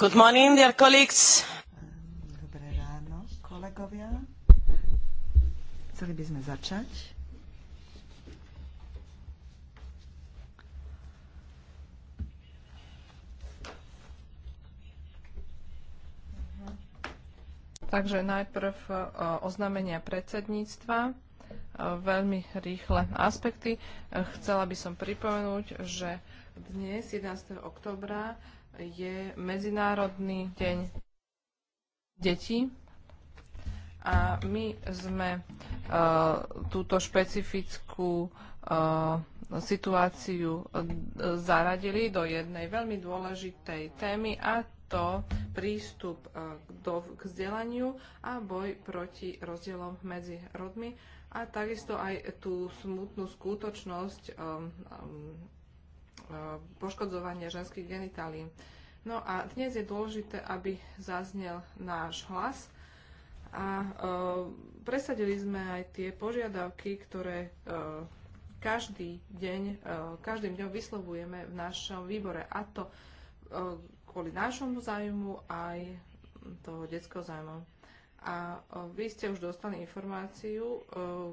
Good morning, dear colleagues. Dobré ráno, kolegovia. Chceli by sme začať. Takže najprv e, oznámenia predsedníctva e, veľmi rýchle aspekty. E, chcela by som pripomenúť, že dnes, 11. oktobra, je Medzinárodný deň detí a my sme uh, túto špecifickú uh, situáciu e, zaradili do jednej veľmi dôležitej témy a to prístup k vzdelaniu a boj proti rozdielom medzi rodmi a takisto aj tú smutnú skutočnosť poškodzovania ženských genitálií. No a dnes je dôležité, aby zaznel náš hlas a e, presadili sme aj tie požiadavky, ktoré e, každý deň, e, každým dňom vyslovujeme v našom výbore a to kvôli nášomu zájmu aj toho detského zájmu. A vy ste už dostali informáciu e,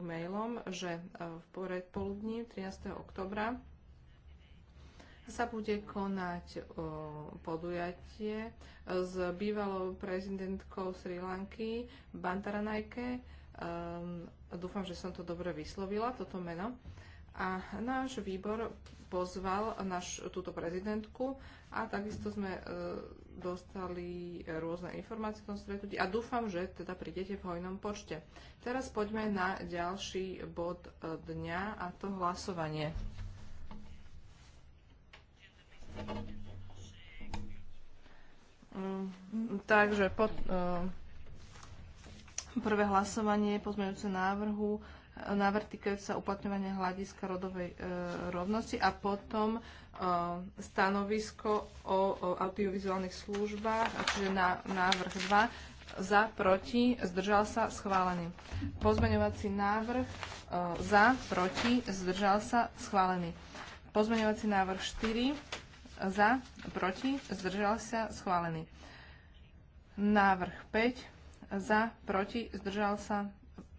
mailom, že e, v poredpoludní 13. oktobra sa bude konať podujatie s bývalou prezidentkou Sri Lanky Bantaranajke. Ehm, dúfam, že som to dobre vyslovila, toto meno. A náš výbor pozval naš, túto prezidentku a takisto sme e, dostali rôzne informácie o tom stretnutí a dúfam, že teda prídete v hojnom počte. Teraz poďme na ďalší bod e, dňa a to hlasovanie. Mm, takže pod, eh, prvé hlasovanie pozmeňujúce návrhu eh, návrh týkajúce sa uplatňovania hľadiska rodovej uh, rovnosti a potom uh, stanovisko o, o audiovizuálnych službách, čiže na, návrh 2, za, proti, zdržal sa, schválený. Pozmeňovací návrh uh, za, proti, zdržal sa, schválený. Pozmeňovací návrh 4, za, proti, zdržal sa, schválený. Návrh 5, za, proti, zdržal sa,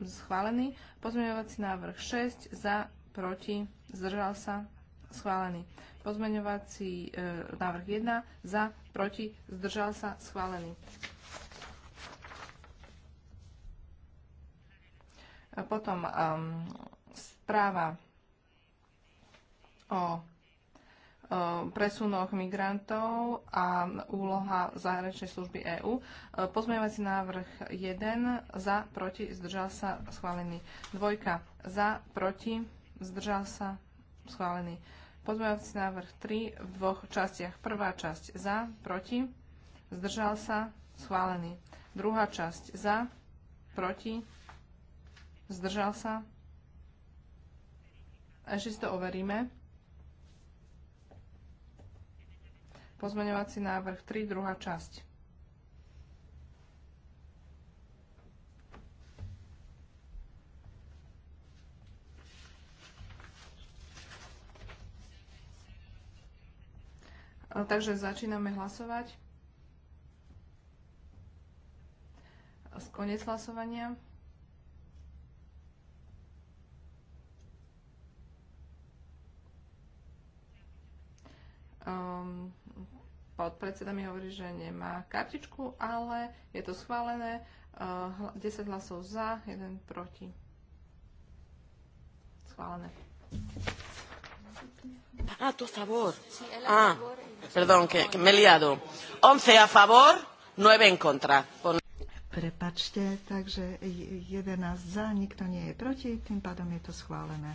schválený. Pozmeňovací návrh 6, za, proti, zdržal sa, schválený. Pozmeňovací e, návrh 1, za, proti, zdržal sa, schválený. A potom um, správa o Eh, presunoch migrantov a úloha zahraničnej služby EÚ. Eh, pozmeňovací návrh 1 za, proti, zdržal sa, schválený. Dvojka za, proti, zdržal sa, schválený. Pozmeňovací návrh 3 v dvoch častiach. Prvá časť za, proti, zdržal sa, schválený. Druhá časť za, proti, zdržal sa. Ešte si to overíme. Pozmeňovací návrh 3, druhá časť. E, takže začíname hlasovať. Konec hlasovania. Um, podpredseda mi hovorí, že nemá kartičku, ale je to schválené. 10 eh, hlasov za, 1 proti. Schválené. Ah, tú favor. Ah, perdón, que, que me he liado. 11 a favor, 9 en contra. Pon Prepačte, takže 11 za, nikto nie je proti, tým pádom je to schválené.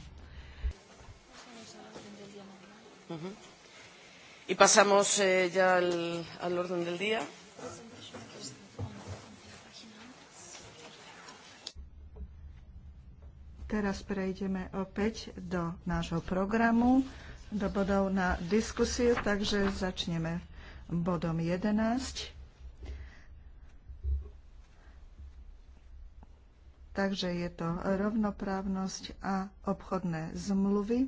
Uh-huh. Y pasamos eh, ya al, al orden del día. Teraz prejdeme opäť do nášho programu, do bodov na diskusiu, takže začneme bodom 11. Takže je to rovnoprávnosť a obchodné zmluvy.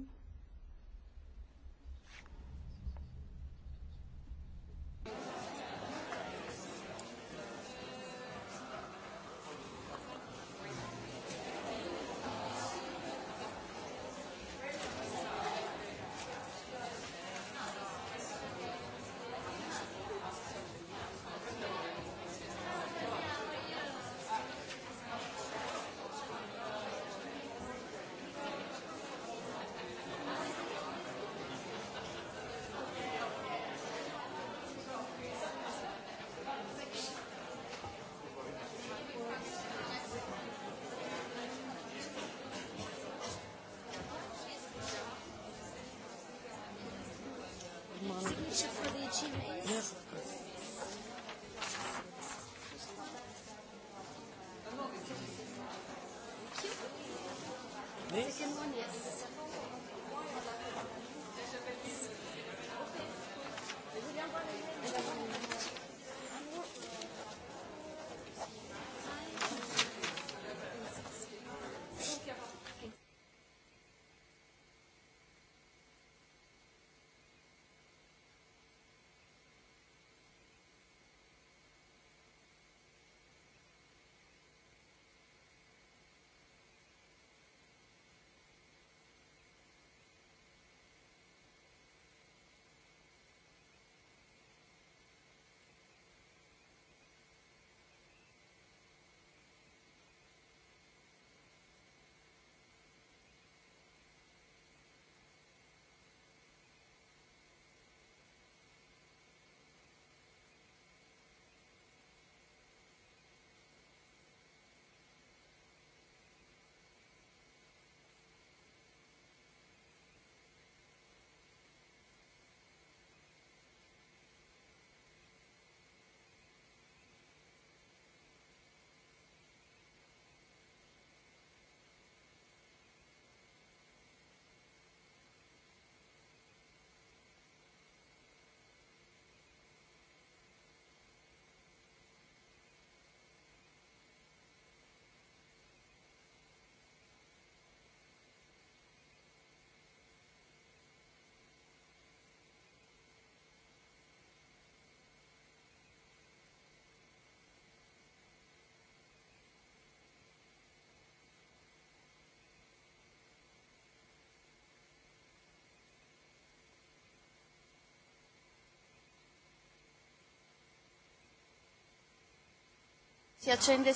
Si accende...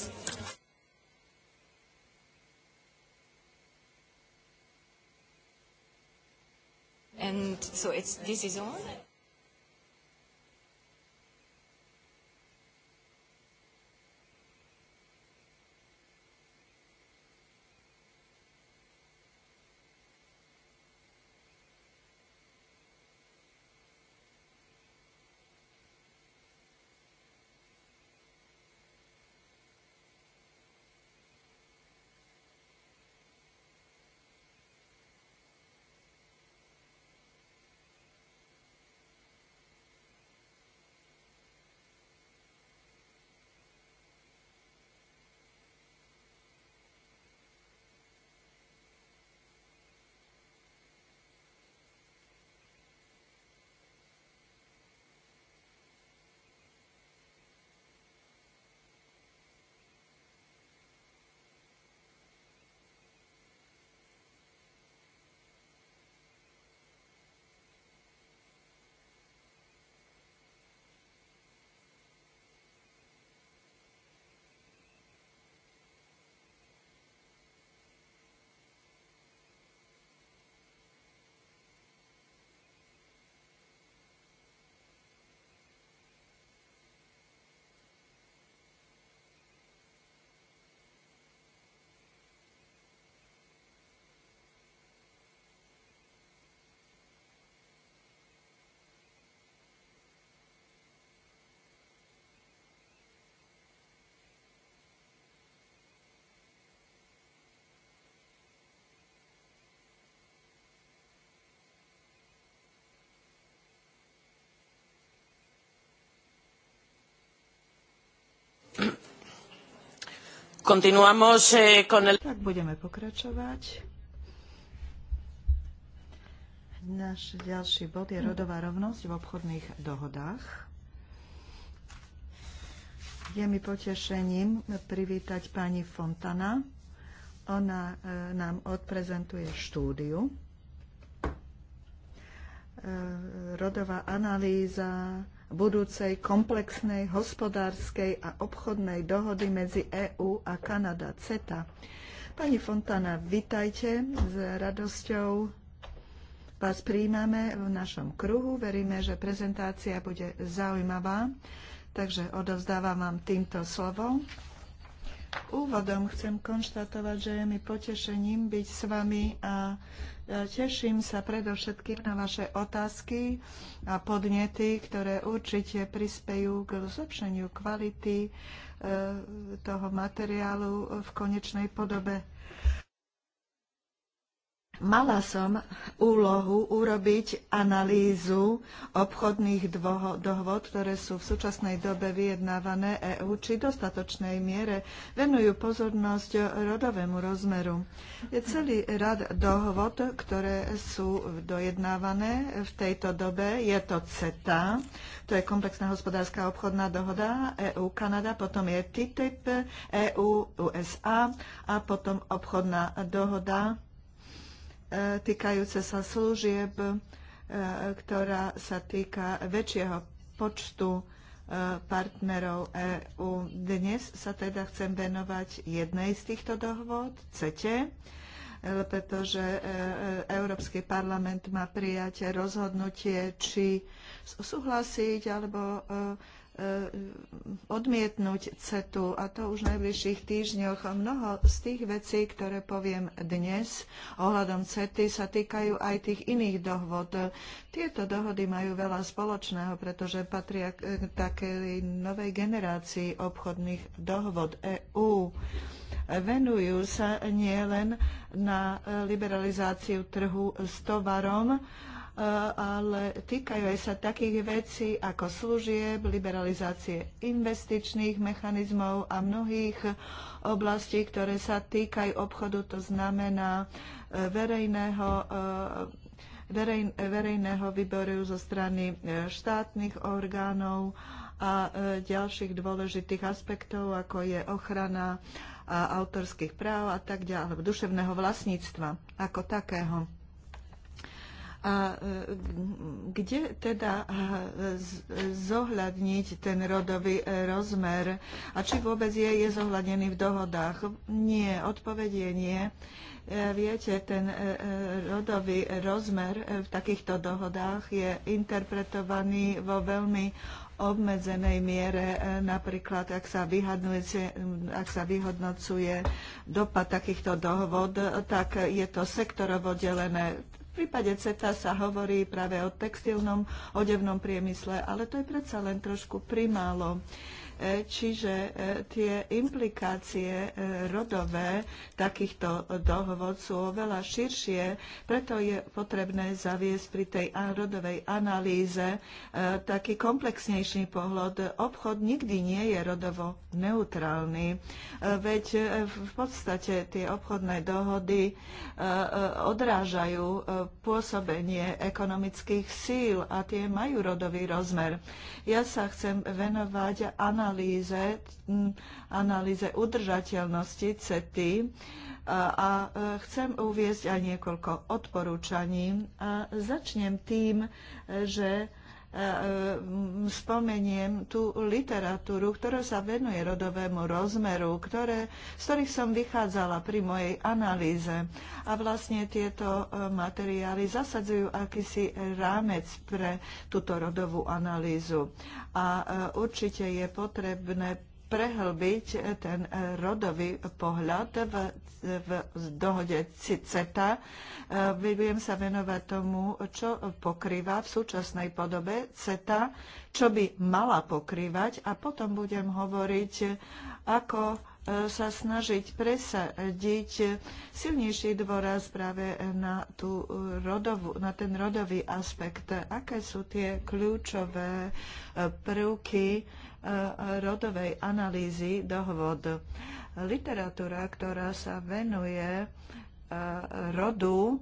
And so it's, this is on? Eh, tak budeme pokračovať. Náš ďalší bod je rodová rovnosť v obchodných dohodách. Je mi potešením privítať pani Fontana. Ona e, nám odprezentuje štúdiu. E, rodová analýza budúcej komplexnej hospodárskej a obchodnej dohody medzi EÚ a Kanada CETA. Pani Fontana, vitajte s radosťou. Vás príjmame v našom kruhu. Veríme, že prezentácia bude zaujímavá. Takže odovzdávam vám týmto slovo. Úvodom chcem konštatovať, že je mi potešením byť s vami a Teším sa predovšetkým na vaše otázky a podnety, ktoré určite prispejú k zlepšeniu kvality eh, toho materiálu v konečnej podobe. Mala som úlohu urobiť analýzu obchodných dohod, ktoré sú v súčasnej dobe vyjednávané EÚ, či v dostatočnej miere venujú pozornosť rodovému rozmeru. Je celý rad dohod, ktoré sú dojednávané v tejto dobe. Je to CETA, to je komplexná hospodárska obchodná dohoda EÚ-Kanada, potom je TTIP, EÚ-USA a potom obchodná dohoda týkajúce sa služieb, e, ktorá sa týka väčšieho počtu e, partnerov EÚ. Dnes sa teda chcem venovať jednej z týchto dohôd, CETE, pretože e, Európsky parlament má prijať rozhodnutie, či súhlasiť alebo E, odmietnúť CETU a to už v najbližších týždňoch. Mnoho z tých vecí, ktoré poviem dnes ohľadom CETY, sa týkajú aj tých iných dohod. Tieto dohody majú veľa spoločného, pretože patria k e, takej novej generácii obchodných dohod EÚ venujú sa nielen na e, liberalizáciu trhu s tovarom, ale týkajú aj sa takých vecí ako služieb, liberalizácie investičných mechanizmov a mnohých oblastí, ktoré sa týkajú obchodu, to znamená e, verejného e, verejného výboru zo strany e, štátnych orgánov a ďalších dôležitých aspektov, ako je ochrana autorských práv a tak ďalej, duševného vlastníctva ako takého. A e, kde teda e, zohľadniť ten rodový e, rozmer? A či vôbec je, je zohľadnený v dohodách? Nie, odpovedie nie. Viete, ten rodový rozmer v takýchto dohodách je interpretovaný vo veľmi obmedzenej miere, napríklad ak sa, ak sa vyhodnocuje dopad takýchto dohod, tak je to sektorovo delené. V prípade CETA sa hovorí práve o textilnom odevnom priemysle, ale to je predsa len trošku primálo. E, čiže e, tie implikácie e, rodové takýchto dohovod sú oveľa širšie, preto je potrebné zaviesť pri tej rodovej analýze taký komplexnejší pohľad. Obchod nikdy nie je rodovo neutrálny, veď v podstate tie obchodné dohody odrážajú pôsobenie ekonomických síl a tie majú rodový rozmer. Ja sa chcem venovať analýze analýze, analýze udržateľnosti CETI a e, chcem uviezť aj niekoľko odporúčaní. A začnem tým, e, že E, spomeniem tú literatúru, ktorá sa venuje rodovému rozmeru, ktoré, z ktorých som vychádzala pri mojej analýze. A vlastne tieto e, materiály zasadzujú akýsi rámec pre túto rodovú analýzu. A e, určite je potrebné prehlbiť ten rodový pohľad v, v dohode CETA. E, budem sa venovať tomu, čo pokrýva v súčasnej podobe CETA, čo by mala pokrývať a potom budem hovoriť, ako e, sa snažiť presadiť silnejší dôraz práve na, tú rodovú, na ten rodový aspekt. Aké sú tie kľúčové e, prvky rodovej analýzy dohovod. Literatúra, ktorá sa venuje rodu,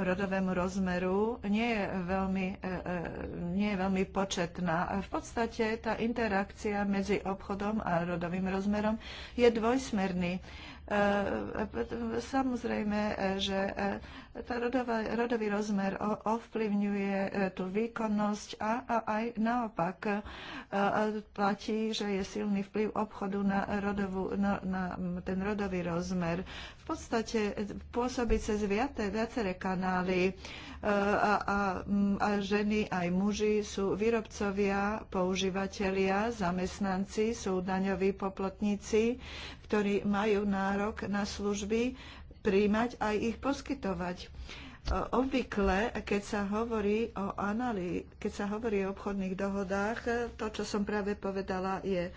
rodovému rozmeru nie je veľmi, e, e, nie je veľmi početná. V podstate tá interakcia medzi obchodom a rodovým rozmerom je dvojsmerný. E, samozrejme, že tá rodová, rodový rozmer ovplyvňuje e, tú výkonnosť a, a aj naopak e, e, platí, že je silný vplyv obchodu na, rodovú, na, na ten rodový rozmer. V podstate pôsobí cez viaceré kanály a, a, a ženy aj muži sú výrobcovia, používateľia, zamestnanci, sú daňoví poplotníci, ktorí majú nárok na služby príjmať aj ich poskytovať. E, obvykle, keď sa hovorí o analý, keď sa hovorí o obchodných dohodách, e, to, čo som práve povedala, je e,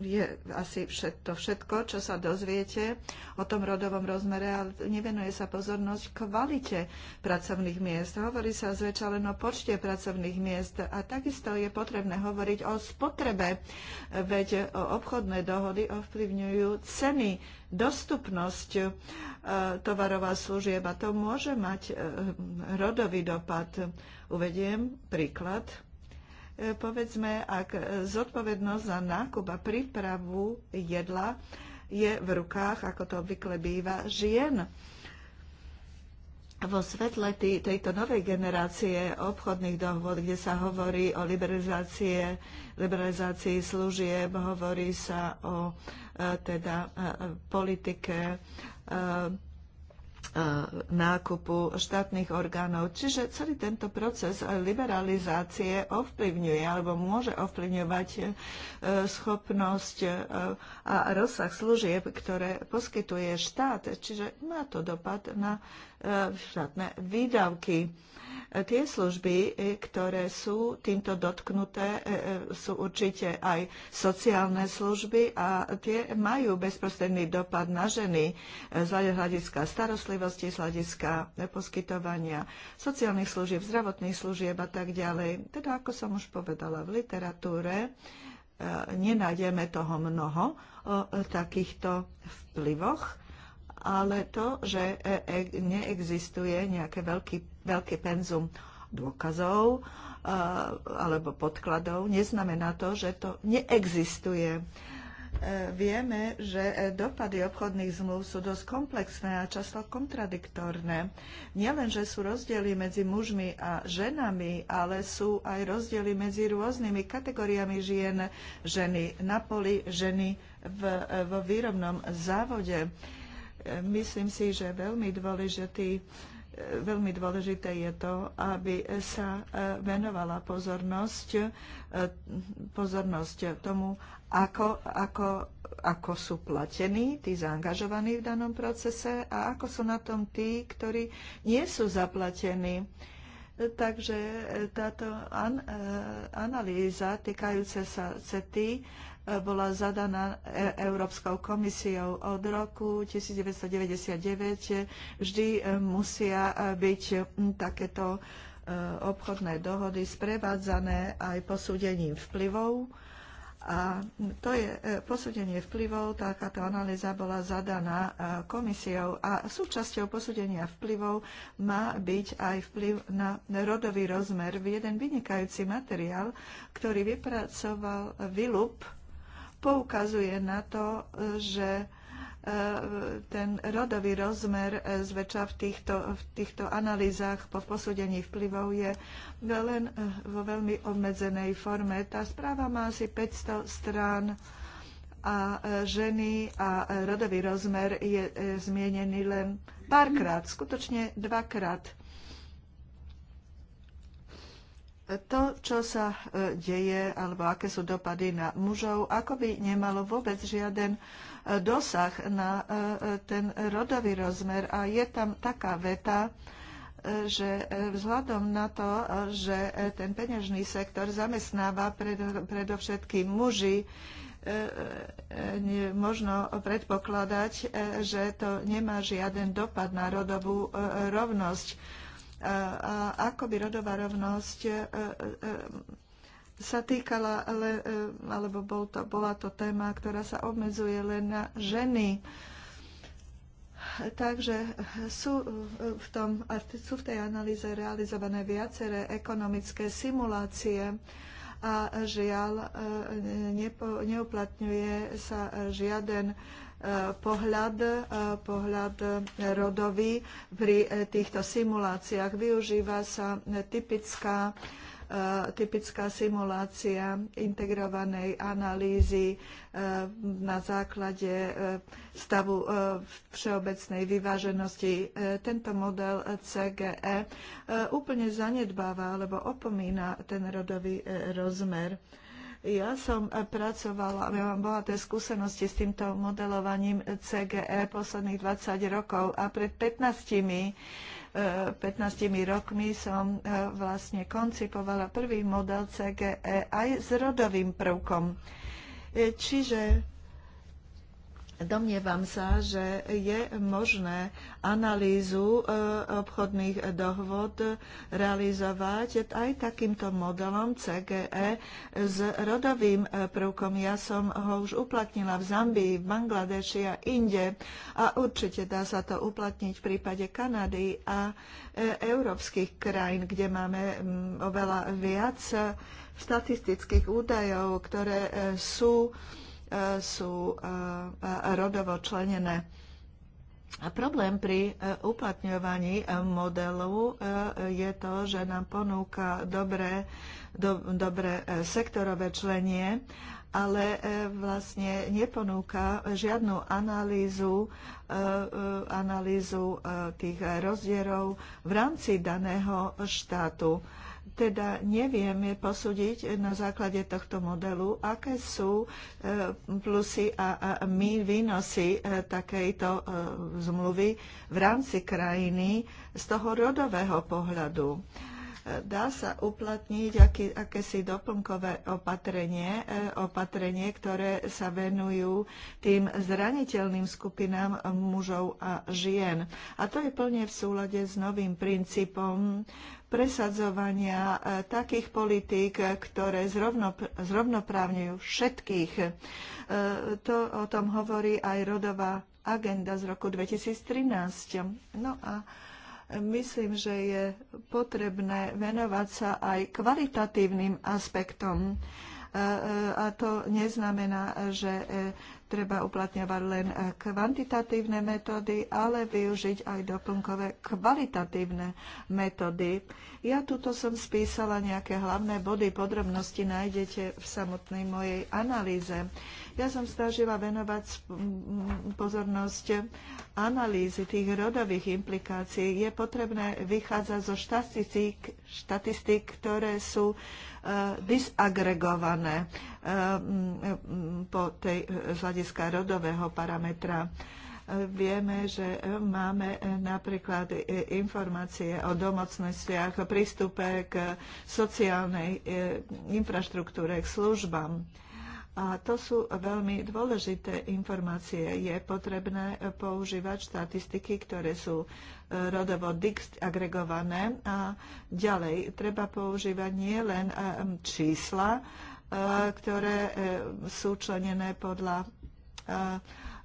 je asi to všetko, čo sa dozviete o tom rodovom rozmere, ale nevenuje sa pozornosť kvalite pracovných miest. Hovorí sa zväčša len o počte pracovných miest a takisto je potrebné hovoriť o spotrebe, veď obchodné dohody ovplyvňujú ceny, dostupnosť e, tovarov a služieb a to môže mať e, rodový dopad. Uvediem príklad E, povedzme, ak e, zodpovednosť za nákup a prípravu jedla je v rukách, ako to obvykle býva, žien. Vo svetle tý, tejto novej generácie obchodných dohôd, kde sa hovorí o liberalizácie, liberalizácii služieb, hovorí sa o e, teda politike nákupu štátnych orgánov. Čiže celý tento proces liberalizácie ovplyvňuje alebo môže ovplyvňovať e, schopnosť e, a rozsah služieb, ktoré poskytuje štát. Čiže má to dopad na e, štátne výdavky. Tie služby, e, ktoré sú týmto dotknuté, e, e, sú určite aj sociálne služby a tie majú bezprostredný dopad na ženy z hľadiska starostlivosti, z hľadiska poskytovania sociálnych služieb, zdravotných služieb a tak ďalej. Teda, ako som už povedala, v literatúre nenájdeme toho mnoho o takýchto vplyvoch, ale to, že neexistuje nejaký veľký veľké penzum dôkazov eh, alebo podkladov, neznamená to, že to neexistuje. Eh, vieme, že dopady obchodných zmluv sú dosť komplexné a často kontradiktorné. Nielen, že sú rozdiely medzi mužmi a ženami, ale sú aj rozdiely medzi rôznymi kategóriami žien. Ženy na poli, ženy v, vo výrobnom závode. Myslím si, že veľmi dôležitý veľmi dôležité je to, aby sa e, venovala pozornosť, e, pozornosť tomu, ako, ako, ako sú platení tí zaangažovaní v danom procese a ako sú na tom tí, ktorí nie sú zaplatení. Takže e, táto an, analýza týkajúce sa CETI bola zadaná e- Európskou komisiou od roku 1999. Vždy e, musia e, byť takéto obchodné dohody sprevádzané aj posúdením vplyvov. A to je posúdenie vplyvov, takáto analýza bola zadaná komisiou a súčasťou posúdenia vplyvov má byť aj vplyv na rodový rozmer. Jeden vynikajúci materiál, ktorý vypracoval VILUP, poukazuje na to, že e, ten rodový rozmer e, zväčša v týchto, v týchto analýzach po posúdení vplyvov je len e, vo veľmi obmedzenej forme. Tá správa má asi 500 strán a ženy a rodový rozmer je zmienený len párkrát, skutočne dvakrát to, čo sa e, deje, alebo aké sú dopady na mužov, ako by nemalo vôbec žiaden e, dosah na e, ten rodový rozmer. A je tam taká veta, že vzhľadom na to, že ten peňažný sektor zamestnáva pred, predovšetkým muži, možno predpokladať, že to nemá žiaden dopad na rodovú rovnosť a ako by rodová rovnosť e, e, e, sa týkala, ale, alebo bol to, bola to téma, ktorá sa obmedzuje len na ženy. Takže sú v, tom, sú v tej analýze realizované viaceré ekonomické simulácie a žiaľ neuplatňuje sa žiaden pohľad, e, pohľad rodový pri e, týchto simuláciách. Využíva sa e, typická typická simulácia integrovanej analýzy na základe stavu všeobecnej vyváženosti. Tento model CGE úplne zanedbáva alebo opomína ten rodový rozmer. Ja som pracovala, ja mám bohaté skúsenosti s týmto modelovaním CGE posledných 20 rokov a pred 15 15 e, rokmi som e, vlastne koncipovala prvý model CGE aj s rodovým prvkom. E, čiže Domnievam sa, že je možné analýzu e, obchodných dohôd realizovať aj takýmto modelom CGE s rodovým e, prvkom. Ja som ho už uplatnila v Zambii, v Bangladeši a inde a určite dá sa to uplatniť v prípade Kanady a e, európskych krajín, kde máme oveľa viac štatistických údajov, ktoré sú E, sú e, e, rodovo členené. A problém pri uplatňovaní modelu je to, že nám ponúka dobré, do, dobré sektorové členie, ale vlastne neponúka žiadnu analýzu, analýzu tých rozdierov v rámci daného štátu teda nevieme posúdiť na základe tohto modelu, aké sú e, plusy a výnosy e, takejto e, zmluvy v rámci krajiny z toho rodového pohľadu dá sa uplatniť aký, akési doplnkové opatrenie, e, opatrenie, ktoré sa venujú tým zraniteľným skupinám mužov a žien. A to je plne v súlade s novým princípom presadzovania e, takých politík, ktoré zrovno, zrovnoprávňujú všetkých. E, to o tom hovorí aj rodová agenda z roku 2013. No a myslím, že je potrebné venovať sa aj kvalitatívnym aspektom. E, e, a to neznamená, že e, treba uplatňovať len kvantitatívne metódy, ale využiť aj doplnkové kvalitatívne metódy. Ja tuto som spísala nejaké hlavné body, podrobnosti nájdete v samotnej mojej analýze. Ja som snažila venovať pozornosť analýzy tých rodových implikácií. Je potrebné vychádzať zo štatistík, štatistík ktoré sú e, disagregované e, po tej, z hľadiska rodového parametra. E, vieme, že máme napríklad informácie o domocnostiach, prístupe k sociálnej infraštruktúre, k službám a to sú veľmi dôležité informácie. Je potrebné používať štatistiky, ktoré sú e, rodovo agregované a ďalej treba používať nielen len e, čísla, e, ktoré sú členené podľa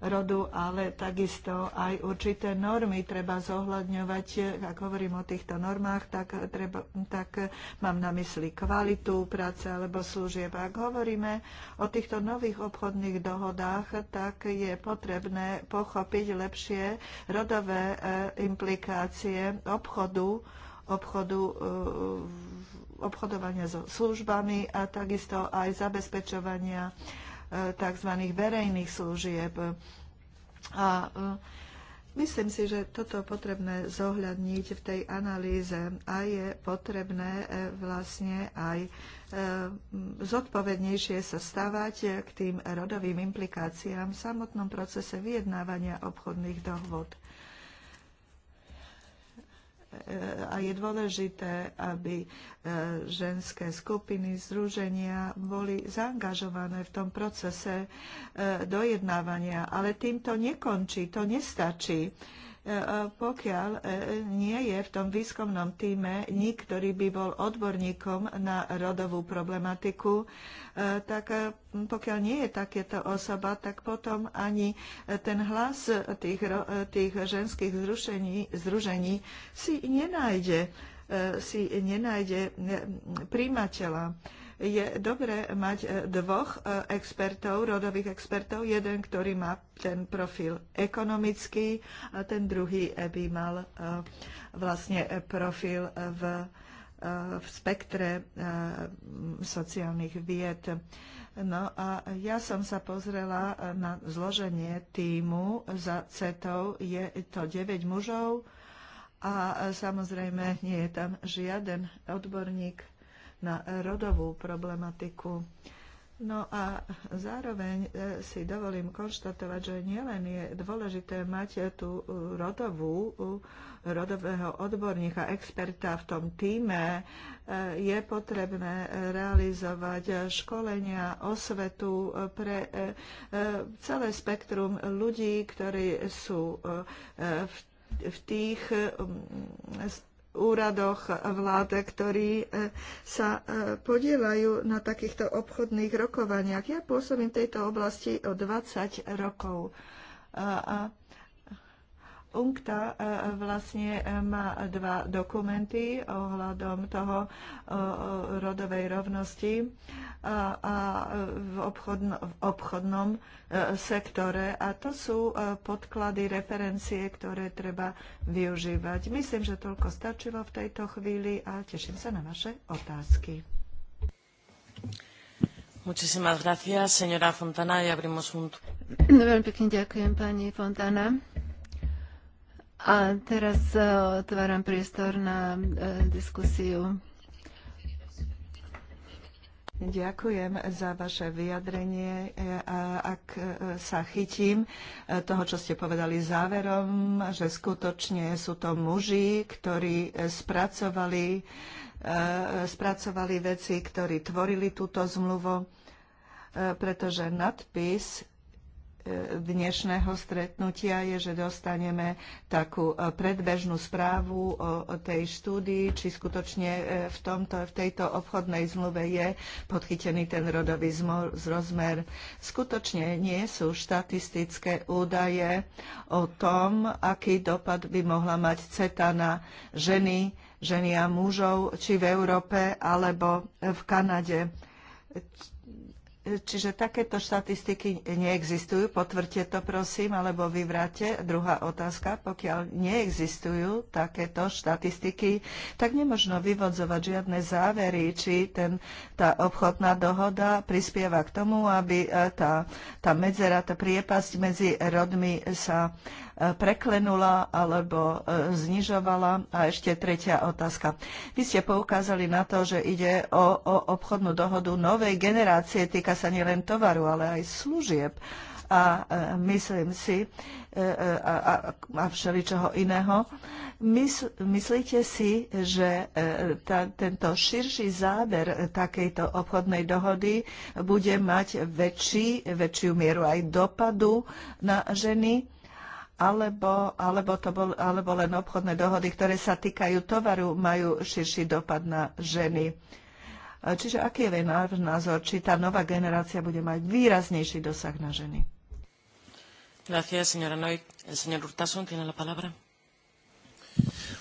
rodu, ale takisto aj určité normy treba zohľadňovať. Ak hovorím o týchto normách, tak, treba, tak mám na mysli kvalitu práce alebo služieb. Ak hovoríme o týchto nových obchodných dohodách, tak je potrebné pochopiť lepšie rodové eh, implikácie obchodu, obchodu eh, obchodovania so službami a takisto aj zabezpečovania tzv. verejných služieb. A e, Myslím si, že toto potrebné zohľadniť v tej analýze a je potrebné e, vlastne aj e, zodpovednejšie sa stavať k tým rodovým implikáciám v samotnom procese vyjednávania obchodných dohôd a je dôležité, aby e, ženské skupiny, združenia boli zaangažované v tom procese e, dojednávania. Ale týmto nekončí, to nestačí E, pokiaľ e, nie je v tom výskumnom týme nik, ktorý by bol odborníkom na rodovú problematiku, e, tak pokiaľ nie je takéto osoba, tak potom ani ten hlas tých, tých ženských zrušení, združení si nenájde, si nenájde príjmateľa je dobré mať e, dvoch e, expertov, rodových expertov, jeden, ktorý má ten profil ekonomický a ten druhý e, by mal vlastne profil v, v spektre sociálnych vied. No a ja som sa pozrela na zloženie týmu za CETOV. Je to 9 mužov a samozrejme nie je tam žiaden odborník na rodovú problematiku. No a zároveň e, si dovolím konštatovať, že nielen je dôležité mať e, tú e, rodovú, rodového odborníka, experta v tom týme, je potrebné realizovať školenia, osvetu pre celé spektrum ľudí, ktorí sú v v tých úradoch vláde, ktorí eh, sa eh, podielajú na takýchto obchodných rokovaniach. Ja pôsobím v tejto oblasti o 20 rokov. a UNCTA e, vlastne e, má dva dokumenty ohľadom toho e, rodovej rovnosti a, v, v obchodnom sektore. A to sú podklady, referencie, ktoré treba využívať. Myslím, že toľko stačilo v tejto chvíli a teším sa na vaše otázky. Muchísimas gracias, señora Fontana, y abrimos un... Veľmi pekne ďakujem, pani Fontana. A teraz e, otváram priestor na e, diskusiu. Ďakujem za vaše vyjadrenie. E, ak sa chytím toho, čo ste povedali záverom, že skutočne sú to muži, ktorí spracovali, spracovali veci, ktorí tvorili túto zmluvu, pretože nadpis dnešného stretnutia je, že dostaneme takú e, predbežnú správu o tej štúdii, či skutočne e, v, tomto, v tejto obchodnej zmluve je podchytený ten rodový rozmer. Skutočne nie sú štatistické údaje o tom, aký dopad by mohla mať CETA na ženy, ženy a mužov, či v Európe alebo v Kanade Čiže takéto štatistiky neexistujú, potvrďte to prosím, alebo vyvráte. Druhá otázka, pokiaľ neexistujú takéto štatistiky, tak nemožno vyvodzovať žiadne závery, či ten, tá obchodná dohoda prispieva k tomu, aby e, tá, tá medzera, tá priepasť medzi rodmi sa uh, preklenula alebo e, znižovala? A ešte tretia otázka. Vy ste poukázali na to, že ide o, o obchodnú dohodu novej generácie. Týka sa nielen tovaru, ale aj služieb a e, myslím si, e, a, a, a všeličoho iného. Mysl, myslíte si, že tá, tento širší záber takejto obchodnej dohody bude mať väčší, väčšiu mieru aj dopadu na ženy? alebo, alebo, to bol, alebo len obchodné dohody, ktoré sa týkajú tovaru, majú širší dopad na ženy. Čiže aký je váš názor, či tá nová generácia bude mať výraznejší dosah na ženy? Gracias, señora Noy. El señor Urtasun tiene la palabra.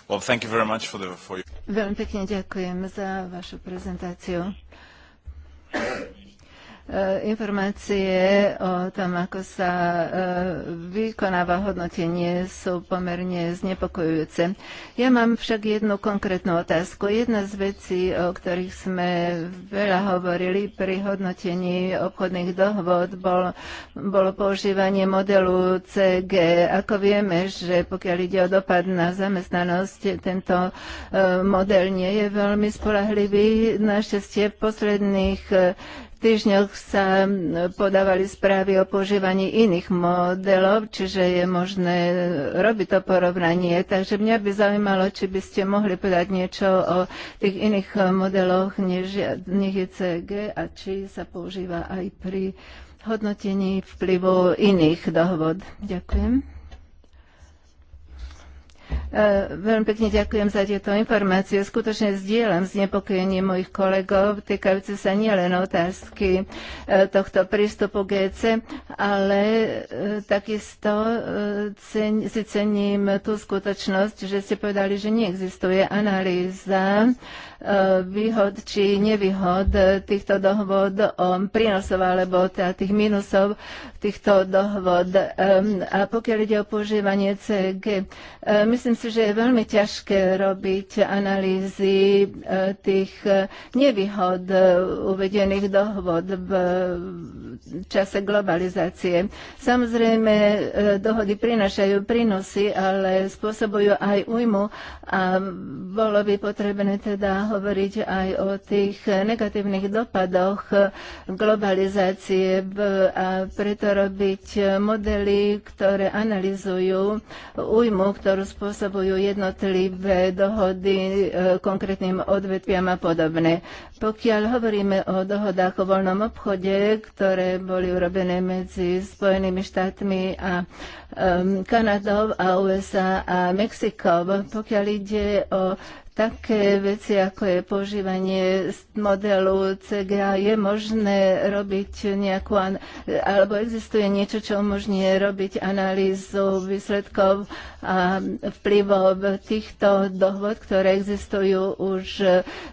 Well, thank you very much for the, for your... Veľmi pekne ďakujem za vašu prezentáciu. E, informácie o tom, ako sa e, vykonáva hodnotenie, sú pomerne znepokojujúce. Ja mám však jednu konkrétnu otázku. Jedna z vecí, o ktorých sme veľa hovorili pri hodnotení obchodných dohôd, bol, bolo používanie modelu CG. Ako vieme, že pokiaľ ide o dopad na zamestnanosť, tento e, model nie je veľmi spolahlivý. Našťastie v posledných týždňoch sa podávali správy o používaní iných modelov, čiže je možné robiť to porovnanie. Takže mňa by zaujímalo, či by ste mohli povedať niečo o tých iných modeloch, než, je CG a či sa používa aj pri hodnotení vplyvu iných dohod. Ďakujem. E, veľmi pekne ďakujem za tieto informácie. Skutočne zdieľam znepokojenie mojich kolegov týkajúce sa nielen otázky e, tohto prístupu GC, ale e, takisto si cením tú skutočnosť, že ste povedali, že neexistuje analýza výhod či nevýhod týchto dohôd, o prínosov alebo teda tých mínusov týchto dohôd. A pokiaľ ide o používanie CG, myslím si, že je veľmi ťažké robiť analýzy e, tých e, nevýhod e, uvedených dohôd v čase globalizácie. Samozrejme, dohody prinášajú prínosy, ale spôsobujú aj újmu a bolo by potrebné teda hovoriť aj o tých negatívnych dopadoch globalizácie a preto robiť modely, ktoré analizujú újmu, ktorú spôsobujú jednotlivé dohody e, konkrétnym odvetviam a podobne. Pokiaľ hovoríme o dohodách o voľnom obchode, ktoré boli urobené medzi Spojenými štátmi a um, Kanadou a USA a Mexikou, pokiaľ ide o také veci, ako je požívanie modelu CGA, je možné robiť nejakú, alebo existuje niečo, čo umožňuje robiť analýzu výsledkov a vplyvov týchto dohod, ktoré existujú už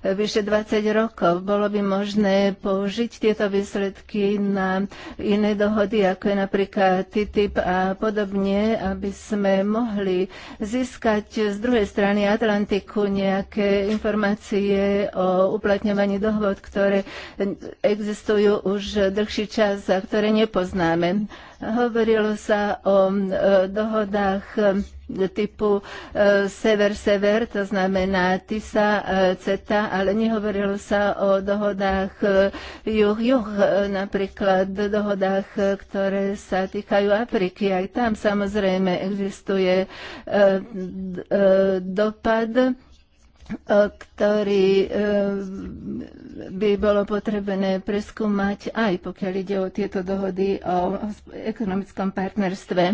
vyše 20 rokov. Bolo by možné použiť tieto výsledky na iné dohody, ako je napríklad TTIP a podobne, aby sme mohli získať z druhej strany Atlantiku nie nejaké informácie o uplatňovaní dohod, ktoré existujú už dlhší čas a ktoré nepoznáme. Hovorilo sa o e, dohodách e, typu sever-sever, to znamená TISA, e, CETA, ale nehovorilo sa o dohodách juh-juh, napríklad dohodách, ktoré sa týkajú Afriky. Aj tam samozrejme existuje dopad ktorý eh, by bolo potrebné preskúmať aj pokiaľ ide o tieto dohody o ekonomickom partnerstve.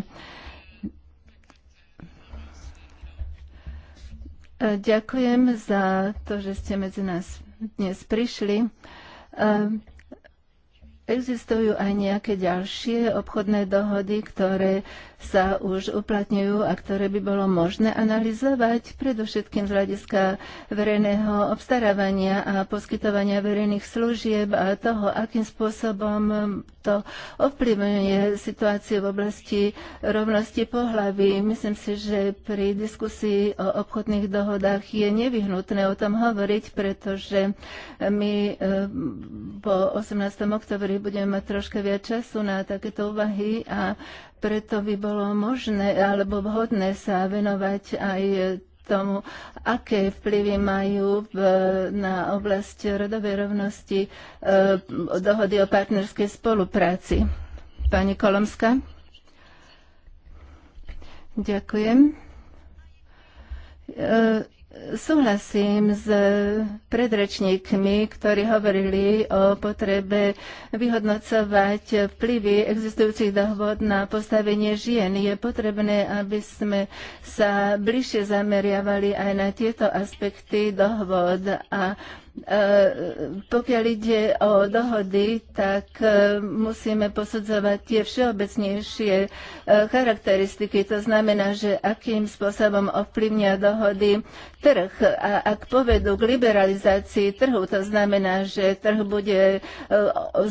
Eh, ďakujem za to, že ste medzi nás dnes prišli. Eh, existujú aj nejaké ďalšie obchodné dohody, ktoré sa už uplatňujú a ktoré by bolo možné analyzovať, predovšetkým z hľadiska verejného obstarávania a poskytovania verejných služieb a toho, akým spôsobom to ovplyvňuje situáciu v oblasti rovnosti pohlaví. Myslím si, že pri diskusii o obchodných dohodách je nevyhnutné o tom hovoriť, pretože my e, po 18. oktobri budeme mať troška viac času na takéto úvahy a preto by bolo možné alebo vhodné sa venovať aj tomu, aké vplyvy majú v, na oblasť rodovej rovnosti e, dohody o partnerskej spolupráci. Pani Kolomská? Ďakujem. E, Súhlasím s predrečníkmi, ktorí hovorili o potrebe vyhodnocovať vplyvy existujúcich dohod na postavenie žien. Je potrebné, aby sme sa bližšie zameriavali aj na tieto aspekty dohod a E, pokiaľ ide o dohody, tak e, musíme posudzovať tie všeobecnejšie e, charakteristiky. To znamená, že akým spôsobom ovplyvnia dohody trh. A ak povedú k liberalizácii trhu, to znamená, že trh bude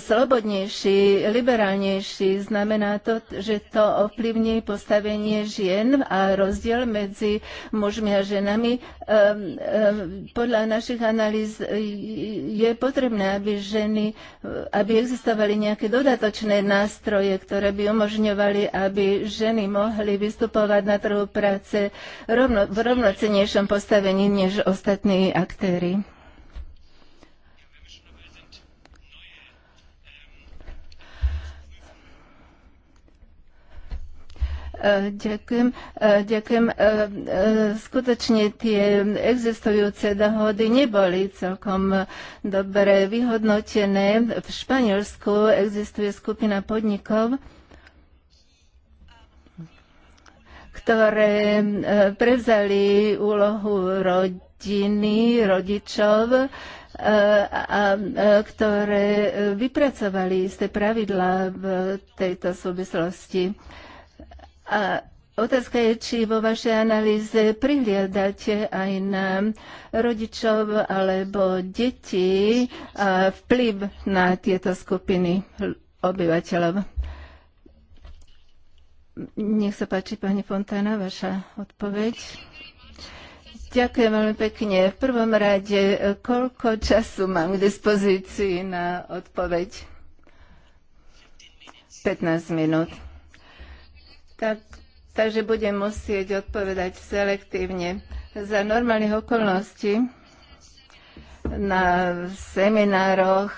slobodnejší, liberálnejší. Znamená to, že to ovplyvní postavenie žien a rozdiel medzi mužmi a ženami. Podľa našich analýz je potrebné, aby ženy, aby existovali nejaké dodatočné nástroje, ktoré by umožňovali, aby ženy mohli vystupovať na trhu práce rovno, v rovnocenejšom postavení než ostatní aktéry. Ďakujem. Ďakujem. E, e, skutočne tie existujúce dohody neboli celkom dobre vyhodnotené. V Španielsku existuje skupina podnikov, ktoré e, prevzali úlohu rodiny, rodičov a, ktoré vypracovali isté pravidlá v tejto súvislosti. A Otázka je, či vo vašej analýze prihliadate aj na rodičov alebo deti a vplyv na tieto skupiny obyvateľov. Nech sa páči, pani Fontána, vaša odpoveď. Ďakujem veľmi pekne. V prvom rade, koľko času mám k dispozícii na odpoveď? 15 minút tak, takže budem musieť odpovedať selektívne. Za normálnych okolností na seminároch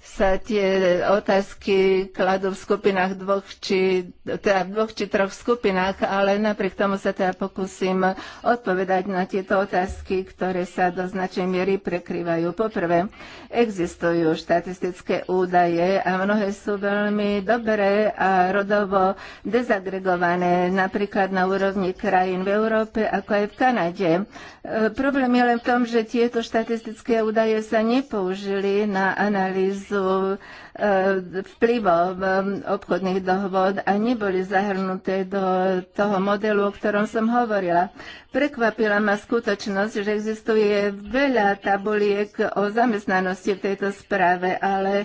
sa tie otázky kladú v skupinách dvoch či, teda v dvoch či troch skupinách, ale napriek tomu sa teda pokúsim odpovedať na tieto otázky, ktoré sa do značnej miery prekrývajú. Poprvé, existujú štatistické údaje a mnohé sú veľmi dobré a rodovo dezagregované, napríklad na úrovni krajín v Európe, ako aj v Kanade. E, problém je len v tom, že tieto štatistické údaje sa nepoužili na analýzu názov E, vplyvom e, obchodných dohôd a neboli zahrnuté do toho modelu, o ktorom som hovorila. Prekvapila ma skutočnosť, že existuje veľa tabuliek o zamestnanosti v tejto správe, ale e,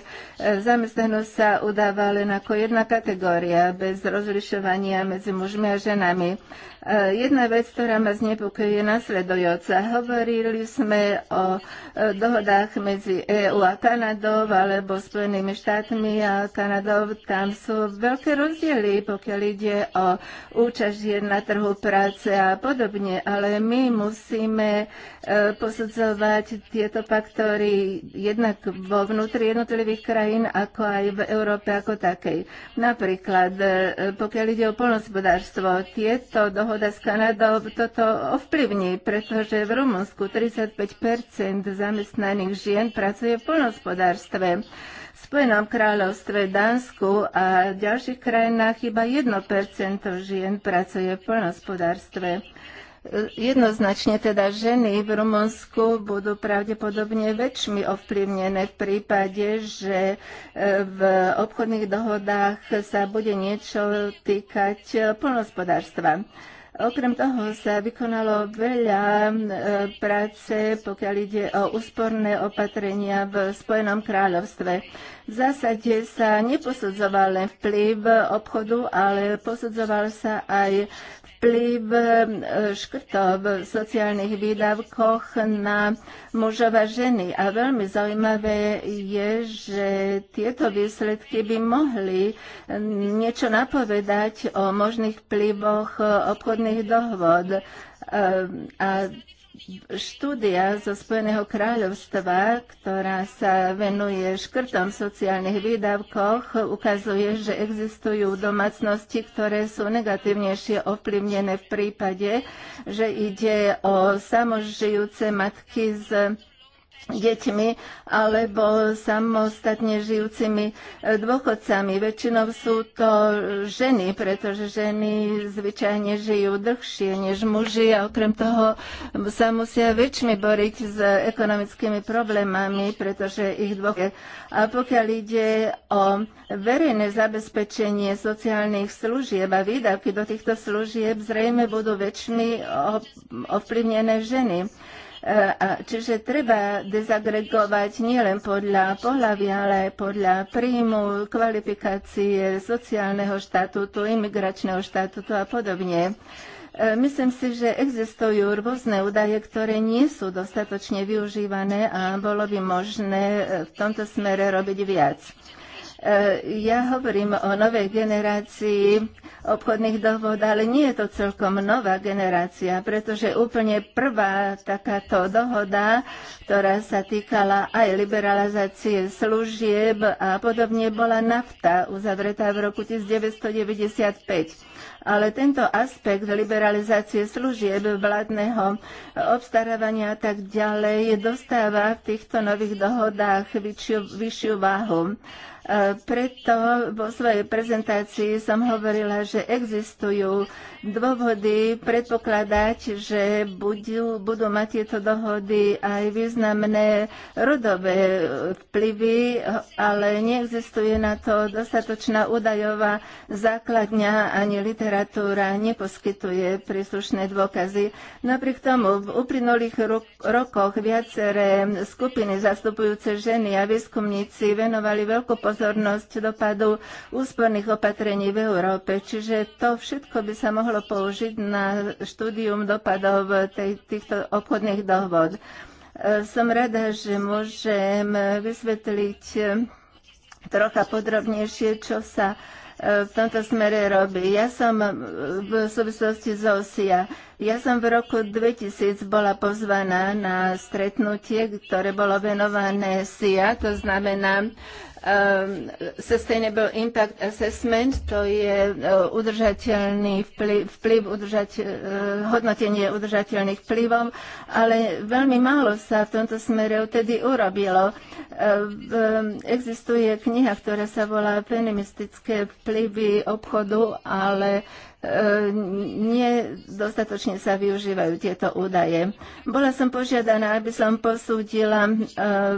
zamestnanosť sa udáva len ako jedna kategória, bez rozlišovania medzi mužmi a ženami. Jedna vec, ktorá ma znepokojuje, je nasledujúca. Hovorili sme o dohodách medzi EU a Kanadou alebo Spojenými štátmi štátmi a Kanadou, tam sú veľké rozdiely, pokiaľ ide o účasť žien na trhu práce a podobne, ale my musíme e, posudzovať tieto faktory jednak vo vnútri jednotlivých krajín, ako aj v Európe ako takej. Napríklad, e, pokiaľ ide o polnospodárstvo, tieto dohoda s Kanadou toto ovplyvní, pretože v Rumunsku 35 zamestnaných žien pracuje v polnospodárstve. Spojenom kráľovstve, Dánsku a v ďalších krajinách iba 1% žien pracuje v poľnohospodárstve. Jednoznačne teda ženy v Rumunsku budú pravdepodobne väčšmi ovplyvnené v prípade, že e, v obchodných dohodách sa bude niečo týkať poľnohospodárstva. Okrem toho sa vykonalo veľa e, práce, pokiaľ ide o úsporné opatrenia v Spojenom kráľovstve. V zásade sa neposudzoval len vplyv obchodu, ale posudzoval sa aj vplyv e, škrtov v sociálnych výdavkoch na mužov a ženy. A veľmi zaujímavé je, že tieto výsledky by mohli e, niečo napovedať o možných vplyvoch obchodných dohod. E, a štúdia zo Spojeného kráľovstva, ktorá sa venuje škrtom v sociálnych výdavkoch, ukazuje, že existujú domácnosti, ktoré sú negatívnejšie ovplyvnené v prípade, že ide o samožijúce matky z deťmi alebo samostatne žijúcimi e, dôchodcami. Väčšinou sú to ženy, pretože ženy zvyčajne žijú dlhšie než muži a okrem toho sa musia väčšmi boriť s ekonomickými problémami, pretože ich dôchodky. A pokiaľ ide o verejné zabezpečenie sociálnych služieb a výdavky do týchto služieb, zrejme budú väčšmi ovplyvnené ženy. E, e, čiže treba dezagregovať nielen podľa pohľavy, ale aj podľa príjmu, kvalifikácie, sociálneho štatútu, imigračného štatútu a podobne. E, myslím si, že existujú rôzne údaje, ktoré nie sú dostatočne využívané a bolo by možné v tomto smere robiť viac. Eh, ja hovorím o novej generácii obchodných dohod, ale nie je to celkom nová generácia, pretože úplne prvá takáto dohoda, ktorá sa týkala aj liberalizácie služieb a podobne, bola nafta uzavretá v roku 1995 ale tento aspekt liberalizácie služieb vládneho obstarávania a tak ďalej dostáva v týchto nových dohodách vyššiu, vyššiu váhu. Preto vo svojej prezentácii som hovorila, že existujú dôvody predpokladať, že budú, budú mať tieto dohody aj významné rodové vplyvy, ale neexistuje na to dostatočná údajová základňa, ani literatúra neposkytuje príslušné dôkazy. Napriek tomu v uplynulých rokoch viaceré skupiny zastupujúce ženy a výskumníci venovali veľkú pozornosť dopadu úsporných opatrení v Európe, čiže to všetko by sa mohlo dalo použiť na štúdium dopadov tej, týchto obchodných dohod. E, som rada, že môžem vysvetliť e, trocha podrobnejšie, čo sa e, v tomto smere robí. Ja som v súvislosti z OSIA. Ja som v roku 2000 bola pozvaná na stretnutie, ktoré bolo venované SIA, to znamená Ehm, sustainable Impact Assessment, to je e, udržateľný vplyv, vplyv udržateľ, hodnotenie udržateľných vplyvov, ale veľmi málo sa v tomto smere vtedy urobilo. E, existuje kniha, ktorá sa volá Penimistické vplyvy obchodu, ale E, nedostatočne sa využívajú tieto údaje. Bola som požiadaná, aby som posúdila e,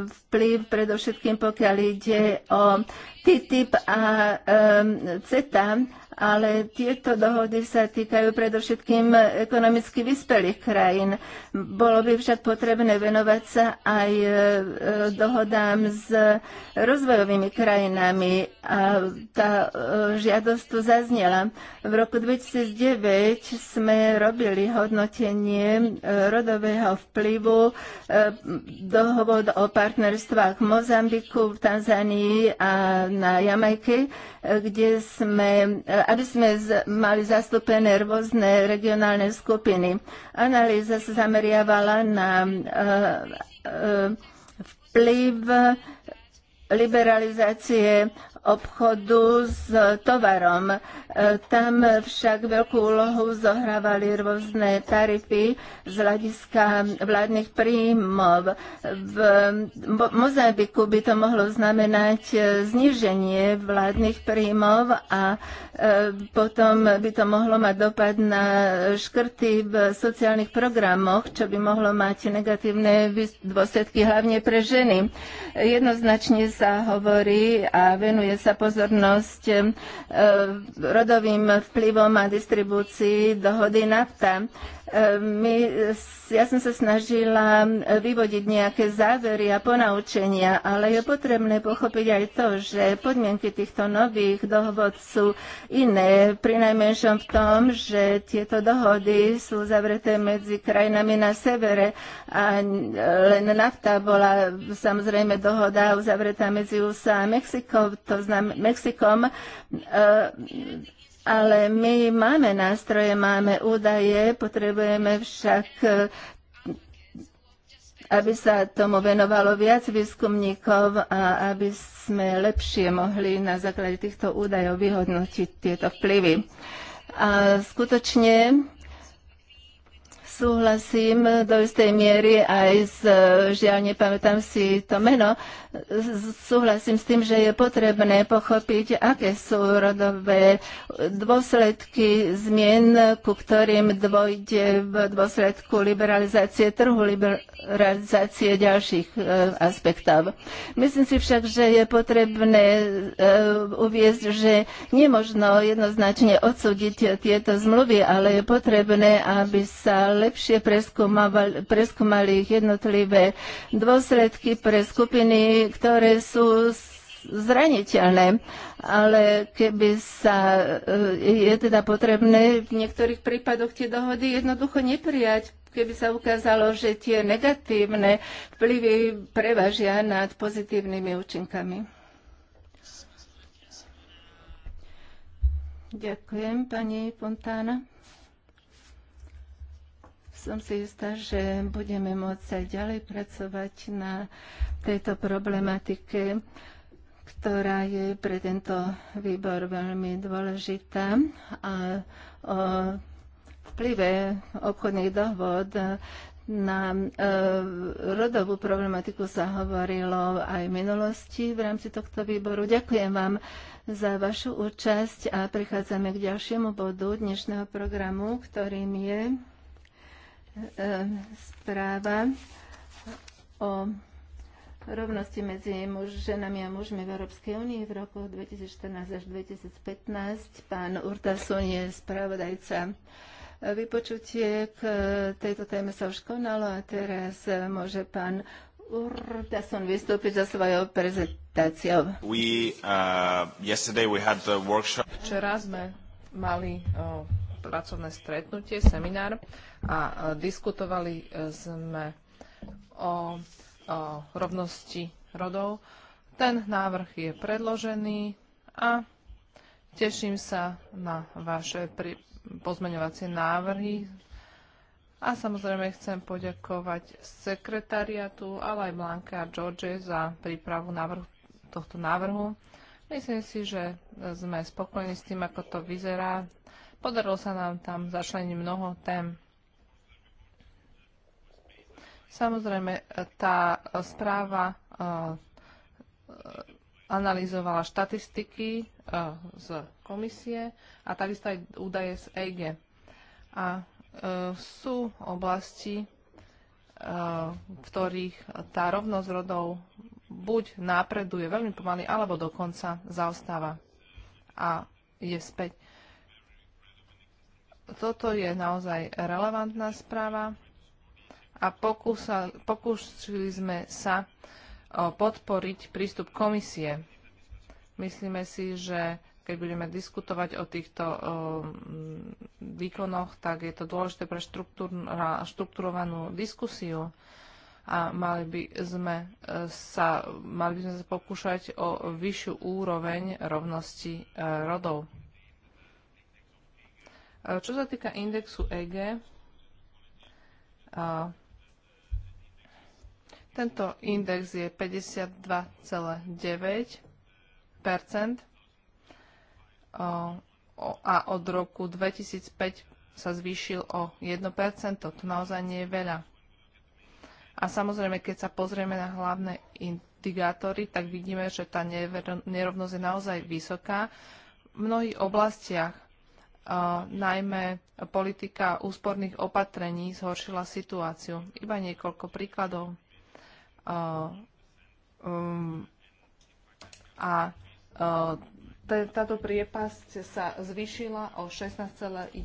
vplyv predovšetkým, pokiaľ ide o TTIP a e, CETA ale tieto dohody sa týkajú predovšetkým ekonomicky vyspelých krajín. Bolo by však potrebné venovať sa aj e, dohodám s rozvojovými krajinami a tá e, žiadosť tu zaznela. V roku 2009 sme robili hodnotenie e, rodového vplyvu dohovod o partnerstvách v Mozambiku, v Tanzánii a na Jamajke, kde sme aby sme mali zastúpené rôzne regionálne skupiny. Analýza sa zameriavala na eh, eh, vplyv liberalizácie obchodu s tovarom. E, tam však veľkú úlohu zohrávali rôzne tarify z hľadiska vládnych príjmov. V Mozambiku by to mohlo znamenať e, zníženie vládnych príjmov a e, potom by to mohlo mať dopad na škrty v sociálnych programoch, čo by mohlo mať negatívne dôsledky hlavne pre ženy. Jednoznačne sa hovorí a venuje venuje sa pozornosť e, rodovým vplyvom a distribúcii dohody NAFTA. My, ja som sa snažila vyvodiť nejaké závery a ponaučenia, ale je potrebné pochopiť aj to, že podmienky týchto nových dohod sú iné, prinajmenšom v tom, že tieto dohody sú zavreté medzi krajinami na severe a len nafta bola samozrejme dohoda uzavretá medzi USA a Mexikom, to znam, Mexikom. E, ale my máme nástroje, máme údaje, potrebujeme však e, aby sa tomu venovalo viac výskumníkov a aby sme lepšie mohli na základe týchto údajov vyhodnotiť tieto vplyvy. A skutočne súhlasím do istej miery aj s, e, žiaľ nepamätám si to meno, súhlasím s tým, že je potrebné pochopiť, aké sú rodové dôsledky zmien, ku ktorým dôjde v dôsledku liberalizácie trhu, liberalizácie ďalších e, aspektov. Myslím si však, že je potrebné e, uviezť, že nemožno jednoznačne odsúdiť tieto zmluvy, ale je potrebné, aby sa lepšie preskúmali ich jednotlivé dôsledky pre skupiny, ktoré sú zraniteľné, ale keby sa, e, je teda potrebné v niektorých prípadoch tie dohody jednoducho neprijať, keby sa ukázalo, že tie negatívne vplyvy prevažia nad pozitívnymi účinkami. Ďakujem, pani Fontána som si istá, že budeme môcť aj ďalej pracovať na tejto problematike, ktorá je pre tento výbor veľmi dôležitá a o vplyve obchodných dohod na e, rodovú problematiku sa hovorilo aj v minulosti v rámci tohto výboru. Ďakujem vám za vašu účasť a prichádzame k ďalšiemu bodu dnešného programu, ktorým je správa o rovnosti medzi muž, ženami a mužmi v Európskej únii v roku 2014 až 2015. Pán Urtasun je spravodajca. Vypočutie k tejto téme sa už konalo a teraz môže pán Urtasun vystúpiť za svojou prezentáciou. We, uh, we had the workshop. Včera sme mali uh, pracovné stretnutie, seminár a diskutovali e, sme o, o rovnosti rodov. Ten návrh je predložený a teším sa na vaše pri, pozmeňovacie návrhy. A samozrejme chcem poďakovať sekretariatu, ale aj Blanke a George za prípravu návrhu, tohto návrhu. Myslím si, že sme spokojní s tým, ako to vyzerá. Podarilo sa nám tam začleniť mnoho tém. Samozrejme, tá správa e, e, analyzovala štatistiky e, z komisie a takisto aj údaje z EG. A sú oblasti, v ktorých tá rovnosť rodov buď napreduje veľmi pomaly, alebo dokonca zaostáva a je späť toto je naozaj relevantná správa a pokúsa, pokúsili sme sa podporiť prístup komisie. Myslíme si, že keď budeme diskutovať o týchto výkonoch, tak je to dôležité pre štruktúrovanú diskusiu a mali by sme e, sa, mali by sme sa pokúšať o vyššiu úroveň rovnosti e, rodov. Čo sa týka indexu EG, tento index je 52,9 a od roku 2005 sa zvýšil o 1 To naozaj nie je veľa. A samozrejme, keď sa pozrieme na hlavné indikátory, tak vidíme, že tá nerovnosť je naozaj vysoká. V mnohých oblastiach najmä politika úsporných opatrení zhoršila situáciu. Iba niekoľko príkladov. A um, táto priepasť sa zvýšila o 16,1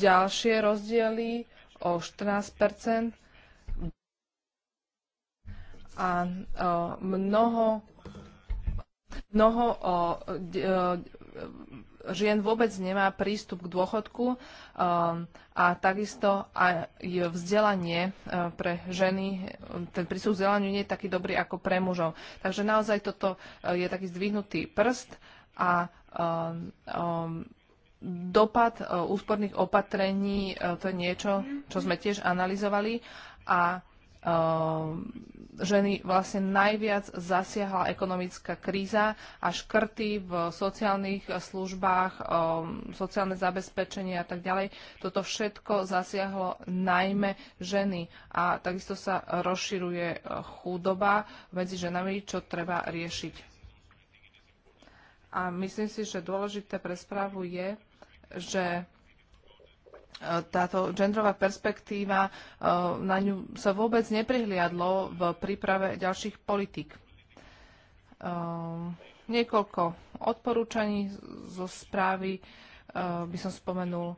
Ďalšie rozdiely o 14 a mnoho mnoho žien vôbec nemá prístup k dôchodku um, a takisto aj vzdelanie um, pre ženy, um, ten prístup vzdelaniu nie je taký dobrý ako pre mužov. Takže naozaj toto uh, je taký zdvihnutý prst a dopad uh, úsporných opatrení, uh, to je niečo, čo sme tiež analyzovali a Ehm, ženy vlastne najviac zasiahla ekonomická kríza a škrty v sociálnych službách, ehm, sociálne zabezpečenie a tak ďalej. Toto všetko zasiahlo najmä ženy a takisto sa rozširuje eh, chudoba medzi ženami, čo treba riešiť. A myslím si, že dôležité pre správu je, že táto genderová perspektíva, e, na ňu sa vôbec neprihliadlo v príprave ďalších politik. E, niekoľko odporúčaní zo správy e, by som spomenul.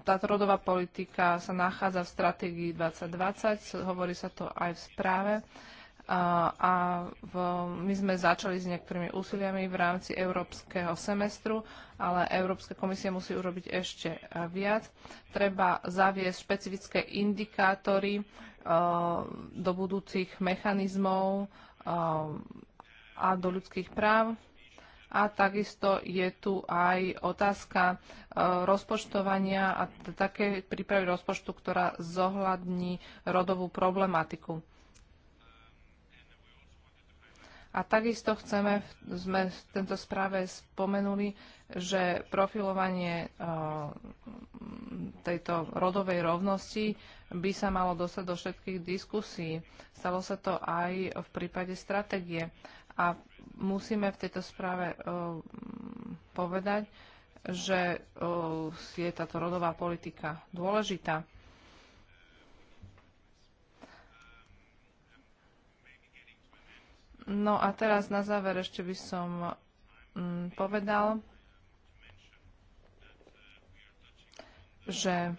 Táto rodová politika sa nachádza v stratégii 2020, hovorí sa to aj v správe a v, my sme začali s niektorými úsiliami v rámci európskeho semestru, ale Európska komisia musí urobiť ešte e, viac. Treba zaviesť špecifické indikátory e, do budúcich mechanizmov e, a do ľudských práv. A takisto je tu aj otázka rozpočtovania a také prípravy rozpočtu, ktorá zohľadní rodovú problematiku a takisto chceme, sme v tento správe spomenuli, že profilovanie e, tejto rodovej rovnosti by sa malo dostať do všetkých diskusí. Stalo sa to aj v prípade stratégie. A musíme v tejto správe e, povedať, že e, je táto rodová politika dôležitá. No a teraz na záver ešte by som mm, povedal, že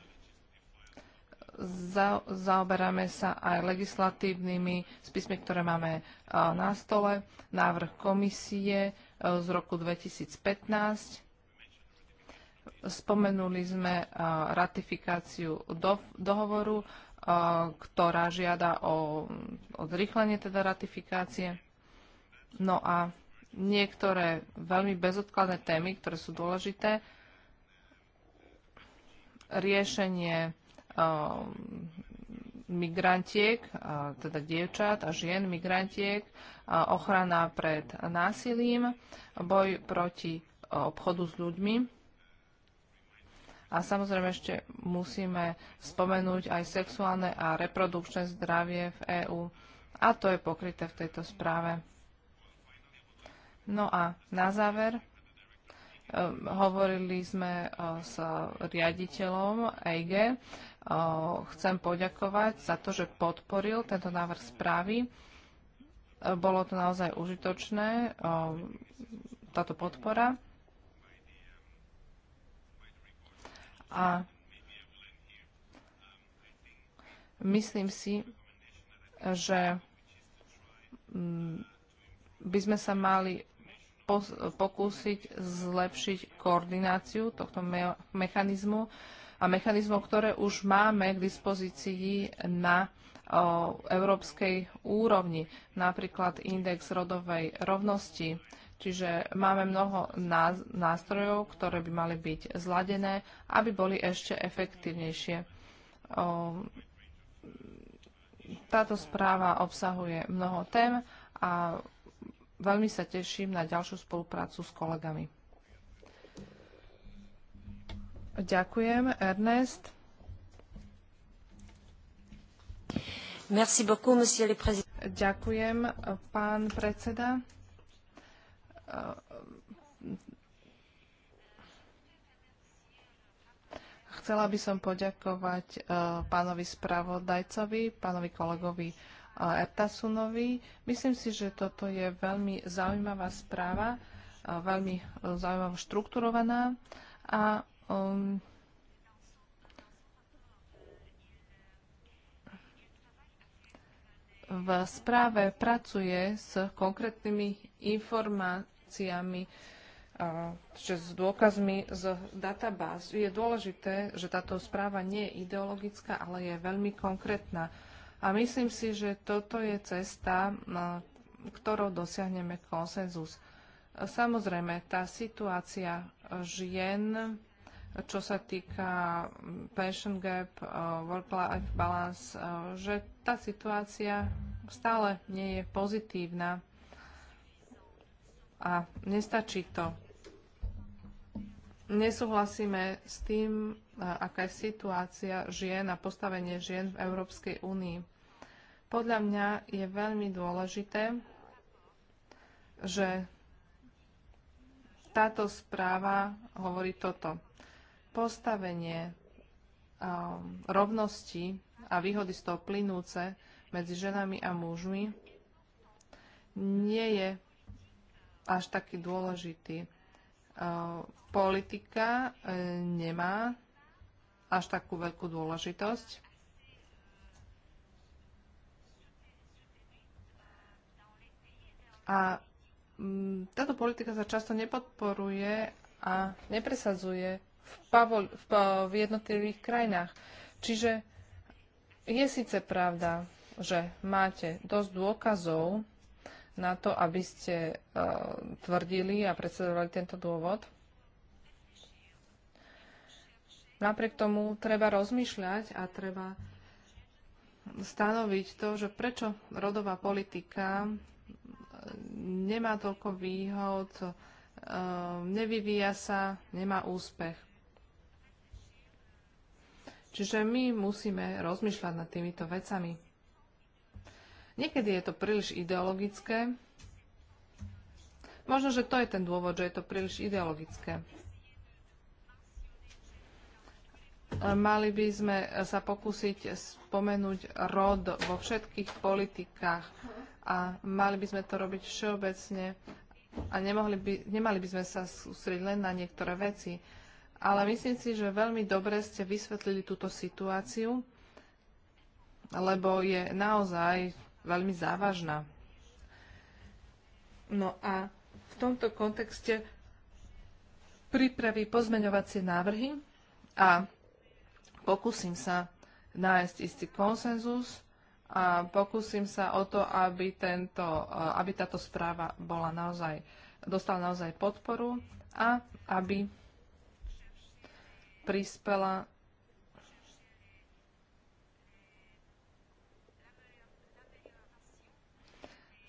za, zaoberáme sa aj legislatívnymi spismi, ktoré máme na stole. Návrh komisie e, z roku 2015. Spomenuli sme ratifikáciu do, dohovoru, ktorá žiada o, o zrýchlenie teda ratifikácie. No a niektoré veľmi bezodkladné témy, ktoré sú dôležité, riešenie um, migrantiek, teda dievčat a žien migrantiek, ochrana pred násilím, boj proti e, obchodu s ľuďmi. A samozrejme ešte musíme spomenúť aj sexuálne a reprodukčné zdravie v EÚ. A to je pokryté v tejto správe. No a na záver eh, hovorili sme eh, s riaditeľom EIG. Eh, chcem poďakovať za to, že podporil tento návrh správy. Bolo to naozaj užitočné, táto podpora. A myslím si, že mm, by sme sa mali pokúsiť zlepšiť koordináciu tohto me mechanizmu a mechanizmov, ktoré už máme k dispozícii na o, európskej úrovni, napríklad index rodovej rovnosti. Čiže máme mnoho nástrojov, ktoré by mali byť zladené, aby boli ešte efektívnejšie. O, táto správa obsahuje mnoho tém a Veľmi sa teším na ďalšiu spoluprácu s kolegami. Ďakujem, Ernest. Merci beaucoup, monsieur le président. Ďakujem, pán predseda. Chcela by som poďakovať eh, pánovi spravodajcovi, pánovi kolegovi Ertasunovi. Myslím si, že toto je veľmi zaujímavá správa, veľmi e, zaujímavo štrukturovaná a um, v správe pracuje s konkrétnymi informáciami, čiže s dôkazmi z databáz. Je dôležité, že táto správa nie je ideologická, ale je veľmi konkrétna a myslím si, že toto je cesta, ktorou dosiahneme konsenzus. Samozrejme, tá situácia žien, čo sa týka mm, pension gap, e, work-life balance, e, že tá situácia stále nie je pozitívna a nestačí to. Nesúhlasíme s tým, aká je situácia žien a postavenie žien v Európskej únii. Podľa mňa je veľmi dôležité, že táto správa hovorí toto. Postavenie um, rovnosti a výhody z toho plynúce medzi ženami a mužmi nie je až taký dôležitý. Uh, politika uh, nemá až takú veľkú dôležitosť. A mm, táto politika sa často nepodporuje a nepresadzuje v, pavol, v, v jednotlivých krajinách. Čiže je síce pravda, že máte dosť dôkazov na to, aby ste uh, tvrdili a predstavovali tento dôvod, Napriek tomu treba rozmýšľať a treba stanoviť to, že prečo rodová politika eh, nemá toľko výhod, eh, nevyvíja sa, nemá úspech. Čiže my musíme rozmýšľať nad týmito vecami. Niekedy je to príliš ideologické. Možno, že to je ten dôvod, že je to príliš ideologické. Mali by sme sa pokúsiť spomenúť rod vo všetkých politikách a mali by sme to robiť všeobecne a nemohli by, nemali by sme sa sústrediť len na niektoré veci. Ale myslím si, že veľmi dobre ste vysvetlili túto situáciu, lebo je naozaj veľmi závažná. No a v tomto kontexte pripraví pozmeňovacie návrhy a Pokúsim sa nájsť istý konsenzus a pokúsim sa o to, aby, tento, aby táto správa bola naozaj, dostala naozaj podporu a aby prispela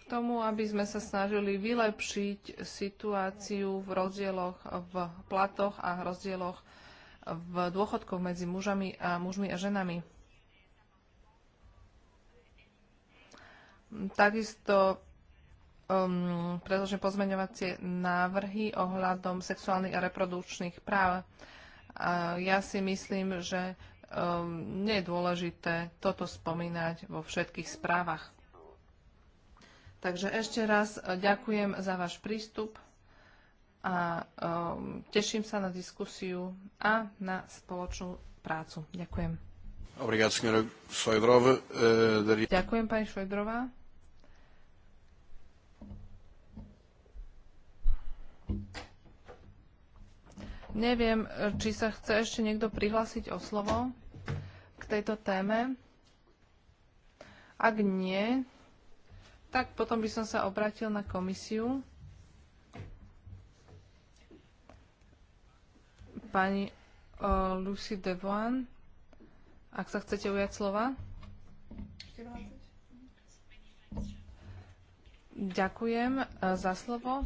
k tomu, aby sme sa snažili vylepšiť situáciu v rozdieloch v platoch a rozdieloch v dôchodkoch medzi mužami a mužmi a ženami. Takisto um, predložím pozmeňovacie návrhy ohľadom sexuálnych a reprodukčných práv. A ja si myslím, že um, nie je dôležité toto spomínať vo všetkých správach. Takže ešte raz ďakujem za váš prístup a um, teším sa na diskusiu a na spoločnú prácu. Ďakujem. Eh, Ďakujem, pani Šojdrová. Neviem, či sa chce ešte niekto prihlásiť o slovo k tejto téme. Ak nie, tak potom by som sa obrátil na komisiu. Pani uh, Lucy Devoan, ak sa chcete ujať slova. Ďakujem e, za slovo.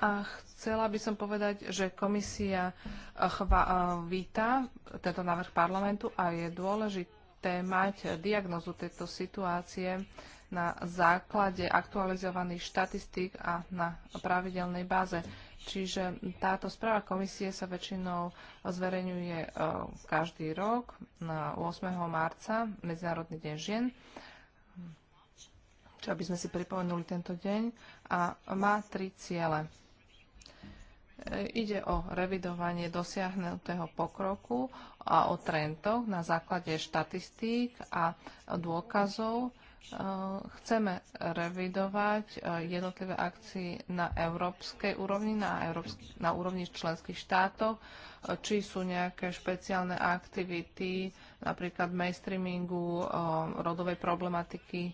A chcela by som povedať, že komisia e, chva- e, víta tento návrh parlamentu a je dôležité mať diagnozu tejto situácie na základe aktualizovaných štatistík a na pravidelnej báze. Čiže táto správa komisie sa väčšinou zverejňuje e, každý rok na 8. marca, Medzinárodný deň žien čo aby sme si pripomenuli tento deň, a má tri ciele. E, ide o revidovanie dosiahnutého pokroku a o trendoch na základe štatistík a dôkazov Eh, chceme revidovať eh, jednotlivé akcie na európskej úrovni, na, európsky, na úrovni členských štátov, eh, či sú nejaké špeciálne aktivity, napríklad mainstreamingu, rodovej problematiky,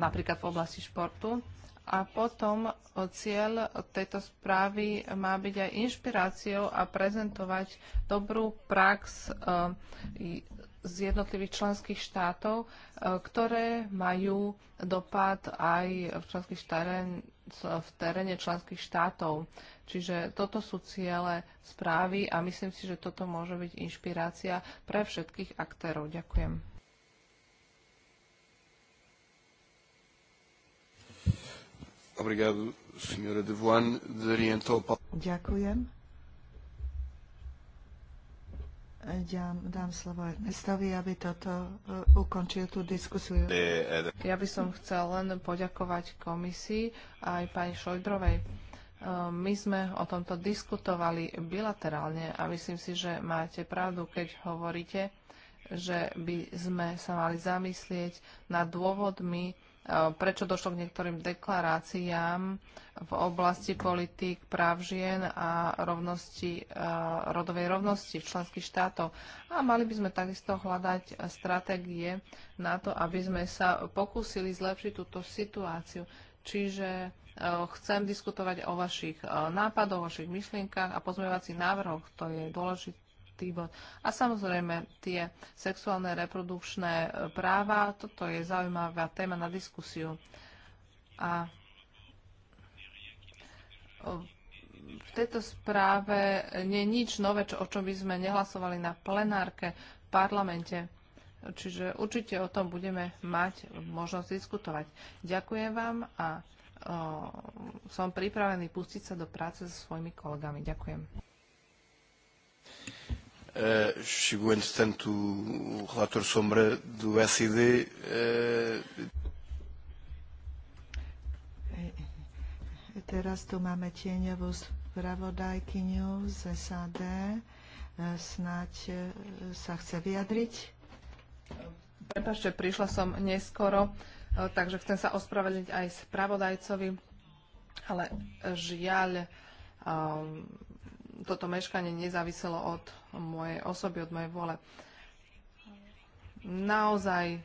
napríklad v oblasti športu. A potom cieľ tejto správy má byť aj inšpiráciou a prezentovať dobrú prax z jednotlivých členských štátov, e, ktoré majú dopad aj v, členských terén, v teréne členských štátov. Čiže toto sú ciele správy a myslím si, že toto môže byť inšpirácia pre všetkých aktérov. Ďakujem. Ďakujem dám, dám slovo Ernestovi, aby toto e, ukončil tú diskusiu. Ja by som chcel len poďakovať komisii a aj pani Šojdrovej. E, my sme o tomto diskutovali bilaterálne a myslím si, že máte pravdu, keď hovoríte, že by sme sa mali zamyslieť nad dôvodmi, prečo došlo k niektorým deklaráciám v oblasti politík práv žien a rovnosti, e, rodovej rovnosti v členských štátoch. A mali by sme takisto hľadať stratégie na to, aby sme sa pokúsili zlepšiť túto situáciu. Čiže e, chcem diskutovať o vašich e, nápadoch, o vašich myšlienkach a pozmevacích návrhoch. To je dôležité Týbot. A samozrejme tie sexuálne reprodukčné e, práva, toto je zaujímavá téma na diskusiu. A v tejto správe nie je nič nové, čo, o čom by sme nehlasovali na plenárke v parlamente. Čiže určite o tom budeme mať možnosť diskutovať. Ďakujem vám a o, som pripravený pustiť sa do práce so svojimi kolegami. Ďakujem. Uh, eh, chegou, entretanto, o, o relator sombra do SID. Uh... Eh, teraz tu máme tieňovú spravodajkyňu z SAD. Eh, snáď sa chce vyjadriť. Prepašte, prišla som neskoro, takže chcem sa ospravedliť aj spravodajcovi, ale žiaľ, um, toto meškanie nezáviselo od mojej osoby, od mojej vôle. Naozaj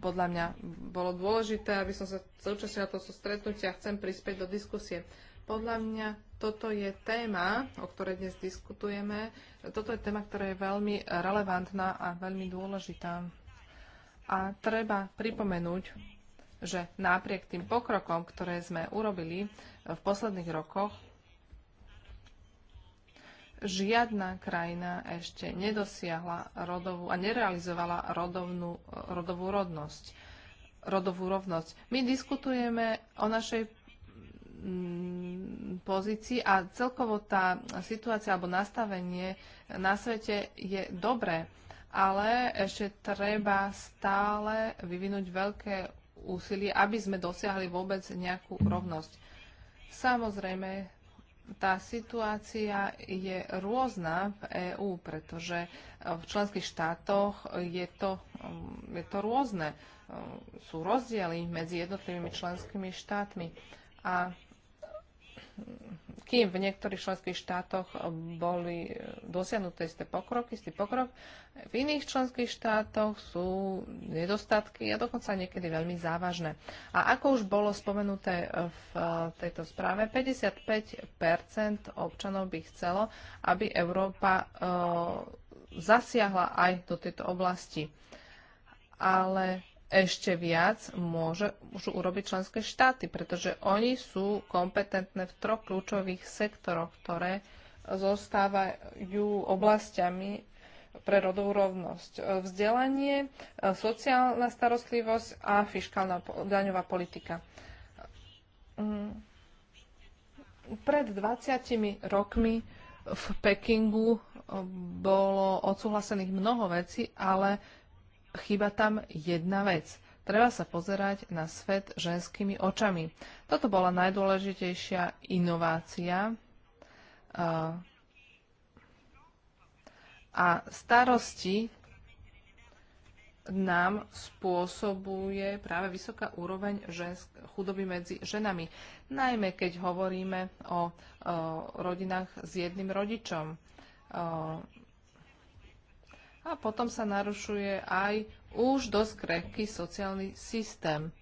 podľa mňa bolo dôležité, aby som sa zúčastnila tohto stretnutia a chcem prispieť do diskusie. Podľa mňa toto je téma, o ktorej dnes diskutujeme. Toto je téma, ktorá je veľmi relevantná a veľmi dôležitá. A treba pripomenúť, že napriek tým pokrokom, ktoré sme urobili v posledných rokoch, žiadna krajina ešte nedosiahla rodovú a nerealizovala rodovnú, rodovú rodnosť. Rodovú rovnosť. My diskutujeme o našej mm, pozícii a celkovo tá situácia alebo nastavenie na svete je dobré, ale ešte treba stále vyvinúť veľké úsilie, aby sme dosiahli vôbec nejakú rovnosť. Samozrejme, tá situácia je rôzna v EÚ, pretože v členských štátoch je to, mm, je to rôzne. Sú rozdiely medzi jednotlivými členskými štátmi. A kým v niektorých členských štátoch boli dosiahnuté isté pokroky, istý pokrok, v iných členských štátoch sú nedostatky a dokonca niekedy veľmi závažné. A ako už bolo spomenuté v tejto správe, 55 občanov by chcelo, aby Európa e, zasiahla aj do tejto oblasti. Ale ešte viac môže, môžu urobiť členské štáty, pretože oni sú kompetentné v troch kľúčových sektoroch, ktoré zostávajú oblastiami pre rodovú rovnosť. Vzdelanie, sociálna starostlivosť a fiskálna daňová politika. Mm. Pred 20 rokmi v Pekingu bolo odsúhlasených mnoho vecí, ale chýba tam jedna vec. Treba sa pozerať na svet ženskými očami. Toto bola najdôležitejšia inovácia a starosti nám spôsobuje práve vysoká úroveň žensk- chudoby medzi ženami. Najmä keď hovoríme o, o rodinách s jedným rodičom. O, a potom sa narušuje aj už dosť krehký sociálny systém.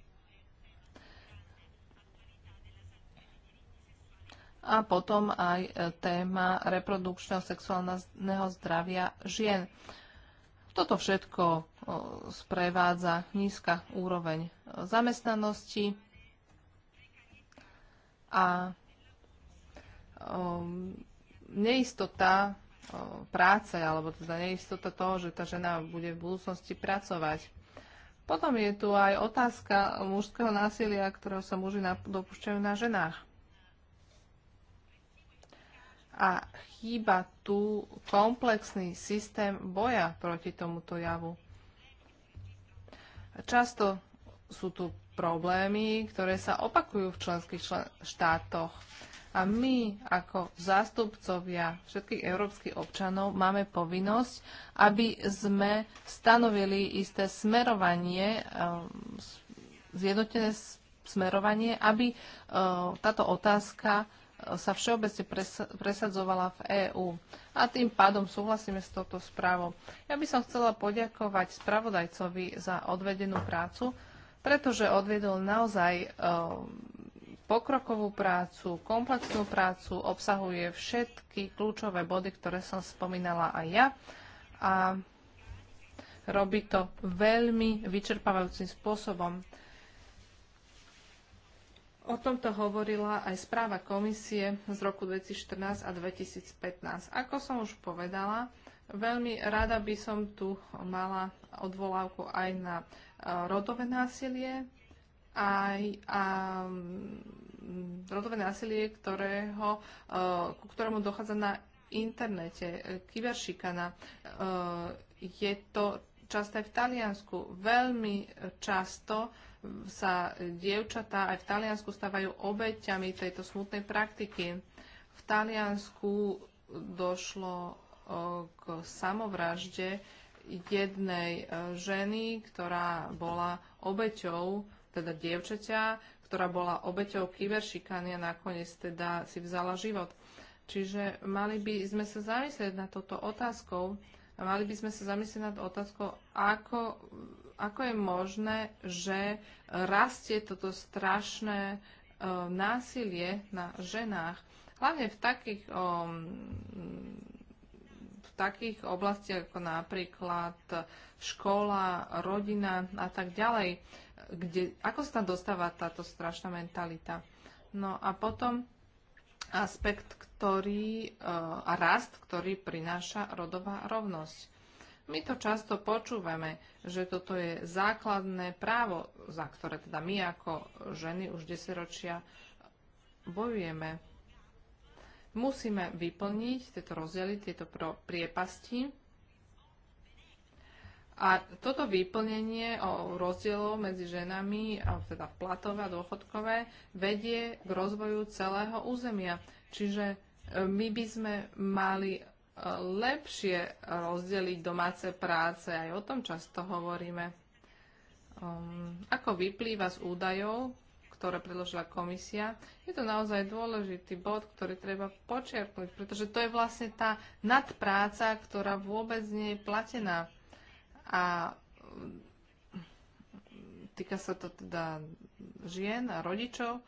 A potom aj e, téma reprodukčného sexuálneho zdravia žien. Toto všetko e, sprevádza nízka úroveň e, zamestnanosti a neistota práce, alebo teda neistota toho, že tá žena bude v budúcnosti pracovať. Potom je tu aj otázka mužského násilia, ktorého sa muži dopúšťajú na ženách. A chýba tu komplexný systém boja proti tomuto javu. Často sú tu problémy, ktoré sa opakujú v členských štátoch a my ako zástupcovia všetkých európskych občanov máme povinnosť, aby sme stanovili isté smerovanie, ehm, zjednotené smerovanie, aby e, táto otázka e, sa všeobecne presadzovala v EÚ. A tým pádom súhlasíme s touto správou. Ja by som chcela poďakovať spravodajcovi za odvedenú prácu, pretože odvedol naozaj e, pokrokovú prácu, komplexnú prácu, obsahuje všetky kľúčové body, ktoré som spomínala aj ja a robí to veľmi vyčerpávajúcim spôsobom. O tomto hovorila aj správa komisie z roku 2014 a 2015. Ako som už povedala, veľmi rada by som tu mala odvolávku aj na e, rodové násilie, aj a mm, rodové násilie, ktorého, e, ku ktorému dochádza na internete, e, kyberšikana. E, je to aj v Taliansku. Veľmi často sa dievčatá aj v Taliansku stávajú obeťami tejto smutnej praktiky. V Taliansku došlo k samovražde jednej ženy, ktorá bola obeťou teda dievčaťa, ktorá bola obeťou kyberšikania a nakoniec teda si vzala život. Čiže mali by sme sa zamyslieť na toto otázkou, a mali by sme sa zamyslieť nad otázkou, ako, ako je možné, že rastie toto strašné e, násilie na ženách. Hlavne v takých takých oblastiach ako napríklad škola, rodina a tak ďalej, kde, ako sa tam dostáva táto strašná mentalita. No a potom aspekt, ktorý e, a rast, ktorý prináša rodová rovnosť. My to často počúvame, že toto je základné právo, za ktoré teda my ako ženy už deseročia bojujeme. Musíme vyplniť tieto rozdiely, tieto priepasti. A toto vyplnenie o rozdielov medzi ženami, teda v platové a dôchodkové, vedie k rozvoju celého územia. Čiže e, my by sme mali e, lepšie rozdeliť domáce práce, aj o tom často hovoríme. Um, ako vyplýva z údajov, ktoré predložila komisia. Je to naozaj dôležitý bod, ktorý treba počiarknúť, pretože to je vlastne tá nadpráca, ktorá vôbec nie je platená. A mm, týka sa to teda žien a rodičov,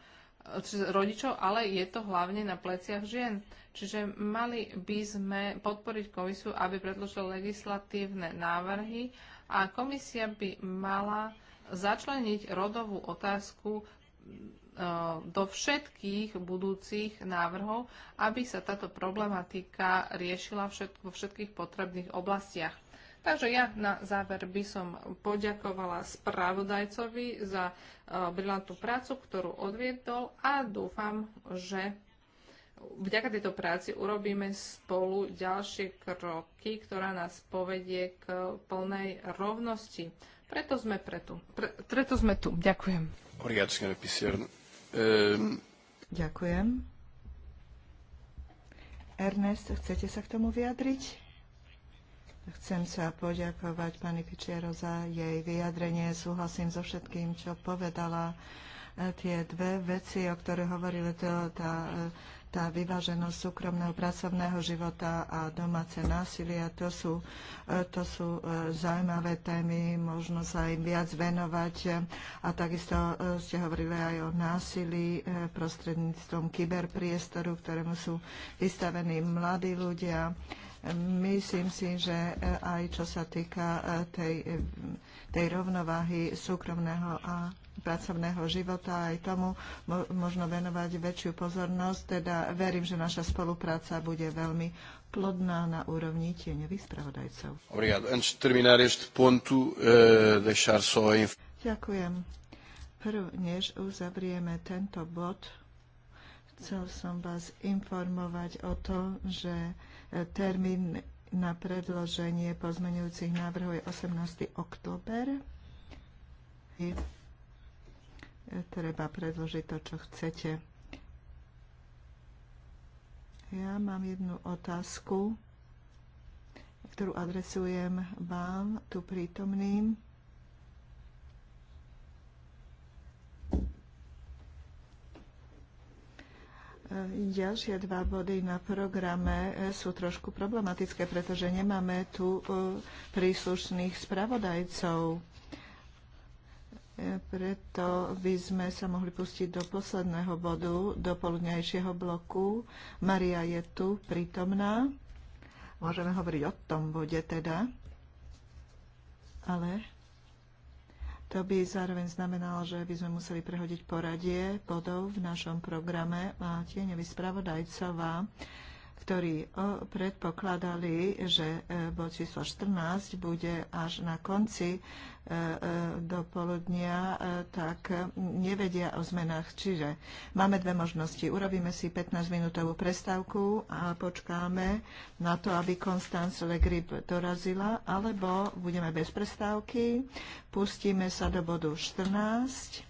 rodičov, ale je to hlavne na pleciach žien. Čiže mali by sme podporiť komisiu, aby predložila legislatívne návrhy a komisia by mala začleniť rodovú otázku E, do všetkých budúcich návrhov, aby sa táto problematika riešila vo všetkých potrebných oblastiach. Takže ja na záver by som poďakovala spravodajcovi za e, brilantnú prácu, ktorú odviedol a dúfam, že vďaka tejto práci urobíme spolu ďalšie kroky, ktorá nás povedie k plnej rovnosti. Preto sme, pretu, pre, preto sme tu. Ďakujem. Obrigado, senhora Picerno. Um... Ehm, Ďakujem. Ernest, chcete sa k tomu vyjadriť? Chcem sa poďakovať pani Pičiero za jej vyjadrenie. Súhlasím so všetkým, čo povedala. E, tie dve veci, o ktorých hovorili, to, tá tá vyváženosť súkromného pracovného života a domáce násilia, to sú, e, to sú e, zaujímavé témy, možno sa im viac venovať. A takisto e, ste hovorili aj o násilí prostredníctvom kyberpriestoru, ktorému sú vystavení mladí ľudia. Myslím si, že aj čo sa týka tej, tej rovnováhy súkromného a pracovného života aj tomu možno venovať väčšiu pozornosť. Teda verím, že naša spolupráca bude veľmi plodná na úrovni tieňových spravodajcov. Eh, Ďakujem. Prv, než uzavrieme tento bod, chcel som vás informovať o tom, že eh, termín na predloženie pozmenujúcich návrhov je 18. október treba predložiť to, čo chcete. Ja mám jednu otázku, ktorú adresujem vám, tu prítomným. Ďalšie dva body na programe sú trošku problematické, pretože nemáme tu e, príslušných spravodajcov preto by sme sa mohli pustiť do posledného bodu, do poludnejšieho bloku. Maria je tu prítomná. Môžeme hovoriť o tom bode teda, ale to by zároveň znamenalo, že by sme museli prehodiť poradie bodov v našom programe a tie nevyspravodajcová. spravodajcová ktorí predpokladali, že e, bod číslo 14 bude až na konci e, e, do poludnia, tak nevedia o zmenách. Čiže máme dve možnosti. Urobíme si 15-minútovú prestávku a počkáme na to, aby Constance Legrip dorazila, alebo budeme bez prestávky, pustíme sa do bodu 14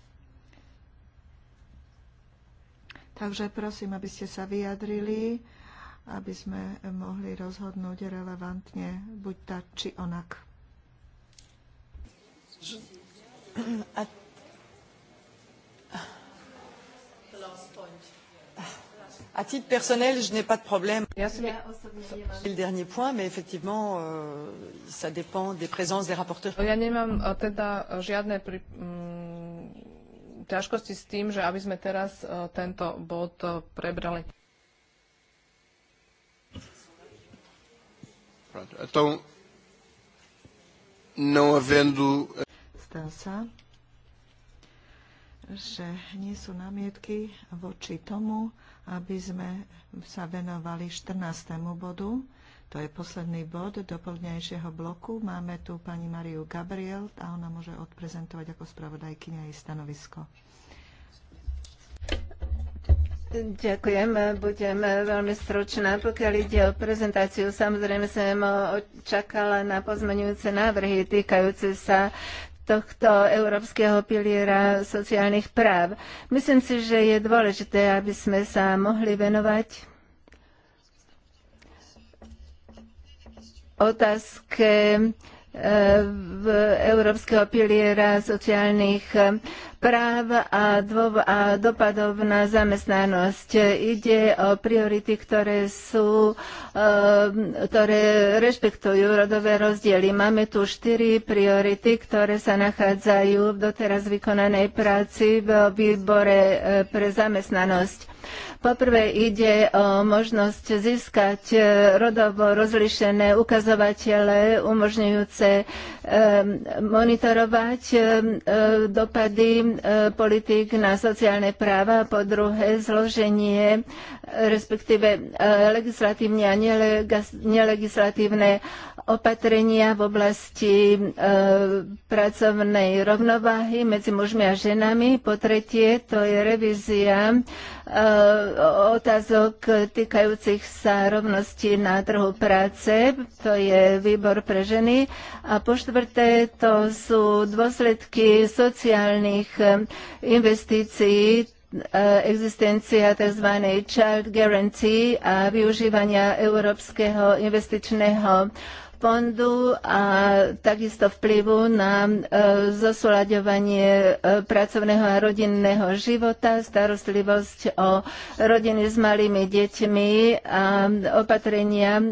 Takže prosím, aby ste sa vyjadrili aby sme mohli rozhodnúť relevantne buď tak, či onak. A... À titre personnel, je n'ai pas de problème. C'est le dernier point, mais effectivement, euh, ça dépend des présences des rapporteurs. Ja nemám euh, teda euh, žiadne pri, mm, ťažkosti s tým, že aby sme teraz uh, tento bod uh, prebrali. Pronto. Então, não havendo... Zdá sa, že nie sú námietky voči tomu, aby sme sa venovali 14. bodu. To je posledný bod doplňajšieho bloku. Máme tu pani Mariu Gabriel a ona môže odprezentovať ako spravodajkyňa jej stanovisko. Ďakujem, budem veľmi stručná. Pokiaľ ide o prezentáciu, samozrejme som čakala na pozmeňujúce návrhy týkajúce sa tohto európskeho piliera sociálnych práv. Myslím si, že je dôležité, aby sme sa mohli venovať otázke v Európskeho piliera sociálnych eh, práv a, dôv- a dopadov na zamestnanosť. Ide o priority, ktoré sú, eh, ktoré rešpektujú rodové rozdiely. Máme tu štyri priority, ktoré sa nachádzajú v doteraz vykonanej práci v výbore eh, pre zamestnanosť. Poprvé ide o možnosť získať e, rodovo rozlišené ukazovatele umožňujúce e, monitorovať e, dopady politik na sociálne práva, po druhé zloženie respektíve legislatívne a nelegislatívne opatrenia v oblasti pracovnej rovnováhy medzi mužmi a ženami. Po tretie, to je revízia otázok týkajúcich sa rovnosti na trhu práce, to je výbor pre ženy. A po štvrté, to sú dôsledky sociálnych eh, investícií eh, existencia tzv. Child Guarantee a využívania Európskeho investičného fondu a takisto vplyvu na e, zosúľaďovanie e, pracovného a rodinného života, starostlivosť o rodiny s malými deťmi a opatrenia e,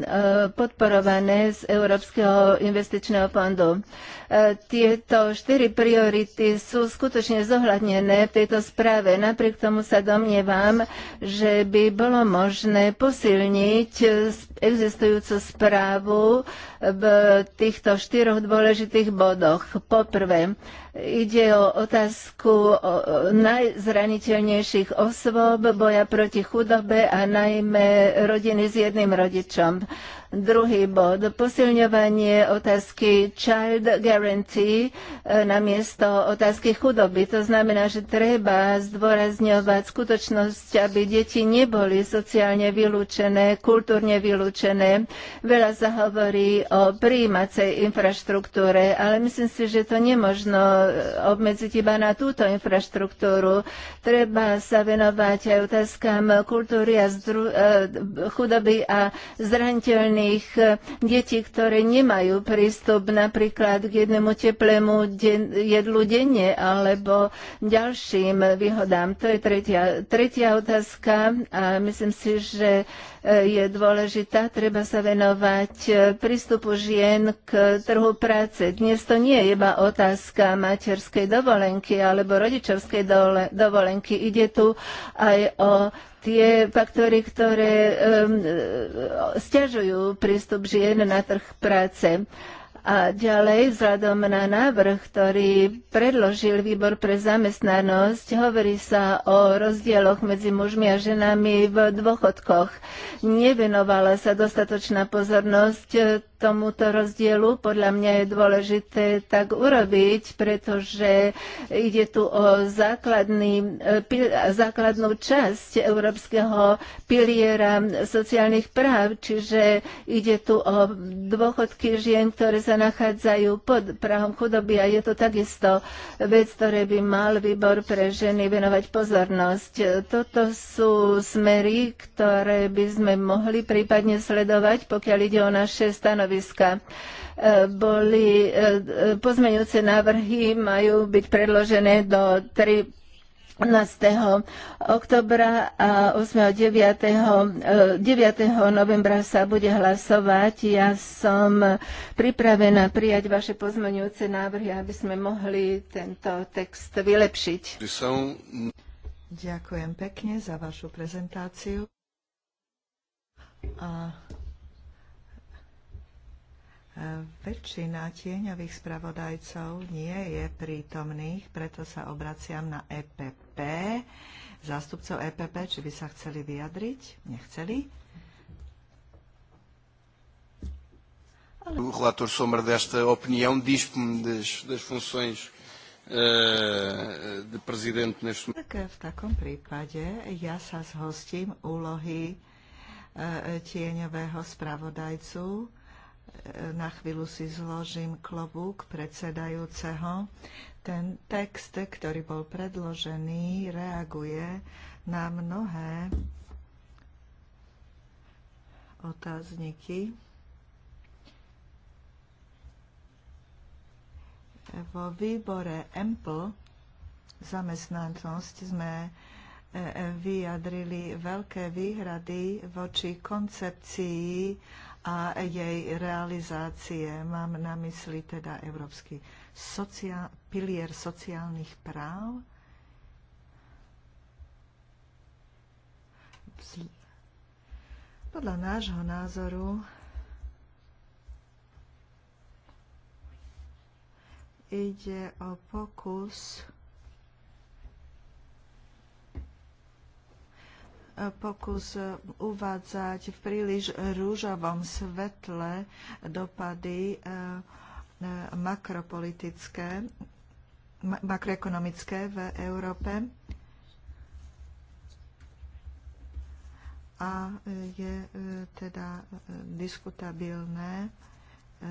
podporované z Európskeho investičného fondu. Tieto štyri priority sú skutočne zohľadnené v tejto správe. Napriek tomu sa domnievam, že by bolo možné posilniť existujúcu správu v týchto štyroch dôležitých bodoch. Poprvé, Ide o otázku o najzraniteľnejších osôb, boja proti chudobe a najmä rodiny s jedným rodičom. Druhý bod, posilňovanie otázky child guarantee e, na miesto otázky chudoby. To znamená, že treba zdôrazňovať skutočnosť, aby deti neboli sociálne vylúčené, kultúrne vylúčené. Veľa sa hovorí o príjímacej infraštruktúre, ale myslím si, že to nemožno obmedziť iba na túto infraštruktúru. Treba sa venovať aj otázkam kultúry a zdru, e, chudoby a zraniteľných e, detí, ktoré nemajú prístup napríklad k jednému teplému jedlu denne alebo ďalším výhodám. To je tretia, tretia otázka a myslím si, že E, je dôležitá. Treba sa venovať e, prístupu žien k trhu práce. Dnes to nie je iba otázka materskej dovolenky alebo rodičovskej dovolenky. Ide tu aj o tie faktory, ktoré um, e, stiažujú prístup žien na trh práce. A ďalej, vzhľadom na návrh, ktorý predložil výbor pre zamestnanosť, hovorí sa o rozdieloch medzi mužmi a ženami v dôchodkoch. Nevenovala sa dostatočná pozornosť tomuto rozdielu. Podľa mňa je dôležité tak urobiť, pretože ide tu o základný, základnú časť európskeho piliera sociálnych práv, čiže ide tu o dôchodky žien, ktoré sa nachádzajú pod prahom chudoby a je to takisto vec, ktoré by mal výbor pre ženy venovať pozornosť. Toto sú smery, ktoré by sme mohli prípadne sledovať, pokiaľ ide o naše stanovisko stanoviska. E, boli e, pozmeňujúce návrhy majú byť predložené do 3 11. oktobra a 8. 9. 9. novembra sa bude hlasovať. Ja som pripravená prijať vaše pozmeňujúce návrhy, aby sme mohli tento text vylepšiť. Ďakujem pekne za vašu prezentáciu. A Väčšina tieňových spravodajcov nie je prítomných, preto sa obraciam na EPP. Zástupcov EPP, či by sa chceli vyjadriť? Nechceli? O relator sombra desta opinião diz-me das, das funções eh, de presidente neste... Tak v takom prípade ja sa zhostím úlohy eh, tieňového spravodajcu na chvíľu si zložím klobúk predsedajúceho. Ten text, ktorý bol predložený, reaguje na mnohé otázniky vo výbore EMPL zamestnancosť sme e, e, vyjadrili veľké výhrady voči koncepcii a jej realizácie. Mám na mysli teda Európsky sociál, pilier sociálnych práv. Podľa nášho názoru ide o pokus pokus uvádzať v príliš rúžovom svetle dopady eh, makropolitické, makroekonomické v Európe. A je eh, teda eh, diskutabilné,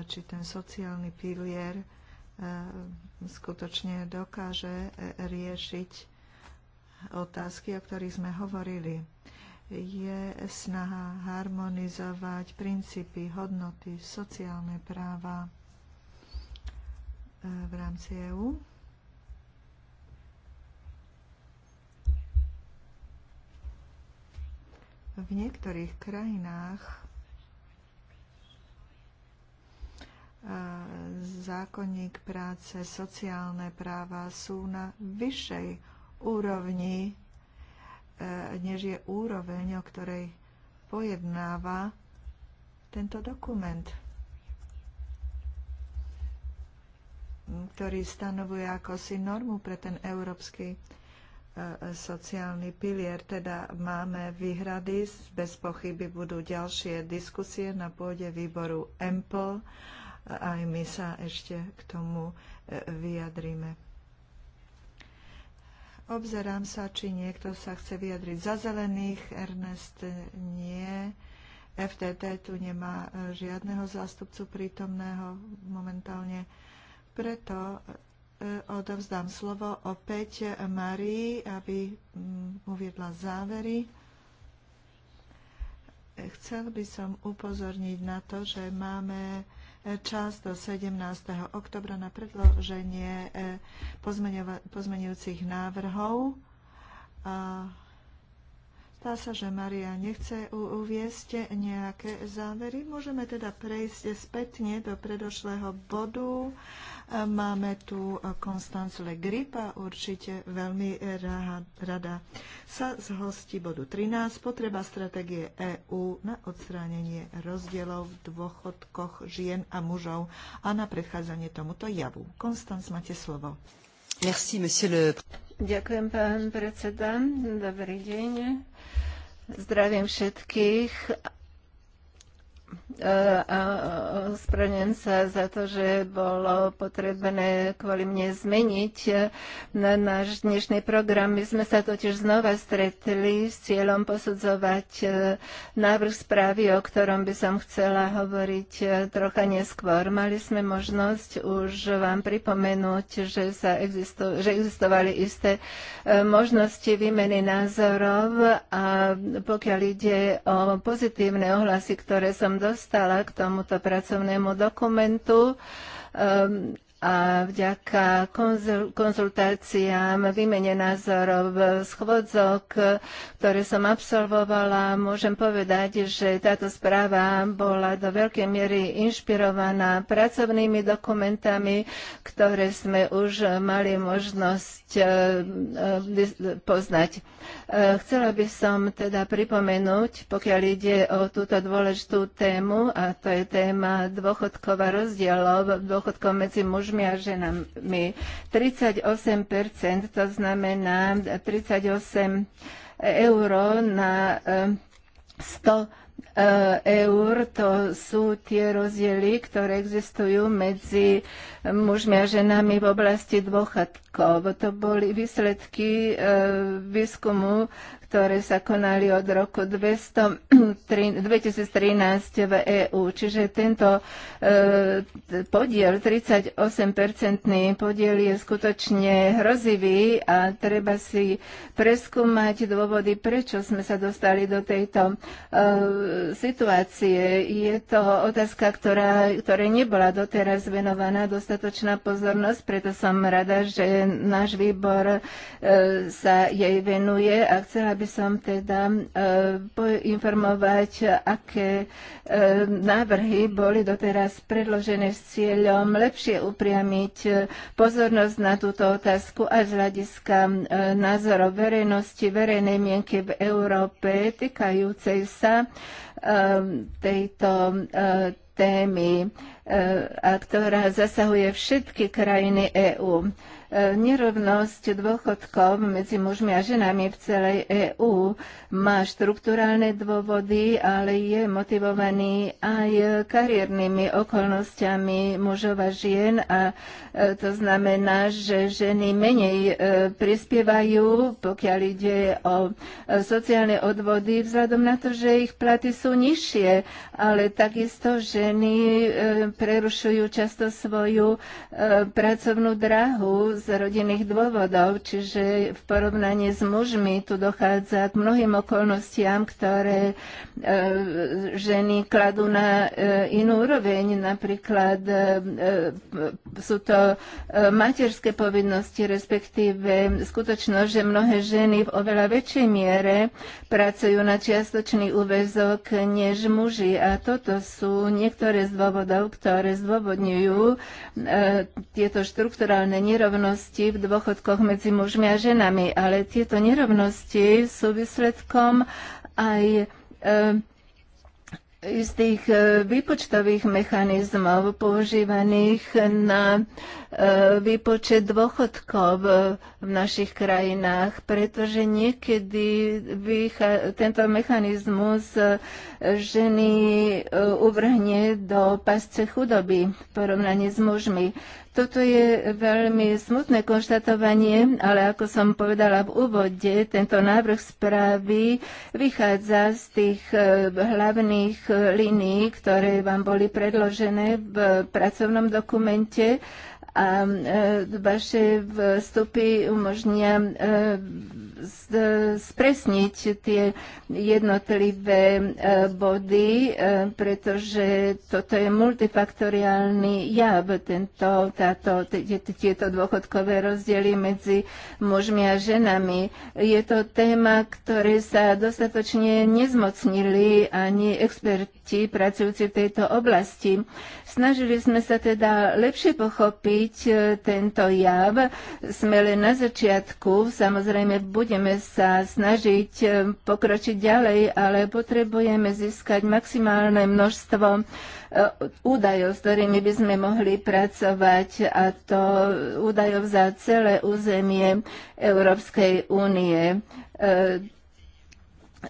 či ten sociálny pilier skutočne dokáže riešiť otázky, o ktorých sme hovorili je snaha harmonizovať princípy, hodnoty, sociálne práva e, v rámci EÚ. V niektorých krajinách e, zákonník práce, sociálne práva sú na vyššej úrovni E, než je úroveň, o ktorej pojednáva tento dokument, ktorý stanovuje ako si normu pre ten európsky e, sociálny pilier. Teda máme výhrady, bez pochyby budú ďalšie diskusie na pôde výboru EMPL. Aj my sa ešte k tomu e, vyjadríme. Obzerám sa, či niekto sa chce vyjadriť za zelených. Ernest nie. FTT tu nemá e, žiadneho zástupcu prítomného momentálne. Preto e, odovzdám slovo opäť Marii, aby mm, uviedla závery. Chcel by som upozorniť na to, že máme čas do 17. oktobra na predloženie eh, pozmeňujúcich návrhov. A Zdá sa, že Maria nechce uviesť nejaké závery. Môžeme teda prejsť spätne do predošlého bodu. E, máme tu Konstancu Le Gripa, určite veľmi rada sa zhostí bodu 13, potreba stratégie EÚ na odstránenie rozdielov v dôchodkoch žien a mužov a na predchádzanie tomuto javu. Konstanc, máte slovo. Ďakujem, pán predseda. Dobrý deň. Zdravím všetkých a sa za to, že bolo potrebné kvôli mne zmeniť na náš dnešný program. My sme sa totiž znova stretli s cieľom posudzovať e, návrh správy, o ktorom by som chcela hovoriť e, trocha neskôr. Mali sme možnosť už vám pripomenúť, že, sa existo- že existovali isté e, možnosti výmeny názorov a pokiaľ ide o pozitívne ohlasy, ktoré som dostala k tomuto pracovnému dokumentu um, a vďaka konzul, konzultáciám, výmene názorov, schôdzok, ktoré som absolvovala, môžem povedať, že táto správa bola do veľkej miery inšpirovaná pracovnými dokumentami, ktoré sme už mali možnosť uh, uh, poznať. Eh, chcela by som teda pripomenúť, pokiaľ ide o túto dôležitú tému, a to je téma dôchodkov a rozdielov, dôchodkov medzi mužmi a ženami. 38%, to znamená 38 eur na 100 eh, Eh, eur. To sú tie rozdiely, ktoré existujú medzi mužmi a ženami v oblasti dôchodkov. To boli výsledky eh, výskumu ktoré sa konali od roku 200, 2013 v EÚ. Čiže tento e, podiel, 38-percentný podiel je skutočne hrozivý a treba si preskúmať dôvody, prečo sme sa dostali do tejto e, situácie. Je to otázka, ktorá, ktorej nebola doteraz venovaná dostatočná pozornosť, preto som rada, že náš výbor e, sa jej venuje a chcela by som teda e, poinformovať, aké e, návrhy boli doteraz predložené s cieľom lepšie upriamiť pozornosť na túto otázku a z hľadiska e, názorov verejnosti, verejnej mienky v Európe týkajúcej sa tejto témy, a ktorá zasahuje všetky krajiny EÚ. Nerovnosť dôchodkov medzi mužmi a ženami v celej EÚ má štruktúrálne dôvody, ale je motivovaný aj kariérnymi okolnostiami mužov a žien a e, to znamená, že ženy menej e, prispievajú, pokiaľ ide o e, sociálne odvody, vzhľadom na to, že ich platy sú nižšie, ale takisto ženy prerušujú často svoju pracovnú dráhu z rodinných dôvodov, čiže v porovnaní s mužmi tu dochádza k mnohým okolnostiam, ktoré e, ženy kladú na e, inú úroveň. Napríklad e, e sú to e, materské povinnosti, respektíve skutočnosť, že mnohé ženy v oveľa väčšej miere pracujú na čiastočný úvezok než muži. A toto sú niektoré z dôvodov, ktoré zdôvodňujú e, tieto štrukturálne nerovnosti nerovnosti v dôchodkoch medzi mužmi a ženami, ale tieto nerovnosti sú výsledkom aj e, z tých e, výpočtových mechanizmov používaných na e, výpočet dôchodkov e, v našich krajinách, pretože niekedy tento mechanizmus ženy uvrhne do pasce chudoby v porovnaní s mužmi. Toto je veľmi smutné konštatovanie, ale ako som povedala v úvode, tento návrh správy vychádza z tých hlavných linií, ktoré vám boli predložené v pracovnom dokumente a e, vaše vstupy umožnia e, e, spresniť tie jednotlivé body, pretože toto je multifaktoriálny jav, tento, táto, tieto dôchodkové rozdiely medzi mužmi a ženami. Je to téma, ktoré sa dostatočne nezmocnili ani experti pracujúci v tejto oblasti. Snažili sme sa teda lepšie pochopiť e, tento jav. Sme len na začiatku, samozrejme budeme sa snažiť e, pokročiť ďalej, ale potrebujeme získať maximálne množstvo e, údajov, s ktorými by sme mohli pracovať a to údajov za celé územie Európskej únie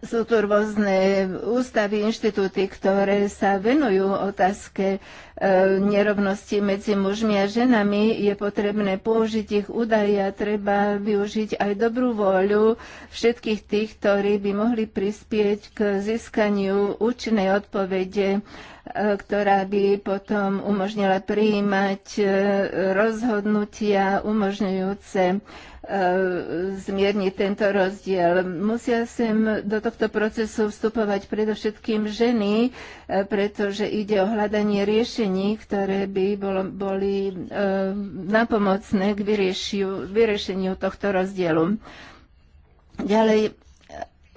sú tu rôzne ústavy, inštitúty, ktoré sa venujú otázke e, nerovnosti medzi mužmi a ženami. Je potrebné použiť ich údaje a treba využiť aj dobrú voľu všetkých tých, ktorí by mohli prispieť k získaniu účinnej odpovede e, ktorá by potom umožnila prijímať e, rozhodnutia umožňujúce E, zmierniť tento rozdiel. Musia sem do tohto procesu vstupovať predovšetkým ženy, e, pretože ide o hľadanie riešení, ktoré by bolo, boli e, napomocné k vyriešiu, vyriešeniu tohto rozdielu. Ďalej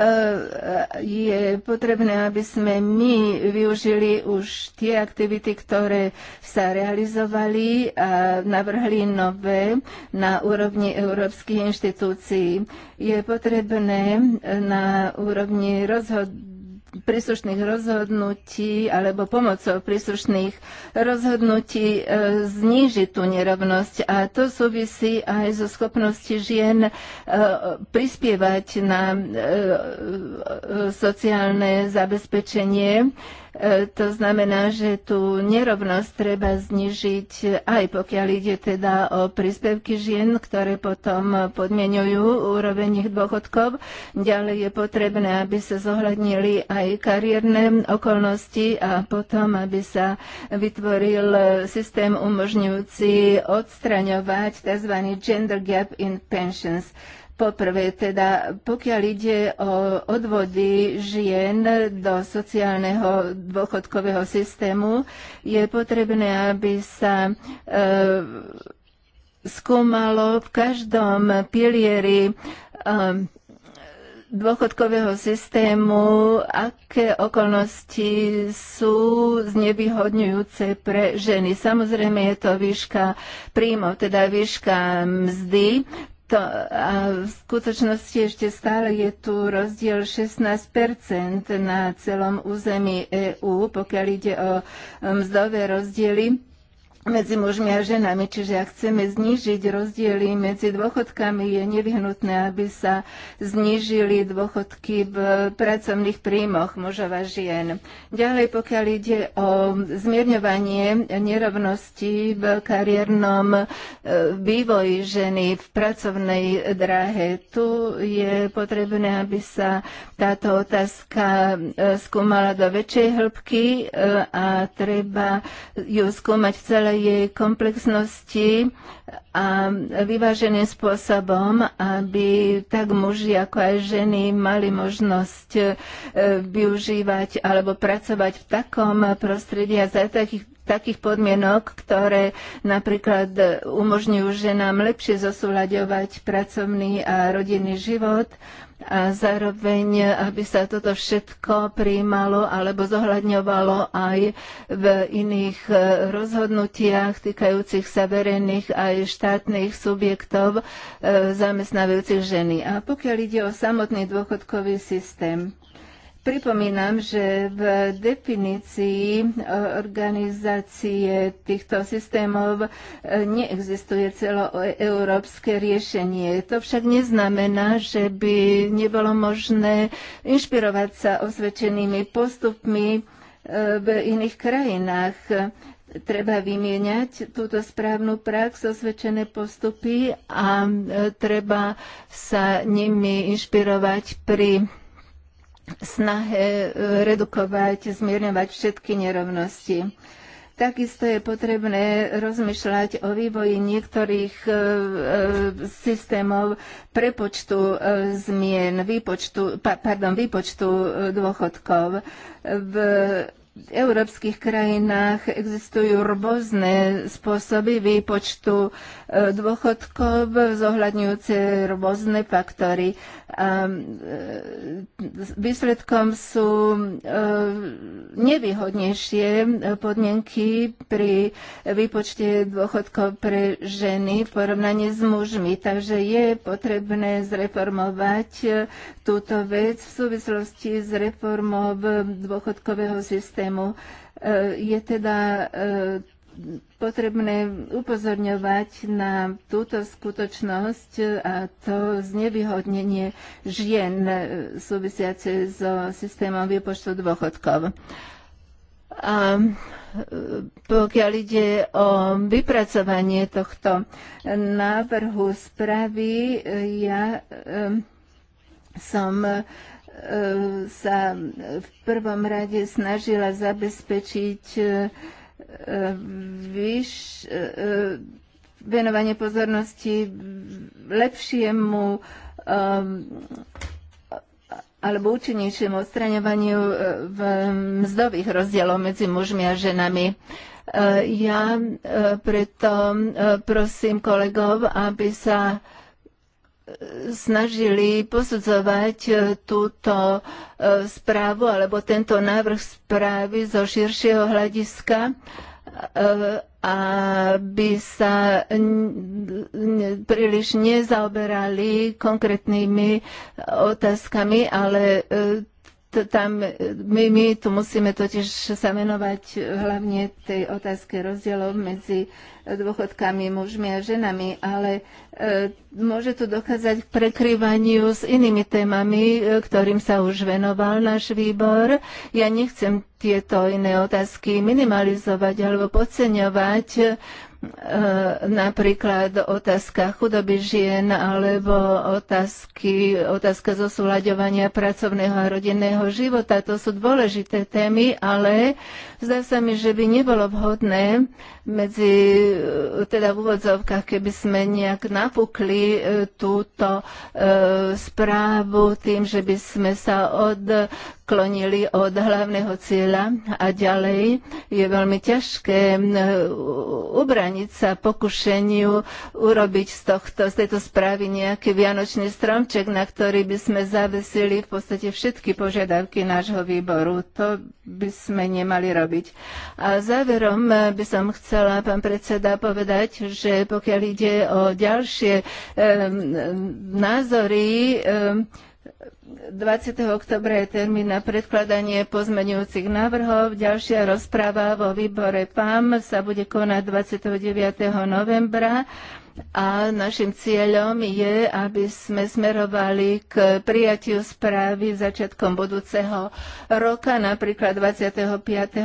E, e, je potrebné, aby sme my využili už tie aktivity, ktoré sa realizovali a navrhli nové na úrovni európskych inštitúcií. Je potrebné na úrovni rozhodov príslušných rozhodnutí alebo pomocou príslušných rozhodnutí e, zníži tú nerovnosť. A to súvisí aj so schopnosti žien e, prispievať na e, e, sociálne zabezpečenie E, to znamená, že tú nerovnosť treba znižiť, aj pokiaľ ide teda o príspevky žien, ktoré potom podmienujú úroveň ich dôchodkov. Ďalej je potrebné, aby sa zohľadnili aj kariérne okolnosti a potom, aby sa vytvoril systém umožňujúci odstraňovať tzv. gender gap in pensions. Poprvé, teda pokiaľ ide o odvody žien do sociálneho dôchodkového systému, je potrebné, aby sa e, skúmalo v každom pilieri e, dôchodkového systému, aké okolnosti sú znevýhodňujúce pre ženy. Samozrejme je to výška príjmov, teda výška mzdy, to, a v skutočnosti ešte stále je tu rozdiel 16 na celom území EÚ, pokiaľ ide o e, mzdové rozdiely medzi mužmi a ženami. Čiže ak chceme znížiť rozdiely medzi dôchodkami, je nevyhnutné, aby sa znížili dôchodky v pracovných príjmoch mužov a žien. Ďalej, pokiaľ ide o zmierňovanie nerovnosti v kariérnom e, vývoji ženy v pracovnej dráhe, tu je potrebné, aby sa táto otázka e, skúmala do väčšej hĺbky e, a treba ju skúmať v celé jej komplexnosti a vyváženým spôsobom, aby tak muži ako aj ženy mali možnosť e, využívať alebo pracovať v takom prostredí a za takých takých podmienok, ktoré napríklad umožňujú ženám lepšie zosúľaďovať pracovný a rodinný život a zároveň, aby sa toto všetko prijímalo alebo zohľadňovalo aj v iných eh, rozhodnutiach týkajúcich sa verejných aj štátnych subjektov eh, zamestnávajúcich ženy. A pokiaľ ide o samotný dôchodkový systém, Pripomínam, že v definícii e, organizácie týchto systémov e, neexistuje celoeurópske riešenie. To však neznamená, že by nebolo možné inšpirovať sa osvedčenými postupmi e, v iných krajinách treba vymieňať túto správnu prax, osvedčené postupy a treba sa nimi inšpirovať pri snahe e, redukovať, zmierňovať všetky nerovnosti. Takisto je potrebné rozmýšľať o vývoji niektorých e, e, systémov prepočtu zmien, výpočtu, pardon, výpočtu dôchodkov. V v európskych krajinách existujú rôzne spôsoby výpočtu e, dôchodkov, zohľadňujúce rôzne faktory. A e, výsledkom sú e, nevýhodnejšie podmienky pri výpočte dôchodkov pre ženy v porovnaní s mužmi. Takže je potrebné zreformovať túto vec v súvislosti s reformou dôchodkového systému systému. E, je teda e, potrebné upozorňovať na túto skutočnosť a to znevýhodnenie žien e, súvisiace so systémom výpočtu dôchodkov. A pokiaľ ide o vypracovanie tohto návrhu správy, ja som E, sa v prvom rade snažila zabezpečiť e, vyš, e, venovanie pozornosti lepšiemu alebo účinnejšiemu odstraňovaniu v mzdových rozdielov medzi mužmi a ženami. Ja preto prosím kolegov, aby sa snažili posudzovať e, túto e, správu alebo tento návrh správy zo širšieho hľadiska e, aby sa príliš nezaoberali konkrétnymi otázkami, ale tam, e, my, my tu musíme totiž sa venovať hlavne tej otázke rozdielov medzi dôchodkami mužmi a ženami, ale e, môže tu dokázať k prekryvaniu s inými témami, e, ktorým sa už venoval náš výbor. Ja nechcem tieto iné otázky minimalizovať alebo podceňovať E, napríklad otázka chudoby žien alebo otázky, otázka zosúľaďovania pracovného a rodinného života. To sú dôležité témy, ale zdá sa mi, že by nebolo vhodné medzi, e, teda v úvodzovkách, keby sme nejak napukli e, túto e, správu tým, že by sme sa od odklonili od hlavného cieľa a ďalej je veľmi ťažké e, ubraniť sa pokušeniu urobiť z, tohto, z tejto správy nejaký vianočný stromček, na ktorý by sme zavesili v podstate všetky požiadavky nášho výboru. To by sme nemali robiť. A záverom by som chcela, pán predseda, povedať, že pokiaľ ide o ďalšie e, e názory, e, 20. oktobra je termín na predkladanie pozmeňujúcich návrhov. Ďalšia rozpráva vo výbore PAM sa bude konať 29. novembra a našim cieľom je, aby sme smerovali k prijatiu správy začiatkom budúceho roka, napríklad 25.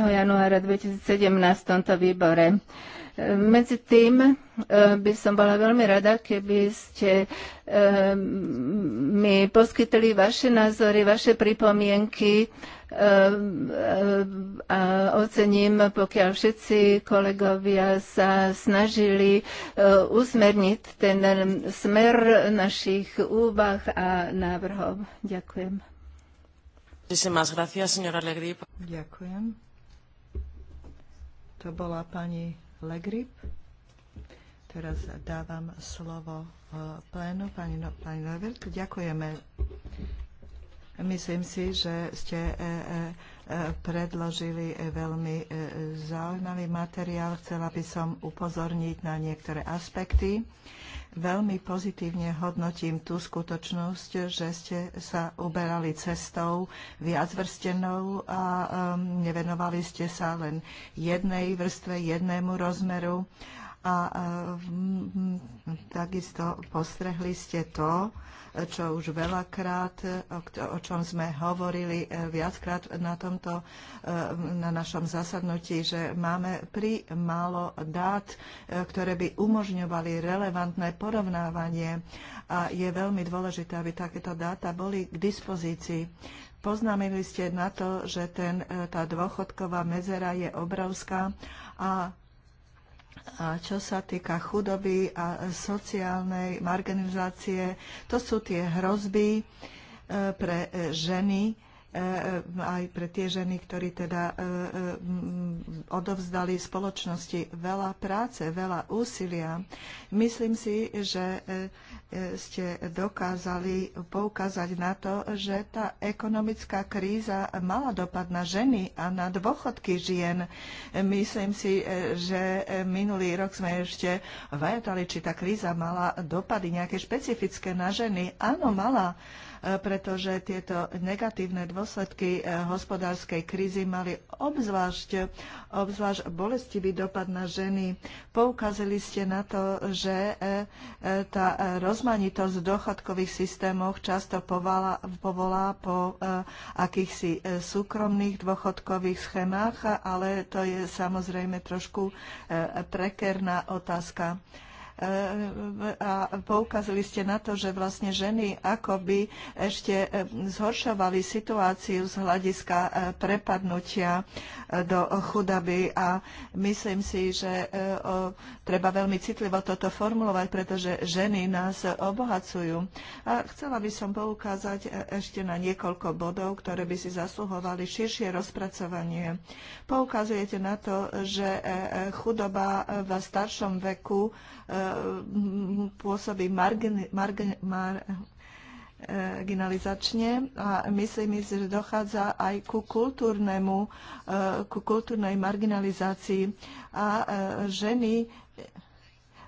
januára 2017 v tomto výbore. Medzi tým eh, by som bola veľmi rada, keby ste eh, mi poskytli vaše názory, vaše pripomienky eh, a ocením, pokiaľ všetci kolegovia sa snažili usmerniť ten smer našich úvah a návrhov. Ďakujem. Ďakujem. To bola pani Legrip. Teraz dávam slovo e, plénu pani, no, pani Novert. Ďakujeme. Myslím si, že ste e, e, predložili veľmi zaujímavý materiál. Chcela by som upozorniť na niektoré aspekty. Veľmi pozitívne hodnotím tú skutočnosť, že ste sa uberali cestou viac vrstenou a um, nevenovali ste sa len jednej vrstve, jednému rozmeru. A um, takisto postrehli ste to, čo už veľakrát, o čom sme hovorili e, viackrát na tomto, e, na našom zasadnutí, že máme pri málo dát, e, ktoré by umožňovali relevantné porovnávanie a je veľmi dôležité, aby takéto dáta boli k dispozícii. Poznámili ste na to, že ten, tá dôchodková mezera je obrovská a a čo sa týka chudoby a sociálnej marginalizácie, to sú tie hrozby e, pre e, ženy, E, e, aj pre tie ženy, ktorí teda e, odovzdali spoločnosti veľa práce, veľa úsilia. Myslím si, že ste dokázali poukázať na to, že tá ekonomická kríza mala dopad na ženy a na dôchodky žien. Myslím si, že minulý rok sme ešte vajatali, či tá kríza mala dopady nejaké špecifické na ženy. Áno, mala E, pretože tieto negatívne dôsledky e, hospodárskej krízy mali obzvlášť, obzvlášť bolestivý dopad na ženy. Poukazili ste na to, že e, tá rozmanitosť v dochodkových systémoch často povala, povolá po akýchsi súkromných dôchodkových schémach, ale to je samozrejme trošku prekerná otázka a poukazili ste na to, že vlastne ženy akoby ešte e, zhoršovali situáciu z hľadiska e, prepadnutia e, do chudaby a myslím si, že treba veľmi citlivo toto formulovať, pretože ženy nás obohacujú. A chcela by som poukázať ešte na niekoľko bodov, ktoré by si zasluhovali širšie rozpracovanie. Poukazujete na to, že chudoba v staršom veku Eh, pôsobí margin, margin, marginalizačne a myslím, že dochádza aj ku, kultúrnemu, eh, ku kultúrnej marginalizácii a eh, ženy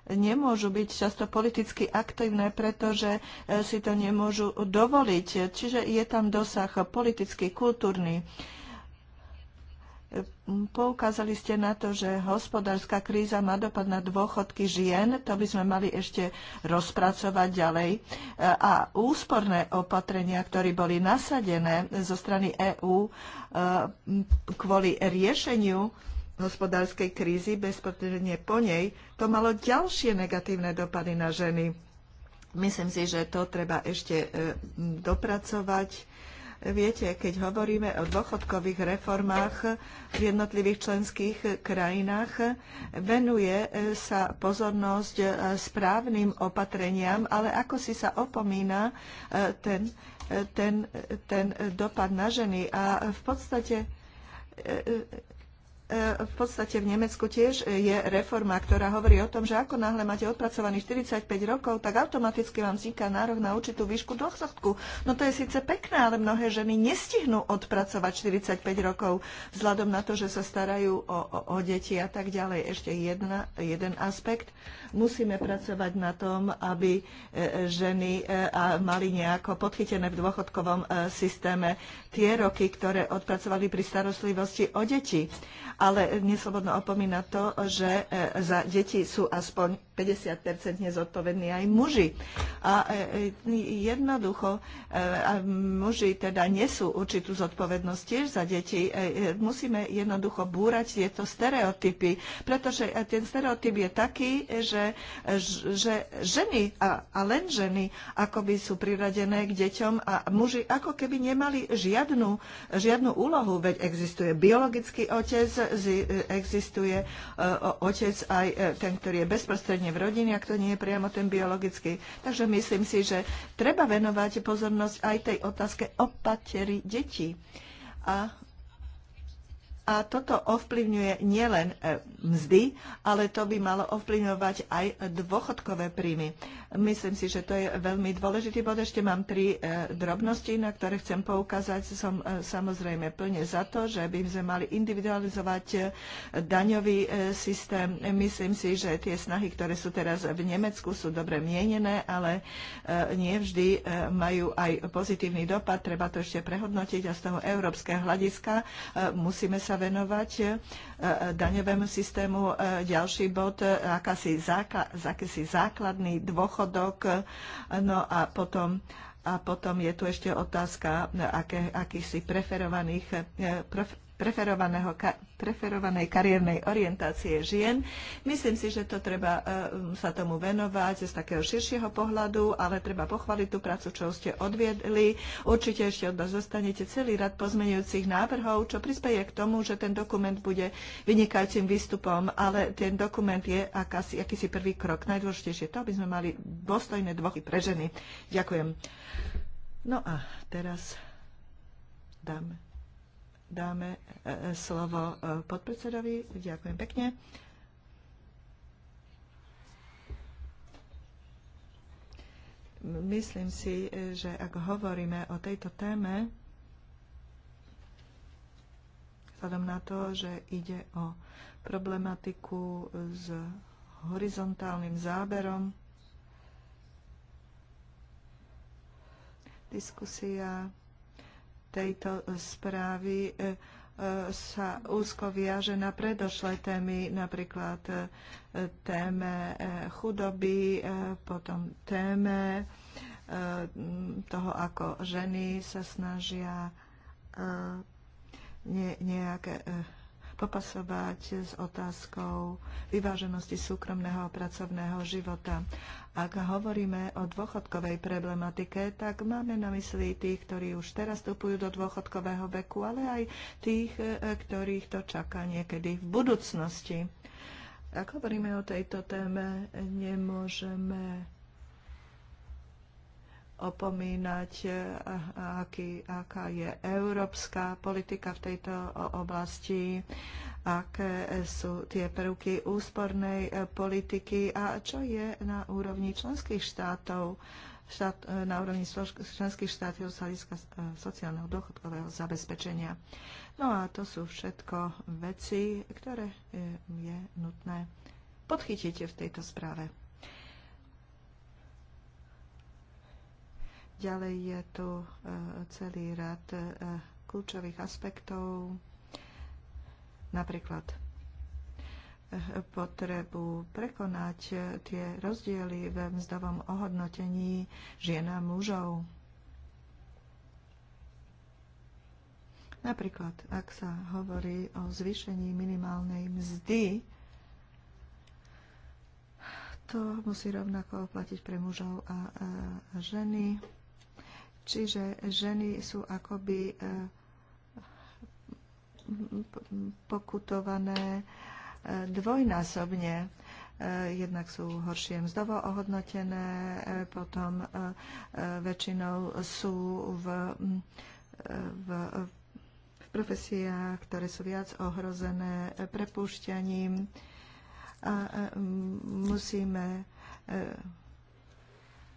nemôžu byť často politicky aktívne, pretože si to nemôžu dovoliť. Čiže je tam dosah politický, kultúrny. Poukázali ste na to, že hospodárska kríza má dopad na dôchodky žien, to by sme mali ešte rozpracovať ďalej. A úsporné opatrenia, ktoré boli nasadené zo strany EÚ e, kvôli riešeniu hospodárskej krízy bezpotrebne po nej, to malo ďalšie negatívne dopady na ženy. Myslím si, že to treba ešte e, dopracovať Viete, keď hovoríme o dôchodkových reformách v jednotlivých členských krajinách, venuje e, sa pozornosť e, správnym opatreniam, ale ako si sa opomína e, ten, ten, ten dopad na ženy. A v podstate E, v podstate v Nemecku tiež e, je reforma, ktorá hovorí o tom, že ako náhle máte odpracovaných 45 rokov, tak automaticky vám vzniká nárok na určitú výšku dôchodku. No to je síce pekné, ale mnohé ženy nestihnú odpracovať 45 rokov vzhľadom na to, že sa starajú o, o, o deti a tak ďalej. Ešte jedna, jeden aspekt. Uh, Musíme pracovať na tom, aby e, ženy e, mali nejako podchytené v dôchodkovom e, systéme tie roky, ktoré odpracovali pri starostlivosti o deti. Ale neslobodno opomína to, že za deti sú aspoň 50% nezodpovední aj muži. A e, e, jednoducho e, muži teda nesú určitú zodpovednosť tiež za deti. Musíme jednoducho búrať tieto stereotypy, pretože ten stereotyp je taký, že, že ženy a, a len ženy akoby sú priradené k deťom a muži ako keby nemali žiadnu, žiadnu úlohu, veď existuje biologický otec, existuje otec aj ten, ktorý je bezprostredne v rodine, ak to nie je priamo ten biologický. Takže myslím si, že treba venovať pozornosť aj tej otázke opatery detí. A a toto ovplyvňuje nielen e, mzdy, ale to by malo ovplyvňovať aj dôchodkové príjmy. Myslím si, že to je veľmi dôležitý bod. Ešte mám tri e, drobnosti, na ktoré chcem poukázať. Som e, samozrejme plne za to, že by sme mali individualizovať e, daňový systém. Myslím si, že tie snahy, ktoré sú teraz v Nemecku, sú dobre mienené, ale nie vždy majú aj pozitívny dopad. Treba to ešte prehodnotiť a z toho európskeho hľadiska musíme sa venovať daňovému systému. Ďalší bod, akási, akýsi základný dôchod dôchodok. No a potom a potom je tu ešte otázka aké, akýchsi preferovaných, eh, preferovanej kariérnej orientácie žien. Myslím si, že to treba e, sa tomu venovať z takého širšieho pohľadu, ale treba pochváliť tú prácu, čo ste odviedli. Určite ešte od vás zostanete celý rad pozmenujúcich návrhov, čo prispieje k tomu, že ten dokument bude vynikajúcim výstupom, ale ten dokument je akási, akýsi prvý krok. Najdôležitejšie je to, aby sme mali dôstojné dvochy pre ženy. Ďakujem. No a teraz dáme dáme e, e, slovo e, podpredsedovi. Ďakujem pekne. Myslím si, že ak hovoríme o tejto téme, vzhľadom na to, že ide o problematiku s horizontálnym záberom, diskusia tejto e, správy e, e, sa úzko viaže na predošlé témy, napríklad téme chudoby, potom téme toho, ako ženy sa snažia nejak popasovať s otázkou vyváženosti súkromného a pracovného života. Ak hovoríme o dôchodkovej problematike, tak máme na mysli tých, ktorí už teraz vstupujú do dôchodkového veku, ale aj tých, e, ktorých to čaká niekedy v budúcnosti. Ak hovoríme o tejto téme, nemôžeme opomínať, e, aký, aká je európska politika v tejto oblasti aké sú tie prvky úspornej e, politiky a čo je na úrovni členských štátov, štát, e, na úrovni členských štátov z hľadiska e, sociálneho dochodkového zabezpečenia. No a to sú všetko veci, ktoré je nutné podchytiť v tejto správe. Ďalej je tu celý rad kľúčových aspektov napríklad eh, potrebu prekonať eh, tie rozdiely v mzdovom ohodnotení žien a mužov. Napríklad, ak sa hovorí o zvýšení minimálnej mzdy, to musí rovnako platiť pre mužov a, a eh, ženy. Čiže ženy sú akoby A, pokutované e, dvojnásobne. E, jednak sú horšie mzdovo ohodnotené, e, potom väčšinou sú v, v, v profesiách, ktoré sú viac ohrozené prepúšťaním. A musíme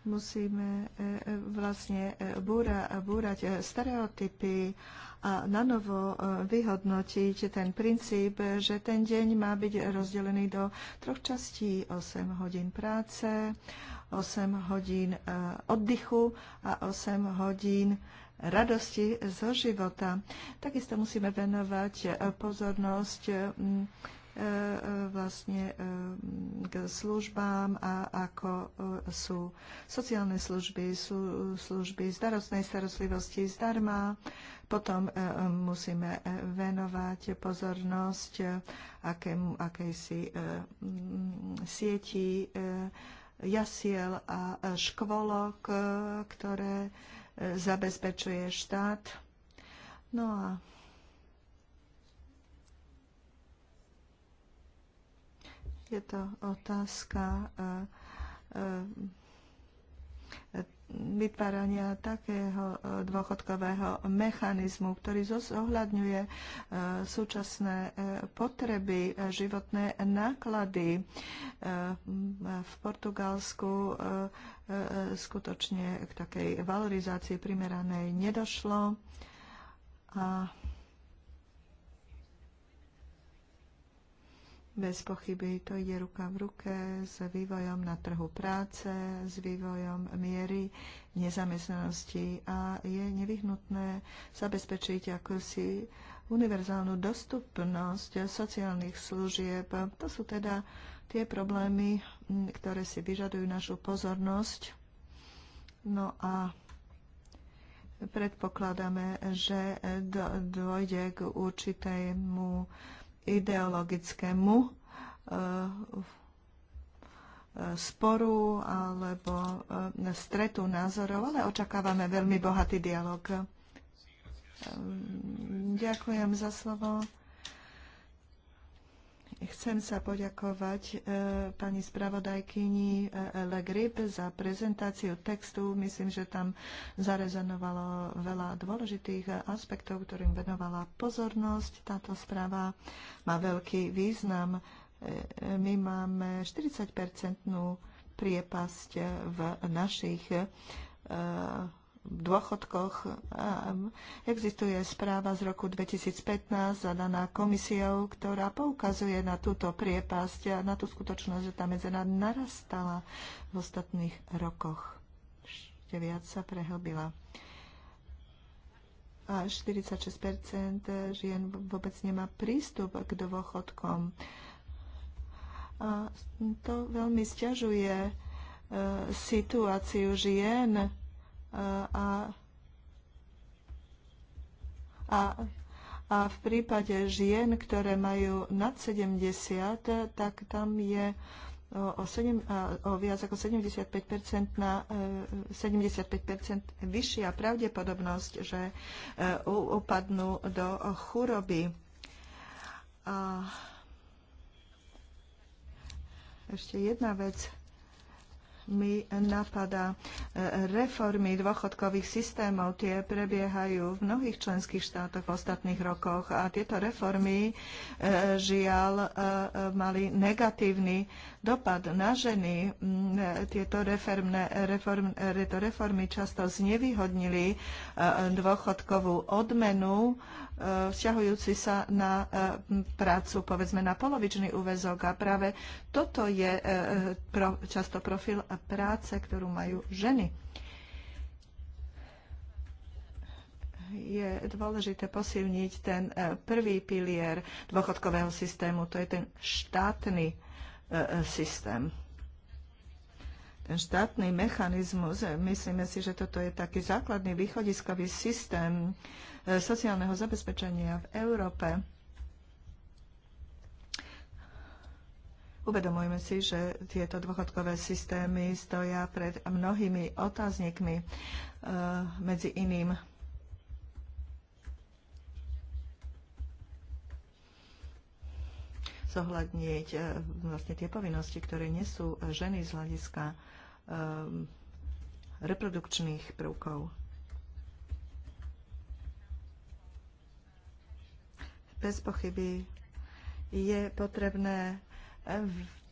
musíme e, e, vlastne e, búra, búrať stereotypy a nanovo vyhodnotiť ten princíp, že ten deň má byť rozdelený do troch častí. 8 hodín práce, 8 hodín oddychu a 8 hodín radosti zo života. Takisto musíme venovať pozornosť E, vlastne e, k službám a ako e, sú sociálne služby, sú služby starostnej starostlivosti zdarma. Potom musíme venovať pozornosť akému, akejsi sieti jasiel a škôlok, ktoré zabezpečuje štát. No a Je to otázka vytvárania takého dôchodkového mechanizmu, ktorý zohľadňuje súčasné potreby, životné náklady. V Portugalsku skutočne k takej valorizácii primeranej nedošlo a Bez pochyby to ide ruka v ruke s vývojom na trhu práce, s vývojom miery nezamestnanosti a je nevyhnutné zabezpečiť akúsi univerzálnu dostupnosť sociálnych služieb. To sú teda tie problémy, ktoré si vyžadujú našu pozornosť. No a predpokladáme, že dôjde k určitému ideologickému e, e, sporu alebo e, stretu názorov, ale očakávame veľmi bohatý dialog. Ďakujem za slovo. Chcem sa poďakovať e, pani spravodajkyni e, Le Grip za prezentáciu textu. Myslím, že tam zarezonovalo veľa dôležitých aspektov, ktorým venovala pozornosť. Táto správa má veľký význam. E, my máme 40-percentnú priepasť v našich v dôchodkoch. Existuje správa z roku 2015 zadaná komisiou, ktorá poukazuje na túto priepasť a na tú skutočnosť, že tá medzera narastala v ostatných rokoch. Ešte viac sa prehlbila a 46 žien vôbec nemá prístup k dôchodkom. A to veľmi stiažuje e, situáciu žien a, a, a v prípade žien, ktoré majú nad 70, tak tam je o, 7, o viac ako 75%, na, 75 e, vyššia pravdepodobnosť, že e, upadnú do choroby. A ešte jedna vec mi napadá. E, reformy dôchodkových systémov tie prebiehajú v mnohých členských štátoch v ostatných rokoch a tieto reformy e, žiaľ e, mali negatívny dopad na ženy. Mm, tieto, reformné, reform, tieto reformy často znevýhodnili e, dôchodkovú odmenu, e, vzťahujúci sa na e, prácu, povedzme, na polovičný úvezok. A práve toto je často profil práce, ktorú majú ženy. je dôležité posilniť ten prvý pilier dôchodkového systému, to je ten štátny E, e, systém. Ten štátny mechanizmus, e, myslíme si, že toto je taký základný východiskový systém sociálneho zabezpečenia v Európe. Uvedomujeme si, že tieto dôchodkové systémy stoja pred mnohými otáznikmi medzi iným zohľadniť e, vlastne tie povinnosti, ktoré nesú ženy z hľadiska um, reprodukčných prvkov. Bez pochyby je potrebné e,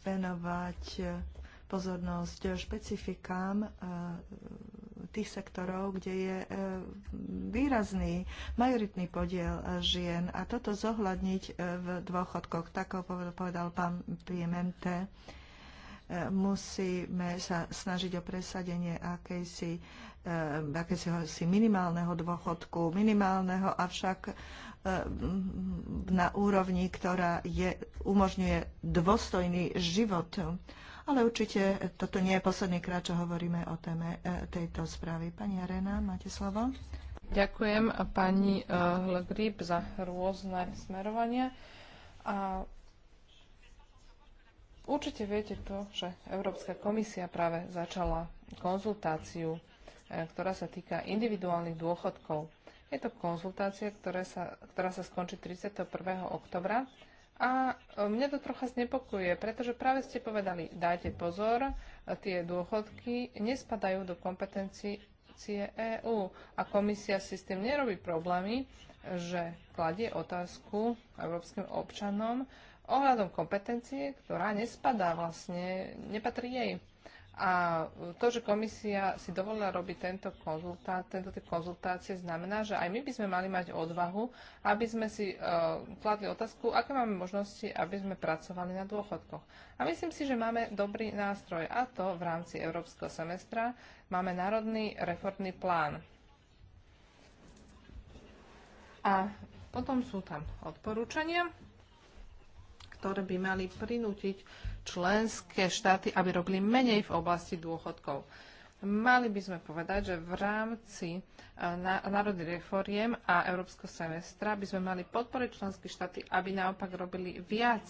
venovať pozornosť špecifikám tých sektorov, kde je e, výrazný majoritný podiel e, žien a toto zohľadniť e, v dôchodkoch, tak ako povedal pán Piemente musíme sa snažiť o presadenie akejsi, akejsi minimálneho dôchodku, minimálneho avšak na úrovni, ktorá je, umožňuje dôstojný život ale určite toto nie je posledný krát, čo hovoríme o téme e, tejto správy. Pani Arena, máte slovo. Ďakujem pani e, Legrib za rôzne smerovania. A určite viete to, že Európska komisia práve začala konzultáciu, e, ktorá sa týka individuálnych dôchodkov. Je to konzultácia, ktorá sa, ktorá sa skončí 31. oktobra a e, mňa to trocha znepokuje, pretože práve ste povedali, dajte pozor, e, tie dôchodky nespadajú do kompetencie EÚ a komisia si s tým nerobí problémy, že kladie otázku európskym občanom ohľadom kompetencie, ktorá nespadá vlastne, nepatrí jej. A to, že komisia si dovolila robiť tento, konzultát, tento typ konzultácie, znamená, že aj my by sme mali mať odvahu, aby sme si uh, kladli otázku, aké máme možnosti, aby sme pracovali na dôchodkoch. A myslím si, že máme dobrý nástroj, a to v rámci Európskeho semestra máme Národný reformný plán. A potom sú tam odporúčania, ktoré by mali prinútiť členské štáty, aby robili menej v oblasti dôchodkov. Mali by sme povedať, že v rámci e, národných reforiem a európskeho semestra by sme mali podporiť členské štáty, aby naopak robili viac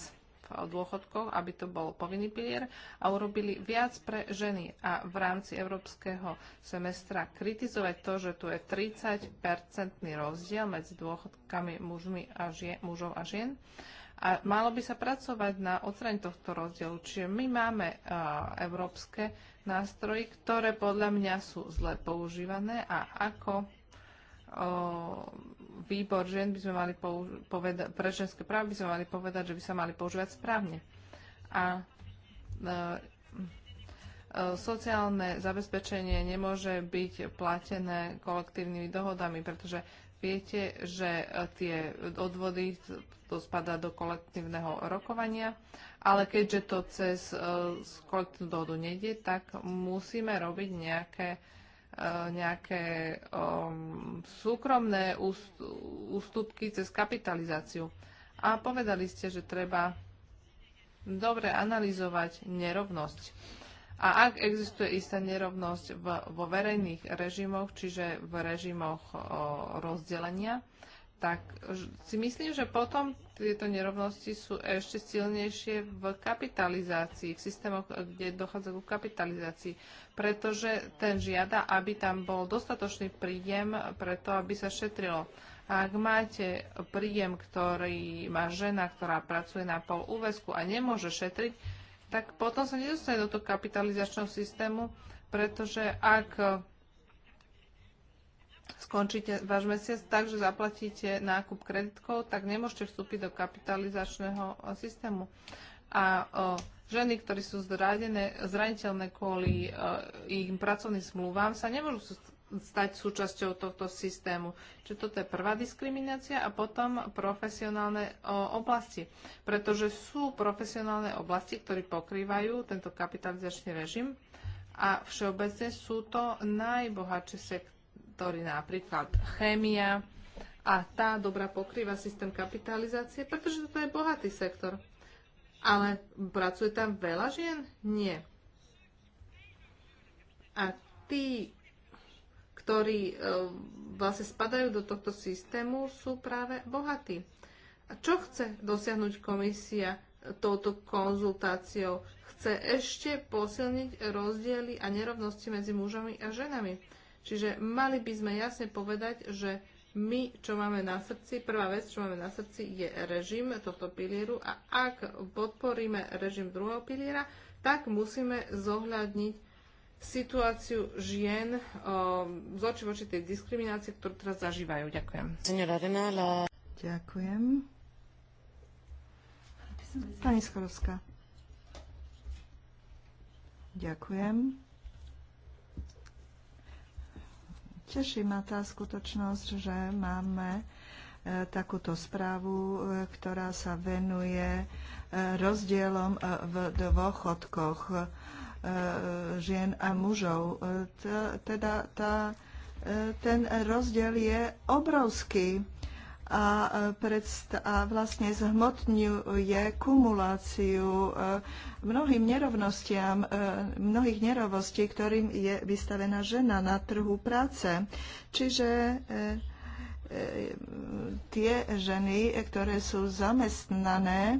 v dôchodkoch, aby to bol povinný pilier a urobili viac pre ženy. A v rámci európskeho semestra kritizovať to, že tu je 30-percentný rozdiel medzi dôchodkami mužmi a žien, mužov a žien a malo by sa pracovať na odstraň tohto rozdielu. Čiže my máme európske nástroje, ktoré podľa mňa sú zle používané a ako výbor žen by sme mali poveda- pre ženské práva by sme mali povedať, že by sa mali používať správne. A e, e, sociálne zabezpečenie nemôže byť platené kolektívnymi dohodami, pretože Viete, že e, tie odvody to spadá do kolektívneho rokovania, ale keďže to cez e, kolektívnu dohodu nejde, tak musíme robiť nejaké, e, nejaké um, súkromné ústupky cez kapitalizáciu. A povedali ste, že treba dobre analyzovať nerovnosť a ak existuje istá nerovnosť v, vo verejných režimoch, čiže v režimoch o, rozdelenia, tak si myslím, že potom tieto nerovnosti sú ešte silnejšie v kapitalizácii, v systémoch, kde dochádza ku kapitalizácii, pretože ten žiada, aby tam bol dostatočný príjem preto, aby sa šetrilo. A ak máte príjem, ktorý má žena, ktorá pracuje na pol úvesku a nemôže šetriť, tak potom sa nedostane do toho kapitalizačného systému, pretože ak eh, skončíte váš mesiac tak, že zaplatíte nákup kreditkou, tak nemôžete vstúpiť do kapitalizačného eh, systému. A eh, ženy, ktoré sú zradené, zraniteľné kvôli ich pracovným zmluvám, sa nemôžu stať súčasťou tohto systému. Čiže toto je prvá diskriminácia a potom profesionálne oblasti. Pretože sú profesionálne oblasti, ktorí pokrývajú tento kapitalizačný režim a všeobecne sú to najbohatšie sektory, napríklad chémia a tá dobrá pokrýva systém kapitalizácie, pretože toto je bohatý sektor. Ale pracuje tam veľa žien? Nie. A tí ktorí e, vlastne spadajú do tohto systému, sú práve bohatí. A čo chce dosiahnuť komisia e, touto konzultáciou? Chce ešte posilniť rozdiely a nerovnosti medzi mužami a ženami. Čiže mali by sme jasne povedať, že my, čo máme na srdci, prvá vec, čo máme na srdci, je režim tohto pilieru a ak podporíme režim druhého piliera, tak musíme zohľadniť situáciu žien eh, z oči voči tej diskriminácii, ktorú teraz zažívajú. Ďakujem. Ďakujem. Pani Skorovská. Ďakujem. Teší ma tá skutočnosť, že máme eh, takúto správu, eh, ktorá sa venuje rozdielom v dôchodkoch E, žien a mužov. E, teda tá, e, ten rozdiel je obrovský a, predst- a vlastne zhmotňuje kumuláciu mnohým nerovnostiam, mnohých nerovostí, ktorým je vystavená žena na trhu práce. Čiže tie ženy, ktoré sú zamestnané,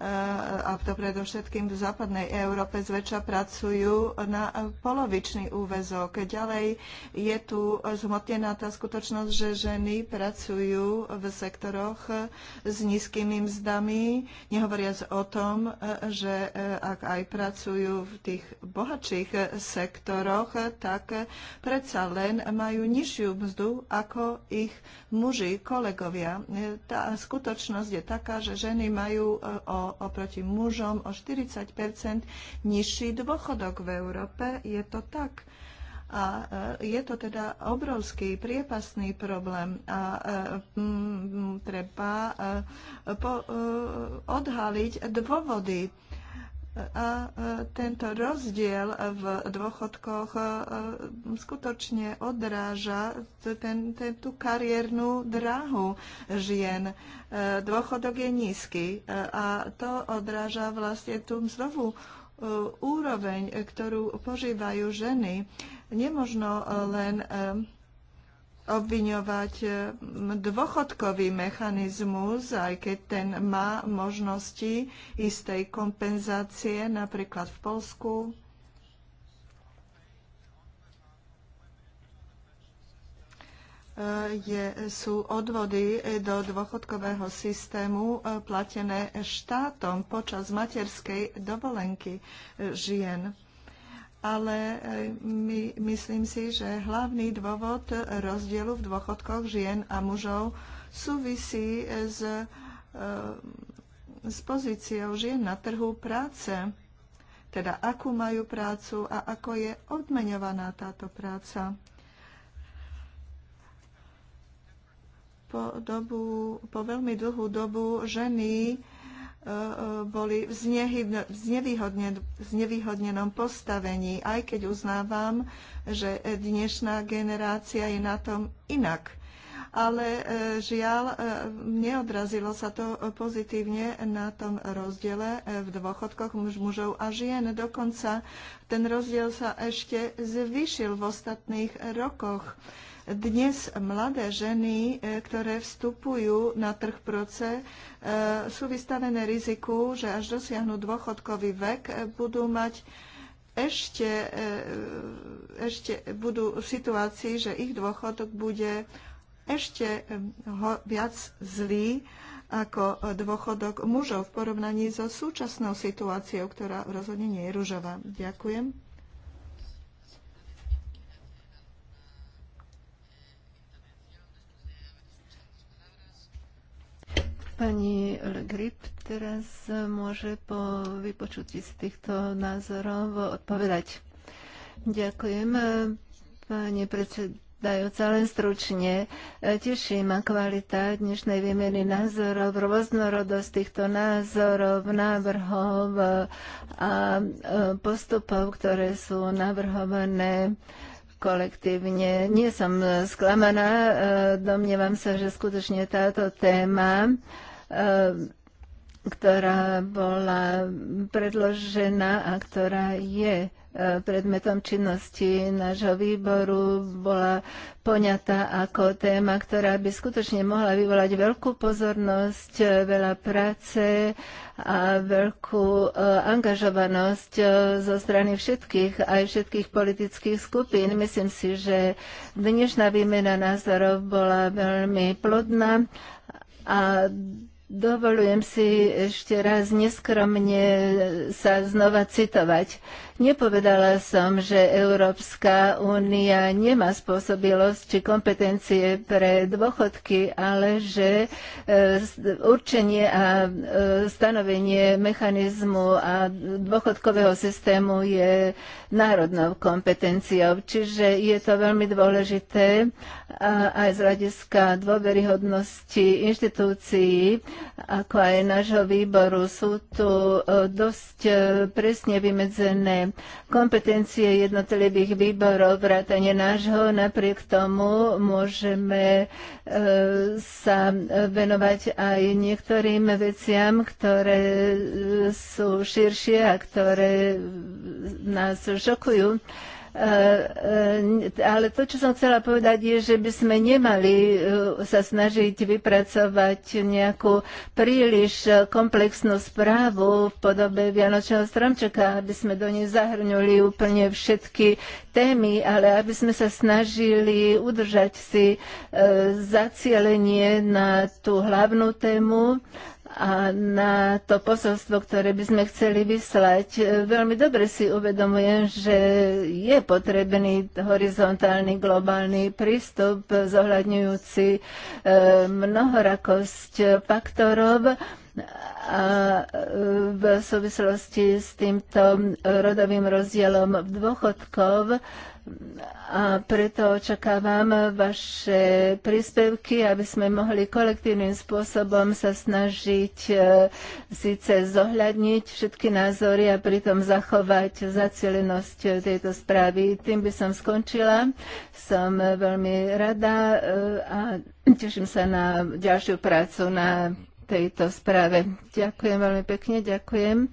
a to predovšetkým v západnej Európe zväčša pracujú na polovičný úvezok. Ďalej je tu zhmotnená tá skutočnosť, že ženy pracujú v sektoroch s nízkymi mzdami, nehovoriac o tom, že e, ak aj pracujú v tých bohatších sektoroch, tak predsa len majú nižšiu mzdu ako ich muži, kolegovia. E, tá skutočnosť je taká, že ženy majú e, o oproti mužom o 40 nižší dôchodok v Európe. Je to tak. A e, je to teda obrovský priepasný problém a e, treba e, odhaliť dôvody a e, tento rozdiel v dôchodkoch e, e, skutočne odráža ten, ten, tú kariérnu dráhu žien. Dôchodok je nízky a to odráža vlastne tú mzdovú úroveň, ktorú požívajú ženy. Nemožno len obviňovať eh, dôchodkový mechanizmus, aj keď ten má možnosti istej kompenzácie, napríklad v Polsku. Eh, je, sú odvody do dôchodkového systému eh, platené štátom počas materskej dovolenky žien ale e, my, myslím si, že hlavný dôvod rozdielu v dôchodkoch žien a mužov súvisí s, e, s pozíciou žien na trhu práce. Teda akú majú prácu a ako je odmeňovaná táto práca. Po, dobu, po veľmi dlhú dobu ženy boli v znevýhodnenom postavení, aj keď uznávam, že dnešná generácia je na tom inak. Ale e, žiaľ, e, neodrazilo sa to pozitívne na tom rozdiele e, v dôchodkoch mužov a žien. Dokonca ten rozdiel sa ešte zvyšil v ostatných rokoch dnes mladé ženy, e, ktoré vstupujú na trh proce, e, sú vystavené riziku, že až dosiahnu dôchodkový vek, e, budú mať ešte, ešte budú v situácii, že ich dôchodok bude ešte viac zlý ako dôchodok mužov v porovnaní so súčasnou situáciou, ktorá rozhodne nie je ružová. Ďakujem. Pani Grip teraz môže po vypočutí z týchto názorov odpovedať. Ďakujem, pani predsedajúca dajúca len stručne. Teší ma kvalita dnešnej výmeny názorov, rôznorodosť týchto názorov, návrhov a e, postupov, ktoré sú navrhované kolektívne. Nie som sklamaná, e, domnievam sa, že skutočne táto téma E, ktorá bola predložená a ktorá je e, predmetom činnosti nášho výboru bola poňatá ako téma, ktorá by skutočne mohla vyvolať veľkú pozornosť, e, veľa práce a veľkú angažovanosť zo strany všetkých, aj všetkých politických skupín. Myslím si, že dnešná výmena názorov bola veľmi plodná a Dovolujem si ešte raz neskromne sa znova citovať. Nepovedala som, že Európska únia nemá spôsobilosť či kompetencie pre dôchodky, ale že e, určenie a e, stanovenie mechanizmu a dôchodkového systému je národnou kompetenciou. Čiže je to veľmi dôležité aj z hľadiska dôveryhodnosti inštitúcií, ako aj nášho výboru, sú tu e, dosť e, presne vymedzené kompetencie jednotlivých výborov, vrátane nášho. Napriek tomu môžeme e, sa venovať aj niektorým veciam, ktoré sú širšie a ktoré nás šokujú. E, e, ale to, čo som chcela povedať, je, že by sme nemali e, sa snažiť vypracovať nejakú príliš komplexnú správu v podobe Vianočného stromčeka, aby sme do nej zahrnuli úplne všetky témy, ale aby sme sa snažili udržať si zacielenie na tú hlavnú tému, a na to posolstvo, ktoré by sme chceli vyslať. E, veľmi dobre si uvedomujem, že je potrebný horizontálny globálny prístup zohľadňujúci e, mnohorakosť e, faktorov a v súvislosti s týmto rodovým rozdielom dôchodkov a preto očakávam vaše príspevky, aby sme mohli kolektívnym spôsobom sa snažiť e, síce zohľadniť všetky názory a pritom zachovať zacielenosť tejto správy. Tým by som skončila. Som veľmi rada e, a teším sa na ďalšiu prácu na tejto správe. Ďakujem veľmi pekne, ďakujem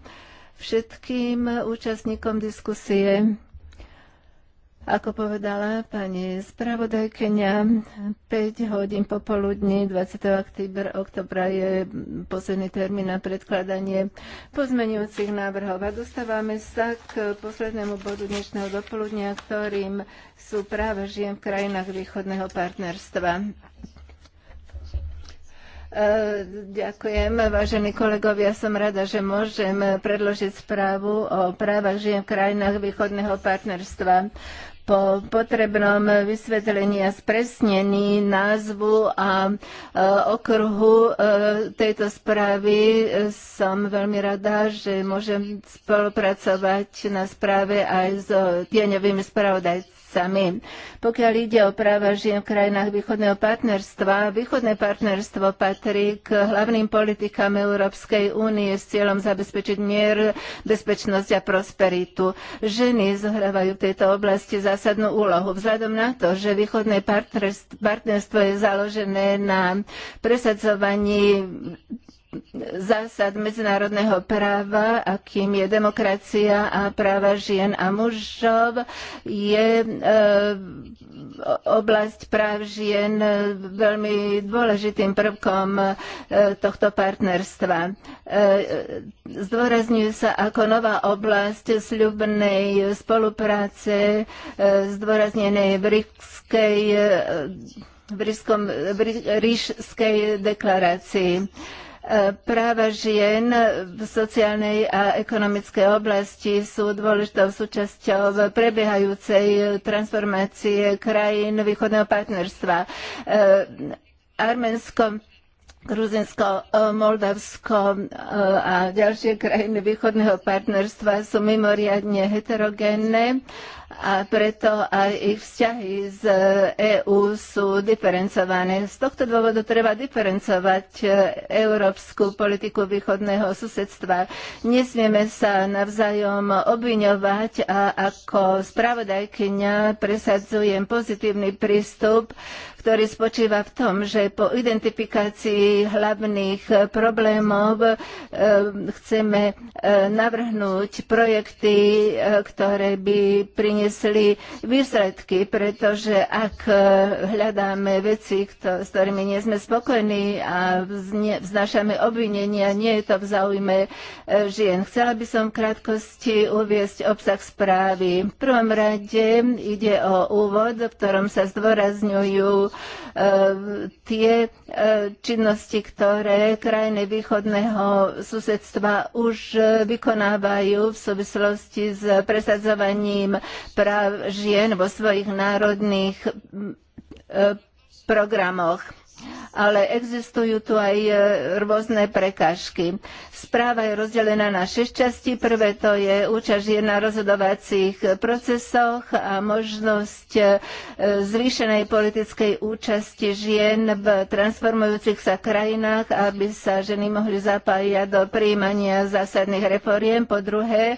všetkým účastníkom diskusie. Ako povedala pani spravodajkenia, 5 hodín popoludní 20. oktobra je posledný termín na predkladanie pozmenujúcich návrhov. A dostávame sa k poslednému bodu dnešného dopoludnia, ktorým sú práve žien v krajinách východného partnerstva. Eh, ďakujem, vážení kolegovia. Som rada, že môžem predložiť správu o právach žien v krajinách východného partnerstva po potrebnom vysvetlení a spresnení názvu a eh, okruhu eh, tejto správy som veľmi rada, že môžem spolupracovať na správe aj s so tieňovými spravodajcami samým. Pokiaľ ide o práva žien v krajinách východného partnerstva, východné partnerstvo patrí k hlavným politikám Európskej únie s cieľom zabezpečiť mier, bezpečnosť a prosperitu. Ženy zohrávajú v tejto oblasti zásadnú úlohu. Vzhľadom na to, že východné partnerstvo je založené na presadzovaní zásad medzinárodného práva, akým je demokracia a práva žien a mužov, je e, oblasť práv žien e, veľmi dôležitým prvkom e, tohto partnerstva. E, zdôrazňuje sa ako nová oblasť sľubnej spolupráce, e, zdôraznenej v ríkskej e, v deklarácii. Práva žien v sociálnej a ekonomickej oblasti sú dôležitou súčasťou prebiehajúcej transformácie krajín východného partnerstva. E, Arménsko Gruzinsko, e, Moldavsko e, a ďalšie krajiny východného partnerstva sú mimoriadne heterogénne a preto aj ich vzťahy z EÚ sú diferencované. Z tohto dôvodu treba diferencovať e, európsku politiku východného susedstva. Nesmieme sa navzájom obviňovať a ako spravodajkyňa presadzujem pozitívny prístup ktorý spočíva v tom, že po identifikácii hlavných problémov e, chceme e, navrhnúť projekty, e, ktoré by priniesli výsledky, pretože ak hľadáme veci, s ktorými nie sme spokojní a vznášame obvinenia, nie je to v záujme žien. Chcela by som v krátkosti uviesť obsah správy. V prvom rade ide o úvod, v ktorom sa zdôrazňujú E, tie e, činnosti, ktoré krajiny východného susedstva už vykonávajú v súvislosti s presadzovaním práv žien vo svojich národných e, programoch ale existujú tu aj e, rôzne prekážky. Správa je rozdelená na 6 častí. Prvé to je účasť na rozhodovacích procesoch a možnosť e, zvýšenej politickej účasti žien v transformujúcich sa krajinách, aby sa ženy mohli zapájať do príjmania zásadných reforiem. Po druhé, e,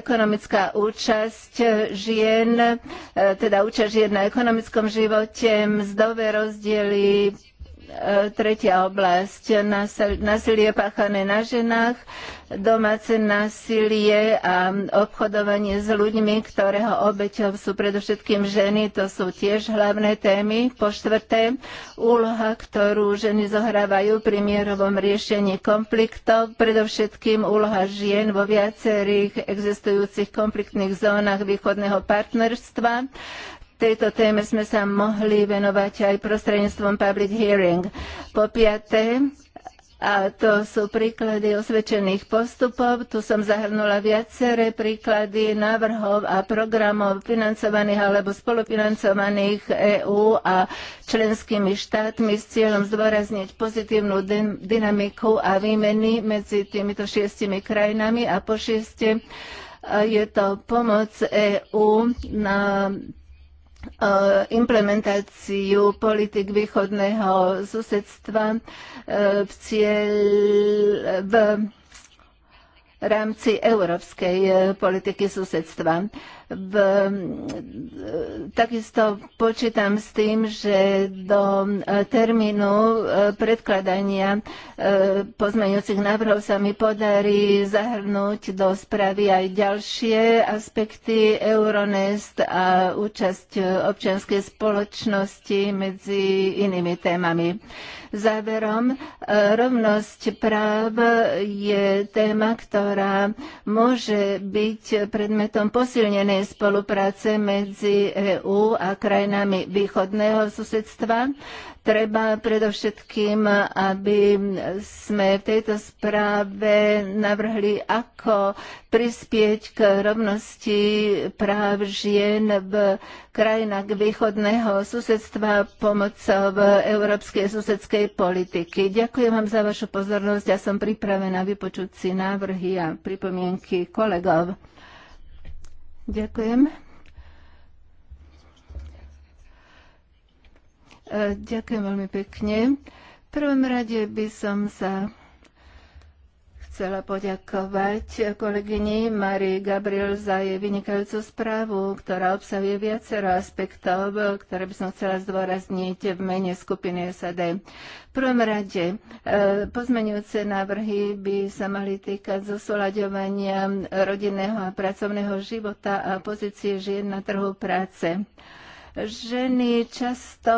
ekonomická účasť žien, teda účasť žien na ekonomickom živote, mzdové rozdiely, E, tretia oblasť, násilie páchané na ženách, domáce násilie a obchodovanie s ľuďmi, ktorého obeťom sú predovšetkým ženy, to sú tiež hlavné témy. Po štvrté, úloha, ktorú ženy zohrávajú pri mierovom riešení konfliktov, predovšetkým úloha žien vo viacerých existujúcich konfliktných zónach východného partnerstva. Tejto téme sme sa mohli venovať aj prostredníctvom public hearing. Po piaté, a to sú príklady osvedčených postupov. Tu som zahrnula viaceré príklady návrhov a programov financovaných alebo spolufinancovaných EÚ a členskými štátmi s cieľom zdôrazniť pozitívnu dynamiku a výmeny medzi týmito šiestimi krajinami. A po šieste je to pomoc EÚ na Eh, implementáciu politik východného susedstva eh, v cieľ v rámci európskej eh, politiky susedstva. V, takisto počítam s tým, že do e, termínu e, predkladania e, pozmeňujúcich návrhov sa mi podarí zahrnúť do správy aj ďalšie aspekty Euronest a účasť občianskej spoločnosti medzi inými témami. Záverom, rovnosť práv je téma, ktorá môže byť predmetom posilnenej spolupráce medzi EÚ a krajinami východného susedstva. Treba predovšetkým, aby sme v tejto správe navrhli, ako prispieť k rovnosti práv žien v krajinách východného susedstva pomocou európskej susedskej politiky. Ďakujem vám za vašu pozornosť. Ja som pripravená vypočuť si návrhy a pripomienky kolegov. Ďakujem. E, ďakujem veľmi pekne. V prvom rade by som sa chcela poďakovať kolegyni Marii Gabriel za jej vynikajúcu správu, ktorá obsahuje viacero aspektov, ktoré by som chcela zdôrazniť v mene skupiny SAD. V prvom rade e, pozmeňujúce návrhy by sa mali týkať zosúľaďovania rodinného a pracovného života a pozície žien na trhu práce. Ženy často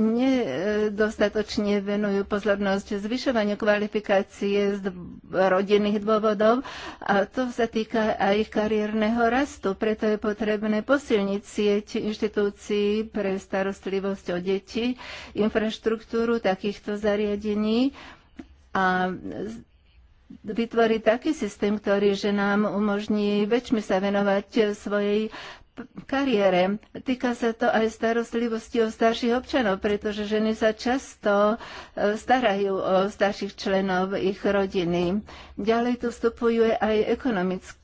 nedostatočne venujú pozornosť zvyšovaniu kvalifikácie z rodinných dôvodov a to sa týka aj ich kariérneho rastu. Preto je potrebné posilniť sieť inštitúcií pre starostlivosť o deti, infraštruktúru takýchto zariadení a vytvoriť taký systém, ktorý že nám umožní väčšmi sa venovať svojej kariére. Týka sa to aj starostlivosti o starších občanov, pretože ženy sa často e, starajú o starších členov ich rodiny. Ďalej tu vstupuje aj ekonomické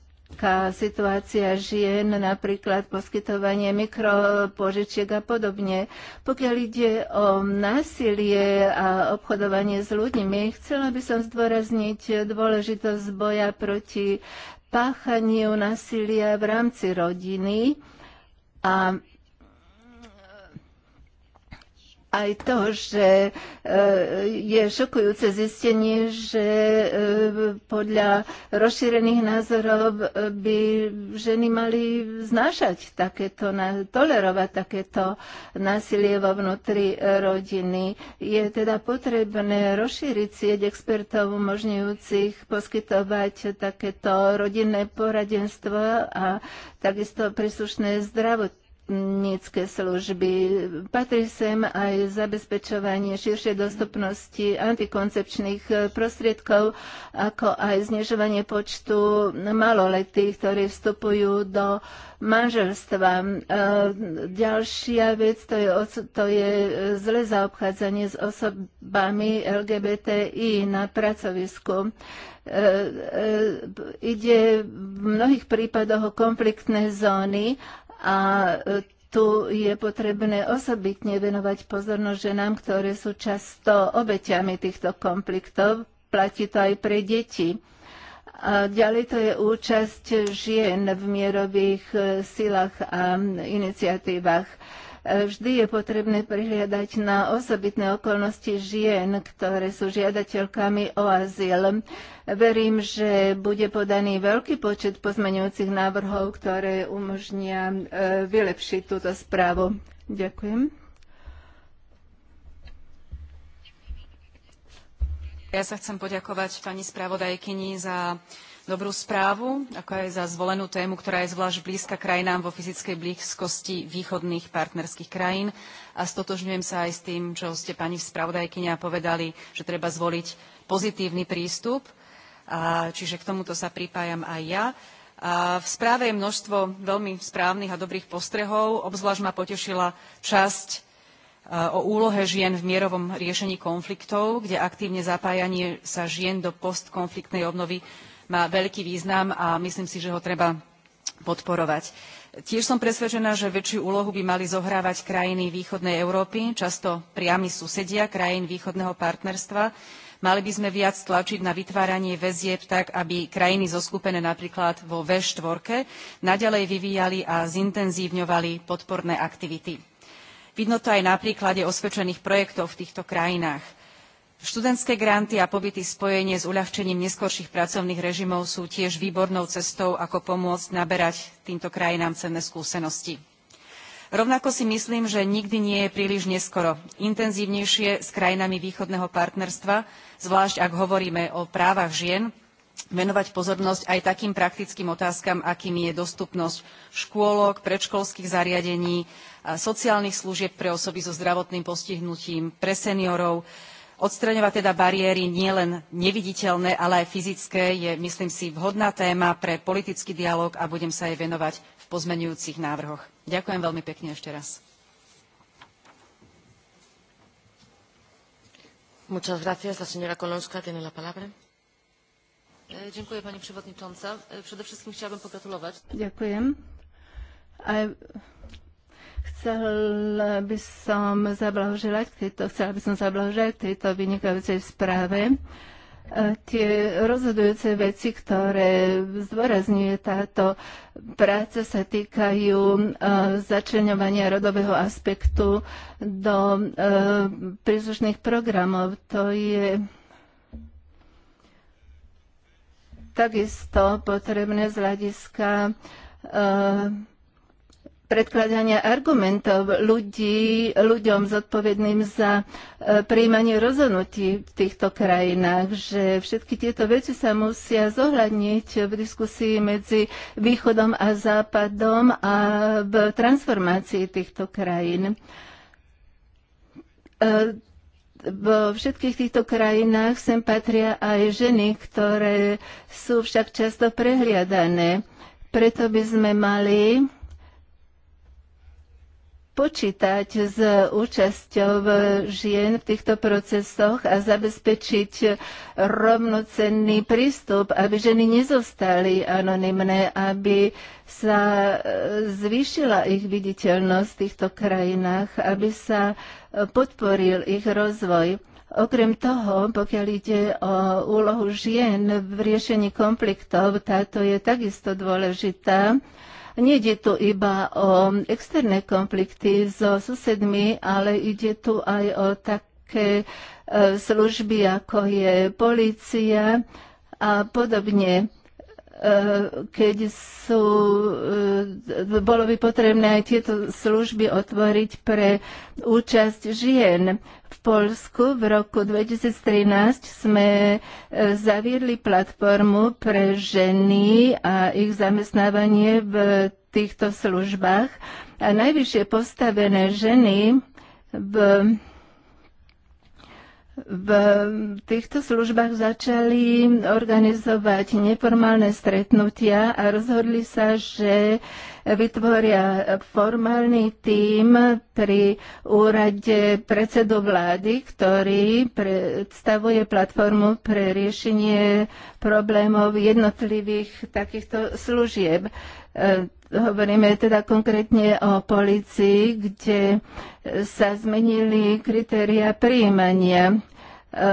situácia žien, napríklad poskytovanie mikropožičiek a podobne. Pokiaľ ide o násilie a obchodovanie s ľuďmi, chcela by som zdôrazniť dôležitosť boja proti páchaniu násilia v rámci rodiny a aj to, že e, je šokujúce zistenie, že e, podľa rozšírených názorov e, by ženy mali znášať takéto, tolerovať takéto násilie vo vnútri rodiny. Je teda potrebné rozšíriť sieť expertov umožňujúcich poskytovať takéto rodinné poradenstvo a takisto príslušné zdravotné zdravotnícke služby. Patrí sem aj zabezpečovanie širšej dostupnosti antikoncepčných eh, prostriedkov, ako aj znižovanie počtu maloletých, ktorí vstupujú do manželstva. Eh, ďalšia vec to je, to je eh, zle zaobchádzanie s osobami LGBTI na pracovisku ide v mnohých prípadoch o konfliktné zóny a e, tu je potrebné osobitne venovať pozornosť ženám, ktoré sú často obeťami týchto konfliktov. Platí to aj pre deti. A ďalej to je účasť žien v mierových e, silách a iniciatívach E, vždy je potrebné prihliadať na osobitné okolnosti žien, ktoré sú žiadateľkami o azyl. Verím, že bude podaný veľký počet pozmeňujúcich návrhov, ktoré umožnia e, vylepšiť túto správu. Ďakujem. Ja sa chcem poďakovať pani spravodajkyni za dobrú správu, ako aj za zvolenú tému, ktorá je zvlášť blízka krajinám vo fyzickej blízkosti východných partnerských krajín. A stotožňujem sa aj s tým, čo ste pani spravodajkyňa povedali, že treba zvoliť pozitívny prístup. A, čiže k tomuto sa pripájam aj ja. A v správe je množstvo veľmi správnych a dobrých postrehov. Obzvlášť ma potešila časť e, o úlohe žien v mierovom riešení konfliktov, kde aktívne zapájanie sa žien do postkonfliktnej obnovy má veľký význam a myslím si, že ho treba podporovať. Tiež som presvedčená, že väčšiu úlohu by mali zohrávať krajiny východnej Európy, často priami susedia krajín východného partnerstva. Mali by sme viac tlačiť na vytváranie väzieb tak, aby krajiny zoskupené napríklad vo V4 naďalej vyvíjali a zintenzívňovali podporné aktivity. Vidno to aj na príklade osvedčených projektov v týchto krajinách Študentské granty a pobyty spojenie s uľahčením neskorších pracovných režimov sú tiež výbornou cestou, ako pomôcť naberať týmto krajinám cenné skúsenosti. Rovnako si myslím, že nikdy nie je príliš neskoro intenzívnejšie s krajinami východného partnerstva, zvlášť ak hovoríme o právach žien, venovať pozornosť aj takým praktickým otázkam, akými je dostupnosť škôlok, predškolských zariadení, sociálnych služieb pre osoby so zdravotným postihnutím, pre seniorov, Odstraňovať teda bariéry nielen neviditeľné, ale aj fyzické je, myslím si, vhodná téma pre politický dialog a budem sa jej venovať v pozmenujúcich návrhoch. Ďakujem veľmi pekne ešte raz. E, dziękuję Pani Przewodnicząca. E, przede wszystkim chciałabym pogratulować. Dziękuję. E, Chcela by som zablahoželať k tejto, chcela by som zablahoželať k tejto vynikajúcej správe. E, tie rozhodujúce veci, ktoré zdôrazňuje táto práca, sa týkajú e, začlenovania rodového aspektu do e, príslušných programov. To je takisto potrebné z hľadiska predkladania argumentov ľudí, ľuďom zodpovedným za e, príjmanie rozhodnutí v týchto krajinách, že všetky tieto veci sa musia zohľadniť v diskusii medzi východom a západom a v transformácii týchto krajín e, vo všetkých týchto krajinách sem patria aj ženy, ktoré sú však často prehliadané. Preto by sme mali počítať s účasťou žien v týchto procesoch a zabezpečiť rovnocenný prístup, aby ženy nezostali anonimné, aby sa e, zvýšila ich viditeľnosť v týchto krajinách, aby sa podporil ich rozvoj. Okrem toho, pokiaľ ide o úlohu žien v riešení konfliktov, táto je takisto dôležitá Nejde tu iba o externé konflikty so susedmi, ale ide tu aj o také e, služby, ako je policia a podobne. E, keď sú, e, bolo by potrebné aj tieto služby otvoriť pre účasť žien. V Polsku v roku 2013 sme e, zaviedli platformu pre ženy a ich zamestnávanie v týchto službách. A najvyššie postavené ženy v v týchto službách začali organizovať neformálne stretnutia a rozhodli sa, že vytvoria formálny tím pri úrade predsedu vlády, ktorý predstavuje platformu pre riešenie problémov jednotlivých takýchto služieb. E, hovoríme teda konkrétne o policii, kde sa zmenili kritéria príjmania e, e,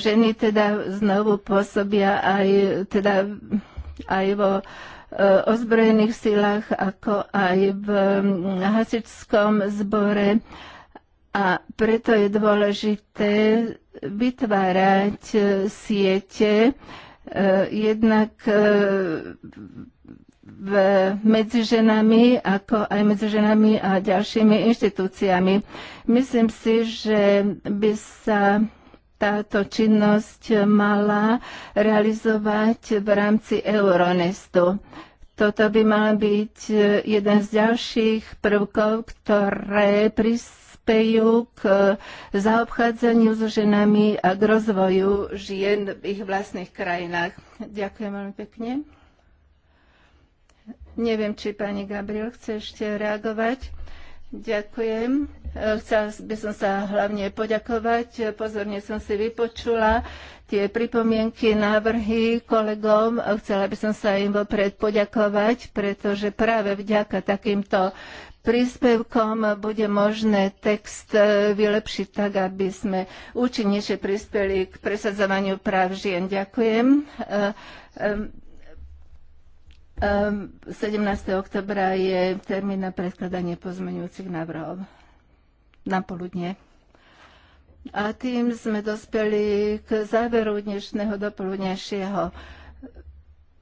ženy teda znovu pôsobia aj, teda, aj vo ozbrojených silách, ako aj v hasičskom zbore. A preto je dôležité vytvárať siete, jednak v, medzi ženami, ako aj medzi ženami a ďalšími inštitúciami. Myslím si, že by sa táto činnosť mala realizovať v rámci Euronestu. Toto by mal byť e, jeden z ďalších prvkov, ktoré prispejú k e, zaobchádzaniu so ženami a k rozvoju žien v ich vlastných krajinách. Ďakujem veľmi pekne. Neviem, či pani Gabriel chce ešte reagovať. Ďakujem. Chcela by som sa hlavne poďakovať. Pozorne som si vypočula tie pripomienky, návrhy kolegom. Chcela by som sa im vopred poďakovať, pretože práve vďaka takýmto príspevkom bude možné text e, vylepšiť tak, aby sme účinnejšie prispeli k presadzovaniu práv žien. Ďakujem. E, e, 17. Ehm, oktobra je termín na predkladanie pozmeňujúcich návrhov na poludne. A tým sme dospeli k záveru dnešného dopoludnejšieho